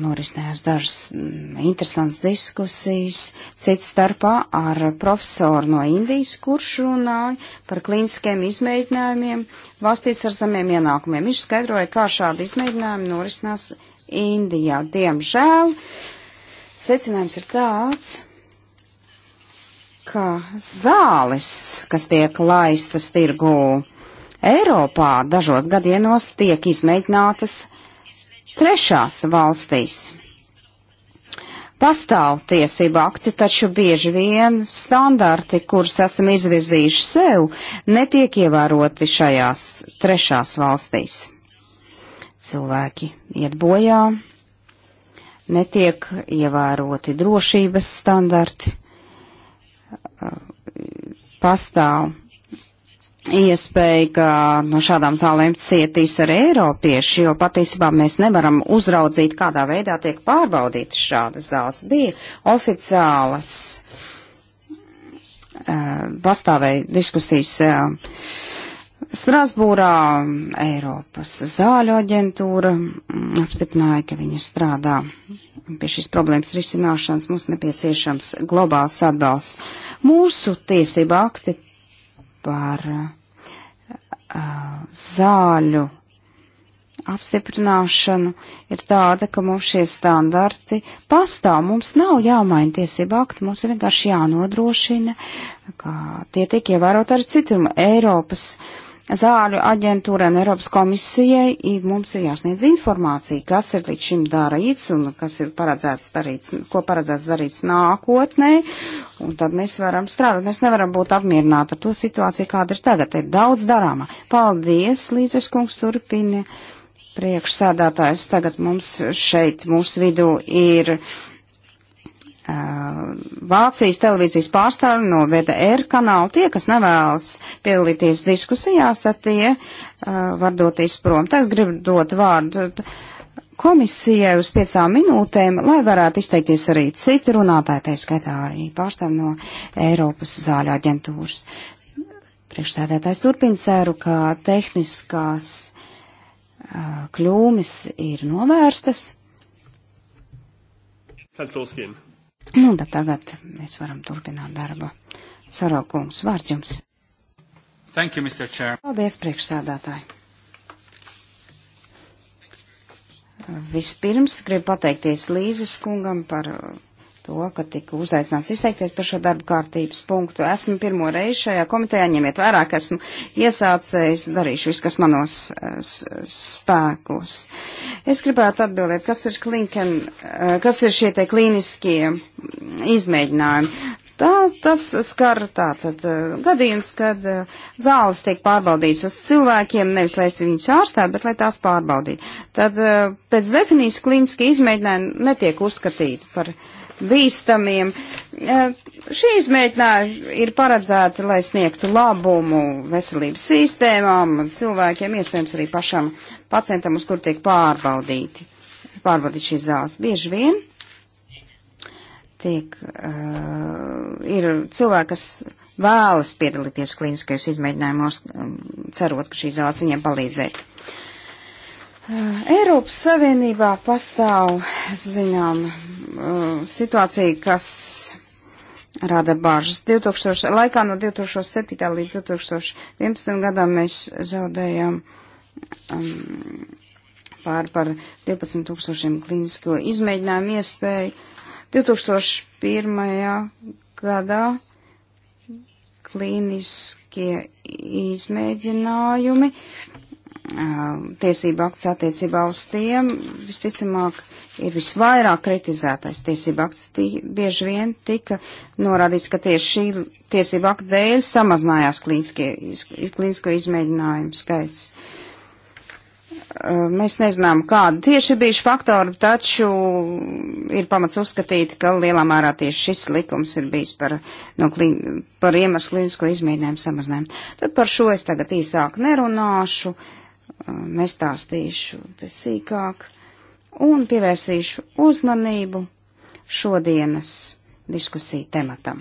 [SPEAKER 3] Norisinājās dažas mm, interesantas diskusijas, cits starpā ar profesoru no Indijas, kurš runāja par klīniskiem izmēģinājumiem valstīs ar zemiem ienākumiem. Viņš skaidroja, kā šādi izmēģinājumi norisinās Indijā. Diemžēl uh, Secinājums ir tāds, ka zāles, kas tiek laistas tirgū Eiropā, dažos gadienos tiek izmēģinātas trešās valstīs. Pastāv tiesība akti, taču bieži vien standarti, kurus esam izvirzījuši sev, netiek ievēroti šajās trešās valstīs. Cilvēki iet bojā, netiek ievēroti drošības standarti, pastāv iespēja, ka no šādām zālēm cietīs arī eiropieši, jo patiesībā mēs nevaram uzraudzīt, kādā veidā tiek pārbaudītas šādas zāles. Bija oficiālas eh, pastāvēja diskusijas eh, Strasbūrā Eiropas zāļu aģentūra mm, apstiprināja, ka viņi strādā pie šīs problēmas risināšanas. Mums nepieciešams globāls atbalsts. Mūsu tiesība akti par uh, zāļu apstiprināšanu ir tāda, ka mums šie standarti pastāv. Mums nav jāmaina tiesība akti, mums ir vienkārši jānodrošina, ka tie tiek ievērot arī citur Eiropas. Uh, zāļu aģentūrai un Eiropas komisijai ir, mums ir jāsniedz informācija, kas ir līdz šim darīts un kas ir paredzēts darīts, ko paredzēts darīts nākotnē, un tad mēs varam strādāt. Mēs nevaram būt apmierināti ar to situāciju, kāda ir tagad. Ir daudz darāmā. Paldies, līdzes kungs turpina priekšsēdētājs. Tagad mums šeit, mūsu vidū ir Uh, Vācijas televīzijas pārstāvi no VDR kanāla, tie, kas nevēlas piedalīties diskusijās, tad tie uh, var doties prom. Tagad gribu dot vārdu komisijai uz piecām minūtēm, lai varētu izteikties arī citi runātāji, tā skaitā arī pārstāvi no Eiropas zāļu aģentūras. Priekšsēdētājs turpina sēru, ka tehniskās uh, kļūmes ir novērstas. Kannst losgehen. Nu, bet tagad mēs varam turpināt darbu. Sarokums, vārds jums.
[SPEAKER 2] Thank you, Mr. Chair.
[SPEAKER 3] Paldies, priekšsēdētāji. Vispirms gribu pateikties Līzes kungam par to, ka tika uzaicināts izteikties par šo darba kārtības punktu. Esmu pirmo reizi šajā komitejā, ņemiet vērā, ka esmu iesācējis, darīšu visu, kas manos spēkos. Es gribētu atbildēt, kas ir, klinken, eh, kas ir šie te klīniskie izmēģinājumi. Tā, tas skar tātad eh, gadījums, kad eh, zāles tiek pārbaudītas uz cilvēkiem, nevis lai es viņus ārstētu, bet lai tās pārbaudītu. Tad pēc definīcijas klīniski izmēģinājumi netiek uzskatīti par uh, bīstamiem. Eh, Šie izmēģinājumi ir paredzēti, lai sniegtu labumu veselības sistēmām, cilvēkiem, iespējams arī pašam pacientam, uz kur tiek pārbaudīti, pārbaudīt šīs zāles. Bieži vien tiek, uh, ir cilvēki, kas vēlas piedalīties klīniskajos izmēģinājumos, cerot, ka šīs zāles viņiem palīdzēs. Uh, Eiropas Savienībā pastāv, zinām, uh, situācija, kas rada bāžas. 2000, laikā no 2007. līdz 2011. gadam mēs zaudējām um, pār par 12 tūkstošiem klīnisko izmēģinājumu iespēju. 2001. gadā klīniskie izmēģinājumi Um, tiesību akts attiecībā uz tiem visticamāk ir visvairāk kritizētais tiesību akts. Tī, bieži vien tika norādīts, ka tieši šī tiesību akta dēļ samazinājās klīnisko izmēģinājumu skaits. Um, mēs nezinām, kādi tieši bijuši faktori, taču ir pamats uzskatīt, ka lielā mērā tieši šis likums ir bijis par, no klin, par iemeslu klīnisko izmēģinājumu samazinājumu. Tad par šo es tagad īsāk nerunāšu. Uh, Uh, nestāstīšu te sīkāk un pievērsīšu uzmanību šodienas diskusiju tematam.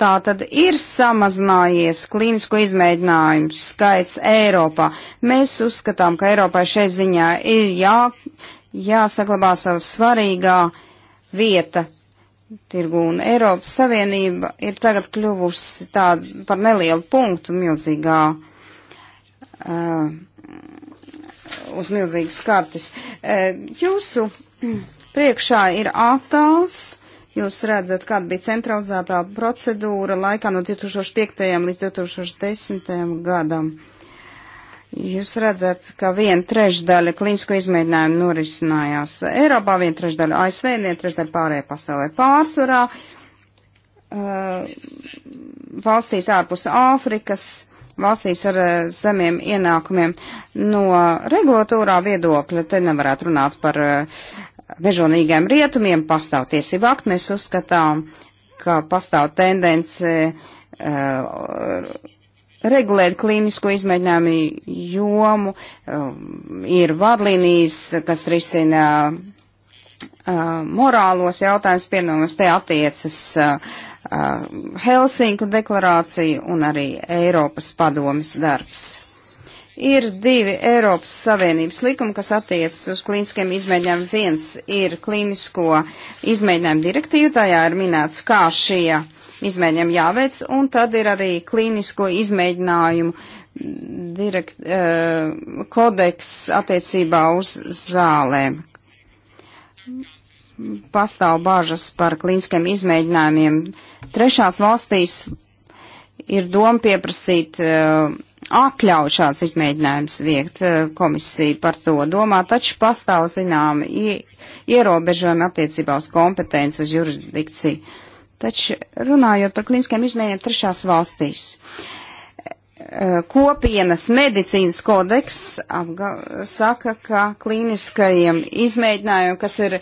[SPEAKER 3] Tā tad ir samazinājies klīnisko izmēģinājumu skaits Eiropā. Mēs uzskatām, ka Eiropai šai ziņā ir jā, jāsaglabā savu svarīgā vieta tirgu, un Eiropas Savienība ir tagad kļuvusi tāda par nelielu punktu milzīgā uh, uh, uz milzīgas kartes. Uh, jūsu priekšā ir attēls. Jūs redzat, kāda bija centralizētā procedūra laikā no 2005. līdz 2010. gadam. Jūs redzat, ka viena trešdaļa klīnisko izmēģinājumu norisinājās Eiropā, viena trešdaļa ASV, viena trešdaļa pārējā pasaulē pārsvarā. Uh, valstīs ārpus Āfrikas valstīs ar eh, zemiem ienākumiem. No regulatūrā viedokļa te nevarētu runāt par mežonīgiem eh, rietumiem, pastāv tiesību akti, mēs uzskatām, ka pastāv tendence uh, regulēt klīnisko izmēģinājumu jomu, uh, ir vadlīnijas, kas risina uh, morālos jautājumus, piemēram, te attiecas uh, Uh, Helsinku deklarācija un arī Eiropas padomis darbs. Ir divi Eiropas Savienības likumi, kas attiecas uz klīniskiem izmēģinājumiem. Viens ir klīnisko izmēģinājumu direktīva, tajā ir minēts, kā šie izmēģinājumi jāveic, un tad ir arī klīnisko izmēģinājumu direkt, uh, kodeks attiecībā uz zālēm, pastāv bāžas par klīniskiem izmēģinājumiem. Trešās valstīs ir doma pieprasīt uh, eh, atļauj šāds izmēģinājums viegt eh, komisija par to domā, taču pastāv zinām ierobežojumi attiecībā uz kompetenci, uz jurisdikciju. Taču runājot par klīniskiem izmēģinājumiem trešās valstīs, kopienas medicīnas kodeks apga, saka, ka klīniskajiem izmēģinājumiem, kas ir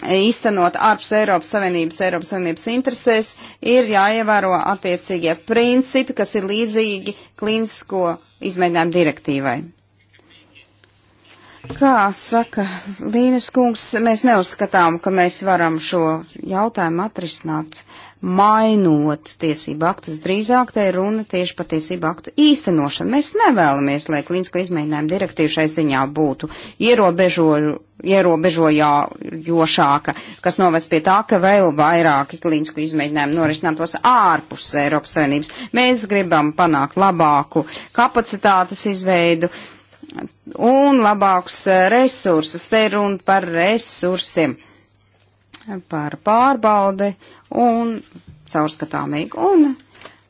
[SPEAKER 3] īstenot ārpus Eiropas Savienības, Eiropas Savienības interesēs, ir jāievēro attiecīgie principi, kas ir līdzīgi klīnisko izmēģinājumu direktīvai. Kā saka Līnes kungs, mēs neuzskatām, ka mēs varam šo jautājumu atrisināt mainot tiesību aktus. Drīzāk te ir runa tieši par tiesību aktu īstenošanu. Mēs nevēlamies, lai klīnisko izmēģinājumu direktīva šai ziņā būtu ierobežoju, ierobežojošāka, kas novest pie tā, ka vēl vairāki klīnisko izmēģinājumu norisinātos ārpus Eiropas Savienības. Mēs gribam panākt labāku kapacitātes izveidu un labākus e, resursus. Te ir runa par resursiem par pārbaudi un caurskatāmīgi. Un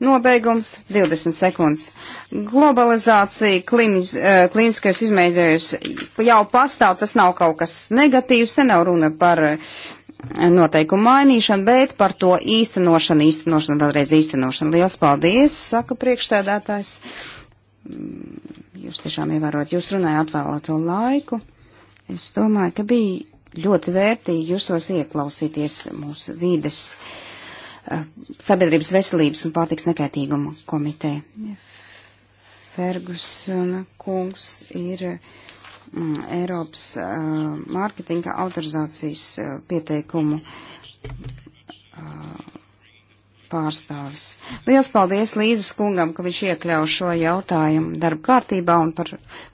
[SPEAKER 3] nobeigums 20 sekundes. Globalizācija kliniz, eh, kliniskais izmēģinājums jau pastāv, tas nav kaut kas negatīvs, te nav runa par eh, noteikumu mainīšanu, bet par to īstenošanu, īstenošanu, vēlreiz īstenošanu. Liels paldies, saka priekšstādātājs. Mm, jūs tiešām ievērot, jūs runājāt atvēlēto laiku. Es domāju, ka bija ļoti vērtīgi jūsos ieklausīties mūsu vīdes eh, sabiedrības veselības un pārtiks nekaitīguma komitē. Ferguson kungs ir mm, Eiropas eh, mārketinga autorizācijas eh, pieteikumu pārstāvis. Liels paldies Līzes kungam, ka viņš iekļauj šo jautājumu darba kārtībā un par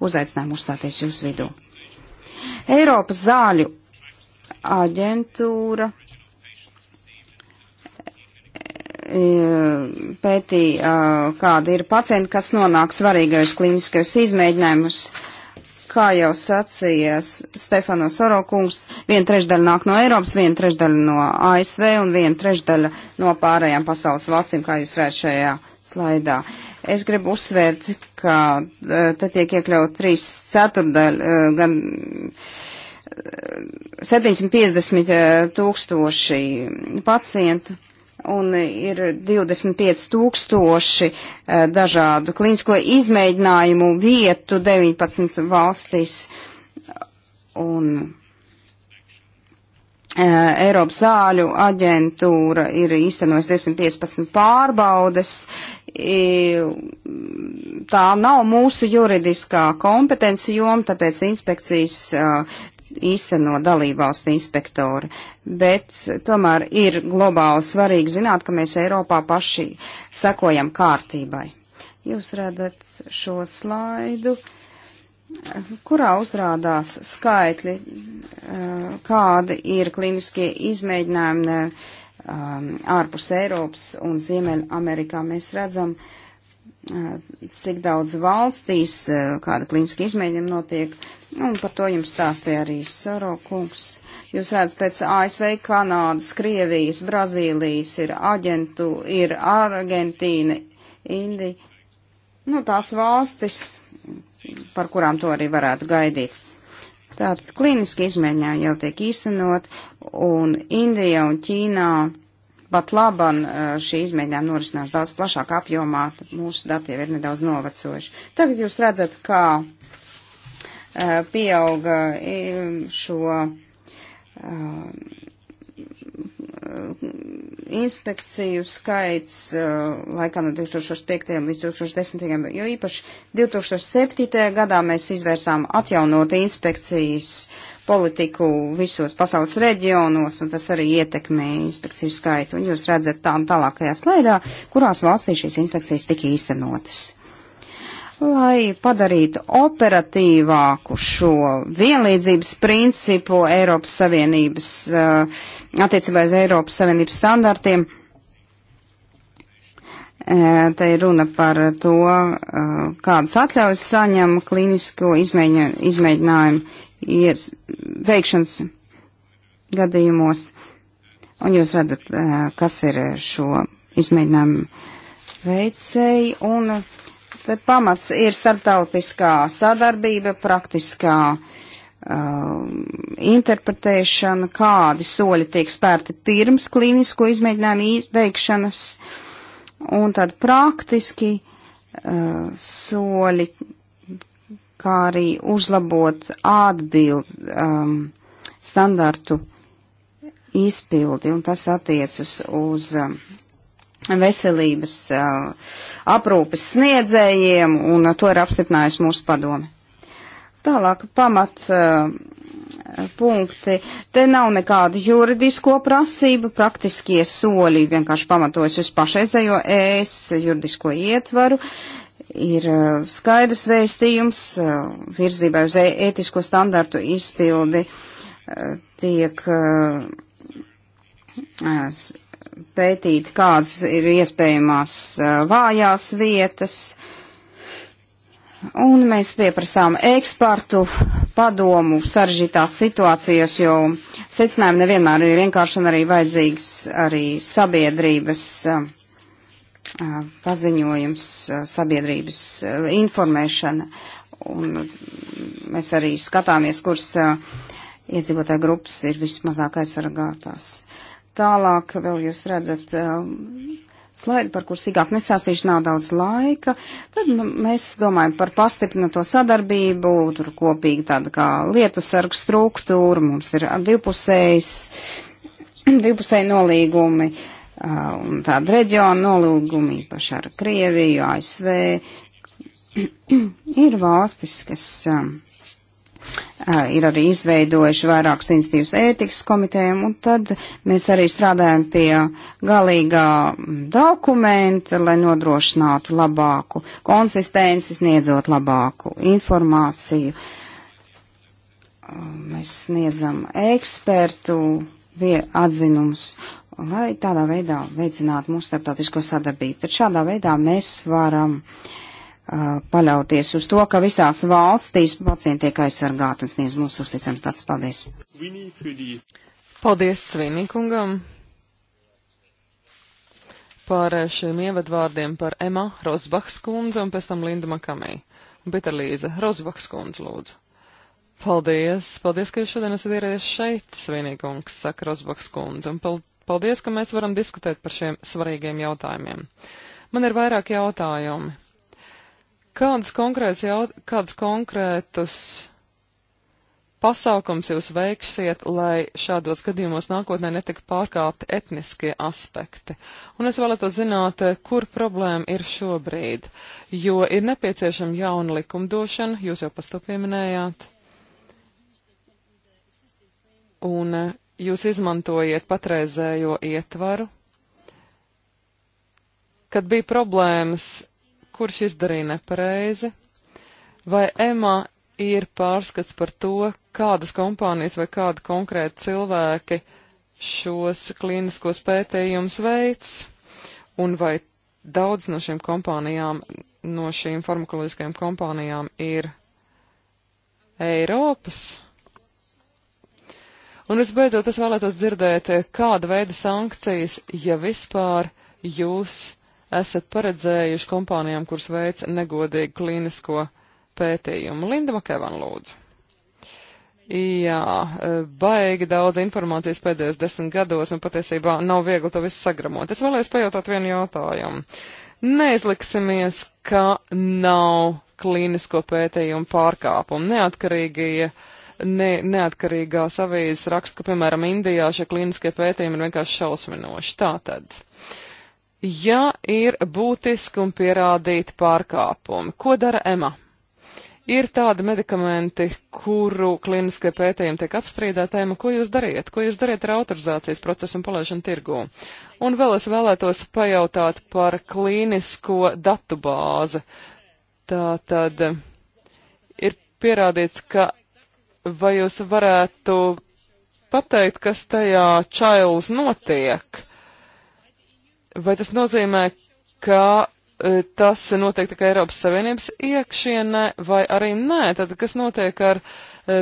[SPEAKER 3] uzaicinājumu uzstāties jūsu vidū. Eiropas zāļu aģentūra e, pētīja, e, kāda ir pacienti, kas nonāk svarīgajos klīniskajos izmēģinājumus. Kā jau sacīja Stefano Sorokungs, viena trešdaļa nāk no Eiropas, viena trešdaļa no ASV un viena trešdaļa no pārējām pasaules valstīm, kā jūs redzat šajā slaidā. Es gribu uzsvērt, ka e, te tiek iekļaut trīs ceturdaļa gan. Uh, 750 eh, tūkstoši pacientu un ir 25 tūkstoši eh, dažādu klīnisko izmēģinājumu vietu 19 valstīs. Un eh, Eiropas zāļu aģentūra ir īstenojusi 215 pārbaudes. Tā nav mūsu juridiskā kompetence joma, tāpēc inspekcijas īsteno dalībvalstu inspektori, bet tomēr ir globāli svarīgi zināt, ka mēs Eiropā paši sekojam kārtībai. Jūs redzat šo slaidu, kurā uzrādās skaitļi, eh, kādi ir kliniskie izmēģinājumi eh, ārpus Eiropas un Ziemeļamerikā. Mēs redzam, eh, cik daudz valstīs kāda kliniska izmēģinājuma notiek Un par to jums stāstīja arī Soro kungs. Jūs redzat, pēc ASV, Kanādas, Krievijas, Brazīlijas ir aģentu, ir Argentīna, Indija. Nu, tās valstis, par kurām to arī varētu gaidīt. Tātad klīniski izmēģinājumi jau tiek īstenot, un Indija un Ķīnā pat laban eh, šī izmēģinājuma norisinās daudz plašāk apjomā, mūsu dati jau ir nedaudz novecojuši. Tagad jūs redzat, kā Eh, pieauga eh, šo eh, inspekciju skaits laikā no 2005. līdz 2010. jo īpaši 2007. gadā mēs izvērsām atjaunot inspekcijas politiku visos pasaules reģionos, un tas arī ietekmē inspekciju skaitu. Un jūs redzat tām tālākajā slaidā, kurās valstī šīs inspekcijas tika īstenotas lai padarītu operatīvāku šo vienlīdzības principu Eiropas Savienības, eh, attiecībā uz Eiropas Savienības standartiem. Eh, te ir runa par to, eh, kādas atļaujas saņem klīnisko izmēģi, izmēģinājumu ies, veikšanas gadījumos. Un jūs redzat, kas ir šo izmēģinājumu veicēji. Un Te pamats ir starptautiskā sadarbība, praktiskā uh, interpretēšana, kādi soļi tiek spērti pirms klīnisko izmēģinājumu veikšanas, un tad praktiski uh, soļi, kā arī uzlabot atbild um, standartu izpildi, un tas attiecas uz um, veselības uh, aprūpes sniedzējiem, un uh, to ir apstiprinājusi mūsu padome. Tālāk pamat uh, punkti. Te nav nekādu juridisko prasību, praktiskie soļi vienkārši pamatojas uz pašreizējo ēs juridisko ietvaru. Ir skaidrs vēstījums virzībai uz ētisko standartu izpildi tiek pētīt, kādas ir iespējamās vājās vietas. Un mēs pieprasām ekspertu padomu saržģītās situācijas, jo secinājumi nevienmēr ir vienkārši un arī vajadzīgs arī sabiedrības paziņojums, sabiedrības informēšana. Un mēs arī skatāmies, kuras iedzīvotāju grupas ir vismazāk aizsargātās. Uh, Tālāk vēl jūs redzat um, slaidu, par kur sīkāk nesāstīšu, nav daudz laika. Tad mēs domājam par pastiprināto sadarbību, tur kopīgi tāda kā lietu sargu struktūra, mums ir divpusējs, [CLEARS THROAT] divpusēji nolīgumi. Uh, un tāda reģiona nolūgumi, īpaši ar Krieviju, ASV, [CLEARS THROAT] ir valstis, kas um, Eh, ir arī izveidojuši vairākas institīvas ētikas komitējiem, un tad mēs arī strādājam pie galīgā dokumenta, lai nodrošinātu labāku konsistenci, sniedzot labāku informāciju. Eh, mēs sniedzam ekspertu atzinumus, lai tādā veidā veicinātu mūsu starptautisko sadarbību. Tad šādā veidā mēs varam uh, paļauties uz to, ka visās valstīs pacienti tiek aizsargāti un sniedz mūsu uzticams tāds paldies.
[SPEAKER 2] Paldies Svinīkungam par šiem ievadvārdiem par Emma Rosbachs kundze un pēc tam Linda Makamī. Un Pita Līza Rosbachs kundze lūdzu. Paldies, paldies, ka jūs šodien esat ieradies šeit, Svinīkungs, saka Rosbachs kundze, un paldies, ka mēs varam diskutēt par šiem svarīgiem jautājumiem. Man ir vairāk jautājumi. Kādas konkrētas, kādas konkrētas pasākums jūs veiksiet, lai šādos gadījumos nākotnē netika pārkāpti etniskie aspekti? Un es vēlētos zināt, kur problēma ir šobrīd, jo ir nepieciešama jauna likumdošana, jūs jau pas to pieminējāt, un eh, jūs izmantojiet patreizējo ietvaru. Kad bija problēmas kurš izdarīja nepareizi, vai EMA ir pārskats par to, kādas kompānijas vai kādi konkrēti cilvēki šos klīniskos pētījumus veids, un vai daudz no šīm kompānijām, no šīm farmakoloģiskajām kompānijām ir Eiropas. Un visbeidzot, es vēlētos dzirdēt, kāda veida sankcijas, ja vispār jūs esat paredzējuši kompānijām, kuras veic negodīgu klīnisko pētījumu? Linda Makevan lūdzu. Jā, e, baigi daudz informācijas pēdējos desmit gados, un patiesībā nav viegli to visu sagramot. Es vēlējos pajautāt vienu jautājumu. Neizliksimies, ka nav klīnisko pētījumu pārkāpumu. Neatkarīgie, ne, neatkarīgās avīzes raksta, ka, piemēram, Indijā šie klīniskie pētījumi ir vienkārši šausminoši. Tātad. Uh, ja ir būtiski un pierādīti pārkāpumi. Ko dara EMA? Ir tādi medikamenti, kuru klīniskie pētījumi tiek apstrīdēti, EMA, ko jūs dariet? Ko jūs dariet ar autorizācijas procesu un palaišanu tirgū? Un vēl es vēlētos pajautāt par klīnisko datu bāzi. Tā tad ir pierādīts, ka vai jūs varētu pateikt, kas tajā čails notiek? Vai tas nozīmē, ka e, tas notiek tikai Eiropas Savienības iekšienē, vai arī nē? Tad kas notiek ar e,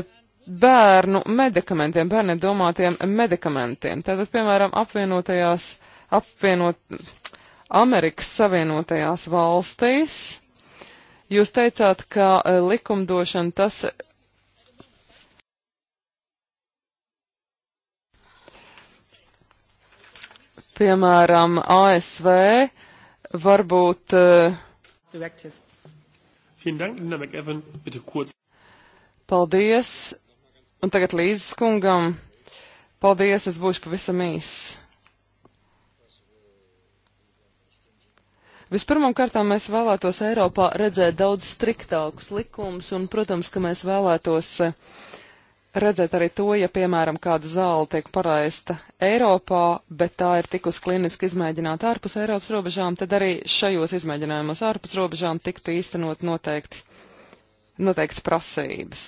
[SPEAKER 2] bērnu medikamentiem, bērniem domātiem medikamentiem? Tātad, piemēram, apvienotajās, apvienot, Amerikas Savienotajās valstīs. Jūs teicāt, ka e, likumdošana tas Piemēram, ASV varbūt. Eh, Paldies. Un tagad līdz skungam. Paldies, es būšu pavisam īs. Vispirmām kārtām mēs vēlētos Eiropā redzēt daudz striktākus likumus, un, protams, ka mēs vēlētos uh, redzēt arī to, ja, piemēram, kāda zāle tiek paraista Eiropā, bet tā ir tikus kliniski izmēģināta ārpus Eiropas robežām, tad arī šajos izmēģinājumos ārpus robežām tiktu īstenot noteikti, noteikts prasības.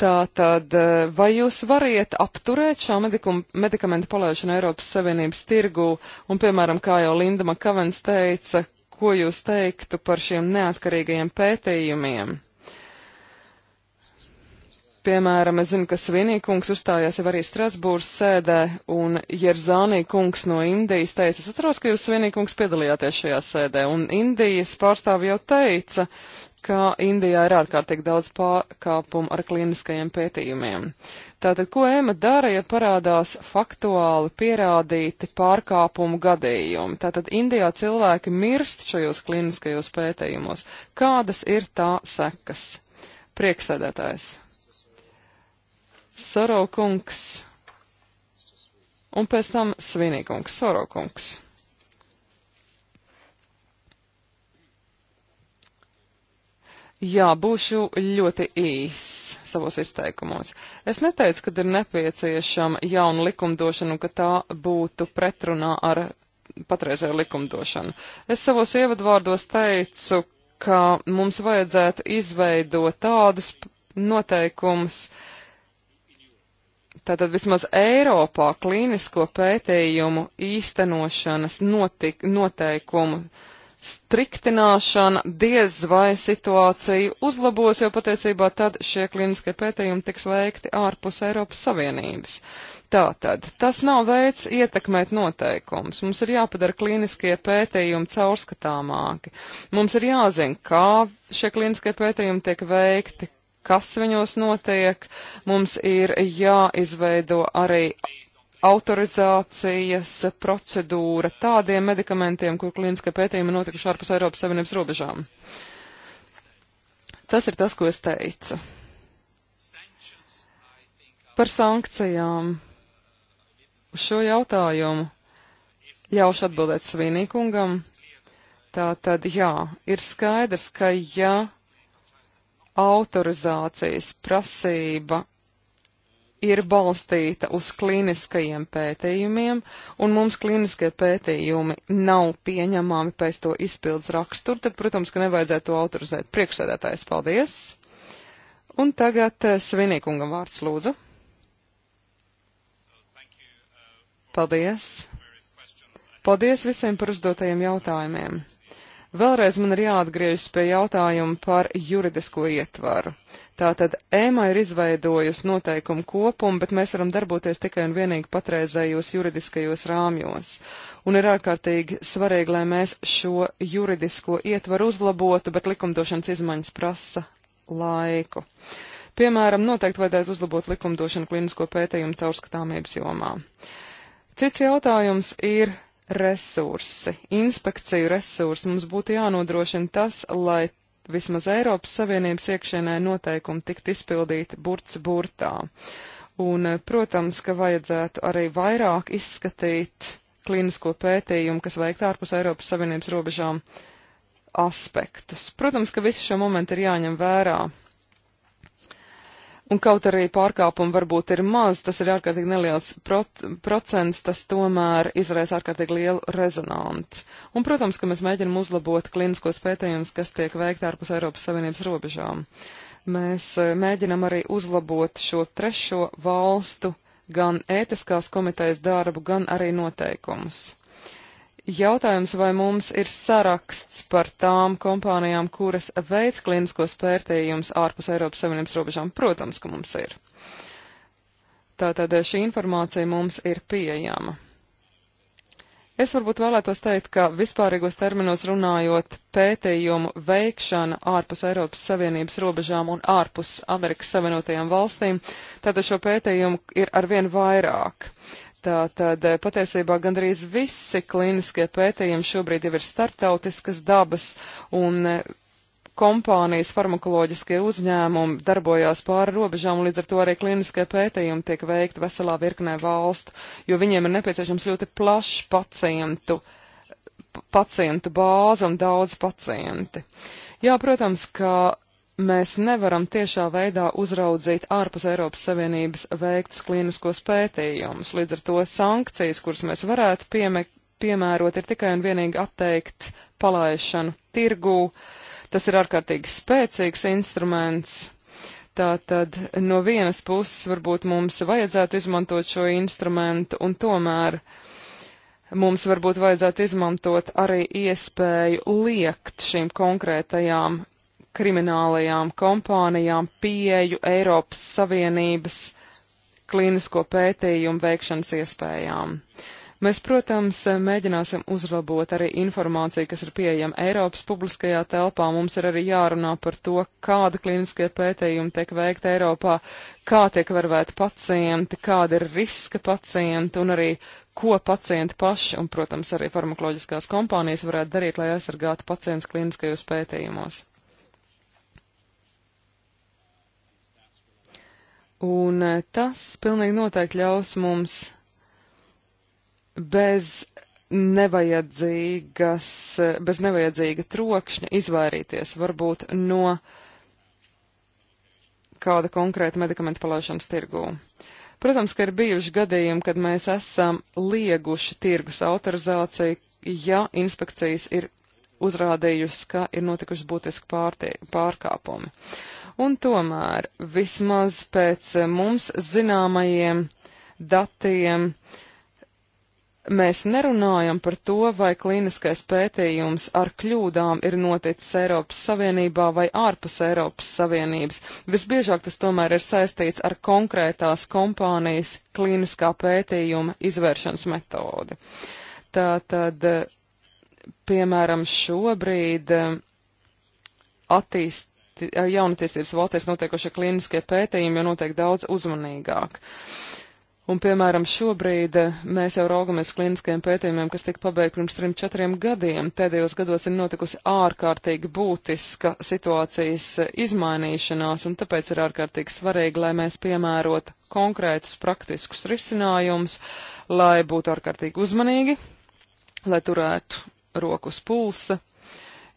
[SPEAKER 2] Tātad, eh, vai jūs variet apturēt šā medikum, medikamentu palaišanu Eiropas Savienības tirgu, un, piemēram, kā jau Linda Makavens teica, ko jūs teiktu par šiem neatkarīgajiem pētījumiem? Piemēram, es zinu, ka Svinī kungs uzstājās jau arī Strasbūras sēdē, un Jerzānī kungs no Indijas teica, es atceros, ka jūs Svinī kungs piedalījāties šajā sēdē, un Indijas pārstāvi jau teica, ka Indijā ir ārkārtīgi daudz pārkāpumu ar kliniskajiem pētījumiem. Tātad, ko Ēma dara, ja parādās faktuāli pierādīti pārkāpumu gadījumi? Tātad, Indijā cilvēki mirst šajos kliniskajos pētījumos. Kādas ir tā sekas? Prieksēdētājs. Sorokungs un pēc tam Svinīkungs, Sorokungs. Jā, būšu ļoti īs savos izteikumos. Es neteicu, ka ir nepieciešama jauna likumdošana un ka tā būtu pretrunā ar patreizēju likumdošanu. Es savos ievadvārdos teicu, ka mums vajadzētu izveidot tādus noteikumus, uh, Tātad vismaz Eiropā klīnisko pētījumu īstenošanas notik, noteikumu striktināšana diez vai situāciju uzlabos, jo patiesībā tad šie klīniskie pētījumi tiks veikti ārpus Eiropas Savienības. Tātad, tas nav veids ietekmēt noteikums. Mums ir jāpadara klīniskie pētījumi caurskatāmāki. Mums ir jāzina, kā šie klīniskie pētījumi tiek veikti, kas viņos notiek. Mums ir jāizveido arī autorizācijas procedūra tādiem medikamentiem, kur klīniskie pētījumi notikuši ārpus Eiropas Savienības robežām. Tas ir tas, ko es teicu. Par sankcijām. Uz šo jautājumu ļaušu atbildēt Svinīkungam. Tā tad jā, ir skaidrs, ka ja autorizācijas prasība ir balstīta uz kliniskajiem pētījumiem, un mums kliniskie pētījumi nav pieņemami pēc to izpildes raksturu, tad, protams, ka nevajadzētu to autorizēt. Priekšsēdētājs, paldies! Un tagad eh, Svinīkungam vārds lūdzu. Paldies! Paldies visiem par uzdotajiem jautājumiem! Vēlreiz man ir jāatgriežas pie jautājuma par juridisko ietvaru. Tātad ēma ir izveidojusi noteikumu kopumu, bet mēs varam darboties tikai un vienīgi patreizējos juridiskajos rāmjos. Un ir ārkārtīgi svarīgi, lai mēs šo juridisko ietvaru uzlabotu, bet likumdošanas izmaiņas prasa laiku. Piemēram, noteikti vajadzētu uzlabot likumdošanu klinisko pētījumu caurskatāmības jomā. Cits jautājums ir resursi, inspekciju resursi. Mums būtu jānodrošina tas, lai vismaz Eiropas Savienības iekšienē noteikumi tiktu izpildīti burts burtā. Un, protams, ka vajadzētu arī vairāk izskatīt klīnisko pētījumu, kas veikt ārpus Eiropas Savienības robežām aspektus. Protams, ka visi šo momentu ir jāņem vērā. Un kaut arī pārkāpumu varbūt ir maz, tas ir ārkārtīgi neliels prot procents, tas tomēr izraisa ārkārtīgi lielu rezonanti. Un, protams, ka mēs mēģinam uzlabot kliniskos pētījumus, kas tiek veikti ārpus Eiropas Savienības robežām. Mēs e, mēģinam arī uzlabot šo trešo valstu gan ētiskās komitejas darbu, gan arī noteikumus. Jautājums, vai mums ir saraksts par tām kompānijām, kuras veic kliniskos pērtījumus ārpus Eiropas Savienības robežām? Protams, ka mums ir. Tātad šī informācija mums ir pieejama. Es varbūt vēlētos teikt, ka vispārīgos terminos runājot pētījumu veikšana ārpus Eiropas Savienības robežām un ārpus Amerikas Savienotajām valstīm, tātad šo pētījumu ir arvien vairāk. Tātad eh, patiesībā gandrīz visi klīniskie pētījumi šobrīd jau ir starptautiskas dabas un eh, kompānijas farmakoloģiskie uzņēmumi darbojās pāri robežām, un līdz ar to arī klīniskie pētījumi tiek veikti veselā virknē valstu, jo viņiem ir nepieciešams ļoti plašs pacientu, pacientu bāze un daudz pacienti. Jā, protams, ka mēs nevaram tiešā veidā uzraudzīt ārpus Eiropas Savienības veiktus klīniskos pētījumus. Līdz ar to sankcijas, kuras mēs varētu pieme, piemērot, ir tikai un vienīgi atteikt palaišanu tirgū. Tas ir ārkārtīgi spēcīgs instruments. Tātad no vienas puses varbūt mums vajadzētu izmantot šo instrumentu un tomēr mums varbūt vajadzētu izmantot arī iespēju liekt šīm konkrētajām kriminālajām kompānijām pieeju Eiropas Savienības klīnisko pētījumu veikšanas iespējām. Mēs, protams, mēģināsim uzlabot arī informāciju, kas ir pieejama Eiropas publiskajā telpā. Mums ir arī jārunā par to, kāda klīniskie pētījumi tiek veikti Eiropā, kā tiek varvēti pacienti, kāda ir riska pacienti un arī ko pacienti paši un, protams, arī farmakoloģiskās kompānijas varētu darīt, lai aizsargātu pacients klīniskajos pētījumos. Un eh, tas pilnīgi noteikti ļaus mums bez nevajadzīgas, eh, bez nevajadzīga trokšņa izvairīties varbūt no kāda konkrēta medikamenta palaišanas tirgū. Protams, ka ir bijuši gadījumi, kad mēs esam lieguši tirgus autorizāciju, ja inspekcijas ir uzrādījusi, ka ir notikuši būtiski pārtie, pārkāpumi. Uh, Un tomēr vismaz pēc mums zināmajiem datiem mēs nerunājam par to, vai klīniskais pētījums ar kļūdām ir noticis Eiropas Savienībā vai ārpus Eiropas Savienības. Visbiežāk tas tomēr ir saistīts ar konkrētās kompānijas klīniskā pētījuma izvēršanas metodi. Tātad, piemēram, šobrīd eh, attīst, jaunati, eh, jaunatiesības valstīs notiekošie klīniskie pētījumi jau notiek daudz uzmanīgāk. Un, piemēram, šobrīd eh, mēs jau raugamies klīniskajiem pētījumiem, kas tika pabeigti pirms trim, četriem gadiem. Pēdējos gados ir notikusi ārkārtīgi būtiska situācijas eh, izmainīšanās, un tāpēc ir ārkārtīgi svarīgi, lai mēs piemērotu konkrētus praktiskus risinājumus, lai būtu ārkārtīgi uzmanīgi, lai turētu rokas pulsa,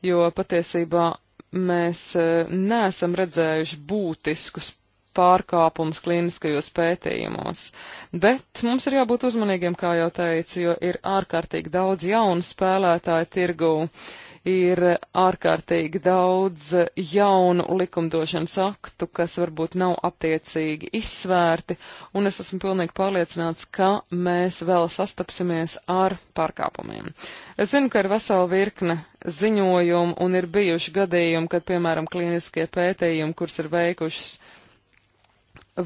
[SPEAKER 2] jo patiesībā mēs e, neesam redzējuši būtiskus pārkāpums klīniskajos pētījumos. Bet mums ir jābūt uzmanīgiem, kā jau teicu, jo ir ārkārtīgi daudz jaunu spēlētāju tirgū ir ārkārtīgi daudz jaunu likumdošanas aktu, kas varbūt nav attiecīgi izsvērti, un es esmu pilnīgi pārliecināts, ka mēs vēl sastapsimies ar pārkāpumiem. Es zinu, ka ir vesela virkne ziņojumu, un ir bijuši gadījumi, kad, piemēram, klīniskie pētījumi, kurus ir veikušas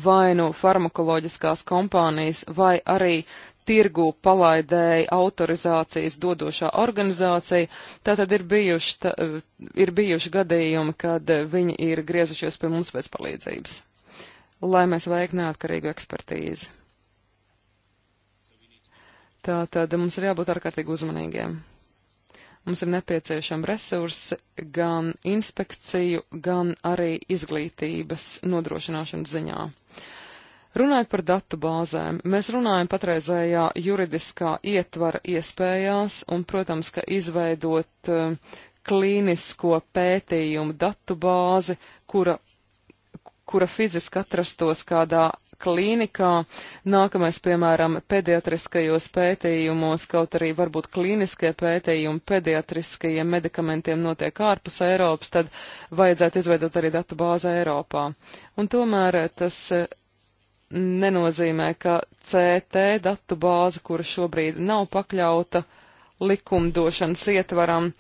[SPEAKER 2] vai nu farmakoloģiskās kompānijas, vai arī tirgu palaidēja autorizācijas dodošā organizācija. Tātad ir bijuši, tā, ir bijuši gadījumi, kad viņi ir griezušies pie mums pēc palīdzības, lai mēs veiktu neatkarīgu ekspertīzi. Tātad mums ir jābūt ārkārtīgi uzmanīgiem. Mums ir nepieciešama resursi gan inspekciju, gan arī izglītības nodrošināšanas ziņā. Uh, Runājot par datu bāzēm, mēs runājam patreizējā juridiskā ietvara iespējās un, protams, ka izveidot uh, klīnisko pētījumu datu bāzi, kura, kura fiziski atrastos kādā klīnikā. Nākamais, piemēram, pediatriskajos pētījumos, kaut arī varbūt klīniskie pētījumi pediatriskajiem medikamentiem notiek ārpus Eiropas, tad vajadzētu izveidot arī datu bāzi Eiropā. Un tomēr eh, tas eh, nenozīmē, ka CT datu bāze, kura šobrīd nav pakļauta likumdošanas ietvaram,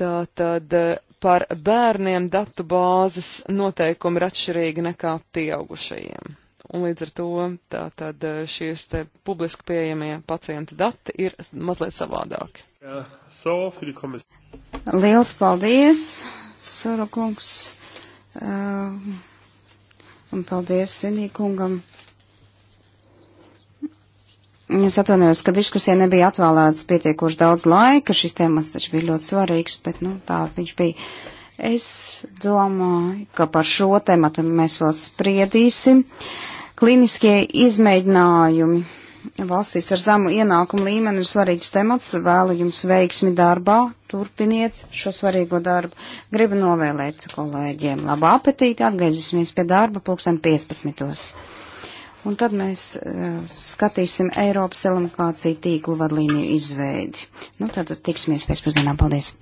[SPEAKER 2] tātad eh, par bērniem datu bāzes noteikumi ir atšķirīgi nekā pieaugušajiem. Un līdz ar to tātad eh, šīs te publiski pieejamie pacienta dati ir mazliet savādāki. Yeah. So,
[SPEAKER 3] Liels paldies, Sorokungs. Uh ehm, Un paldies Svinīkungam. Es atvainojos, ka diskusija nebija atvēlēts pietiekoši daudz laika. Šis temats taču bija ļoti svarīgs, bet nu, tā viņš bija. Es domāju, ka par šo tematu mēs vēl spriedīsim. Kliniskie izmēģinājumi valstīs ar zemu ienākumu līmeni ir svarīgs temats. Vēlu jums veiksmi darbā, turpiniet šo svarīgo darbu. Gribu novēlēt kolēģiem labu apetīti, atgriezīsimies pie darba pulksten 15. Un tad mēs uh, skatīsim Eiropas telekomunikāciju tīklu vadlīniju izveidi. Nu, tad tiksimies pēcpusdienā. Paldies!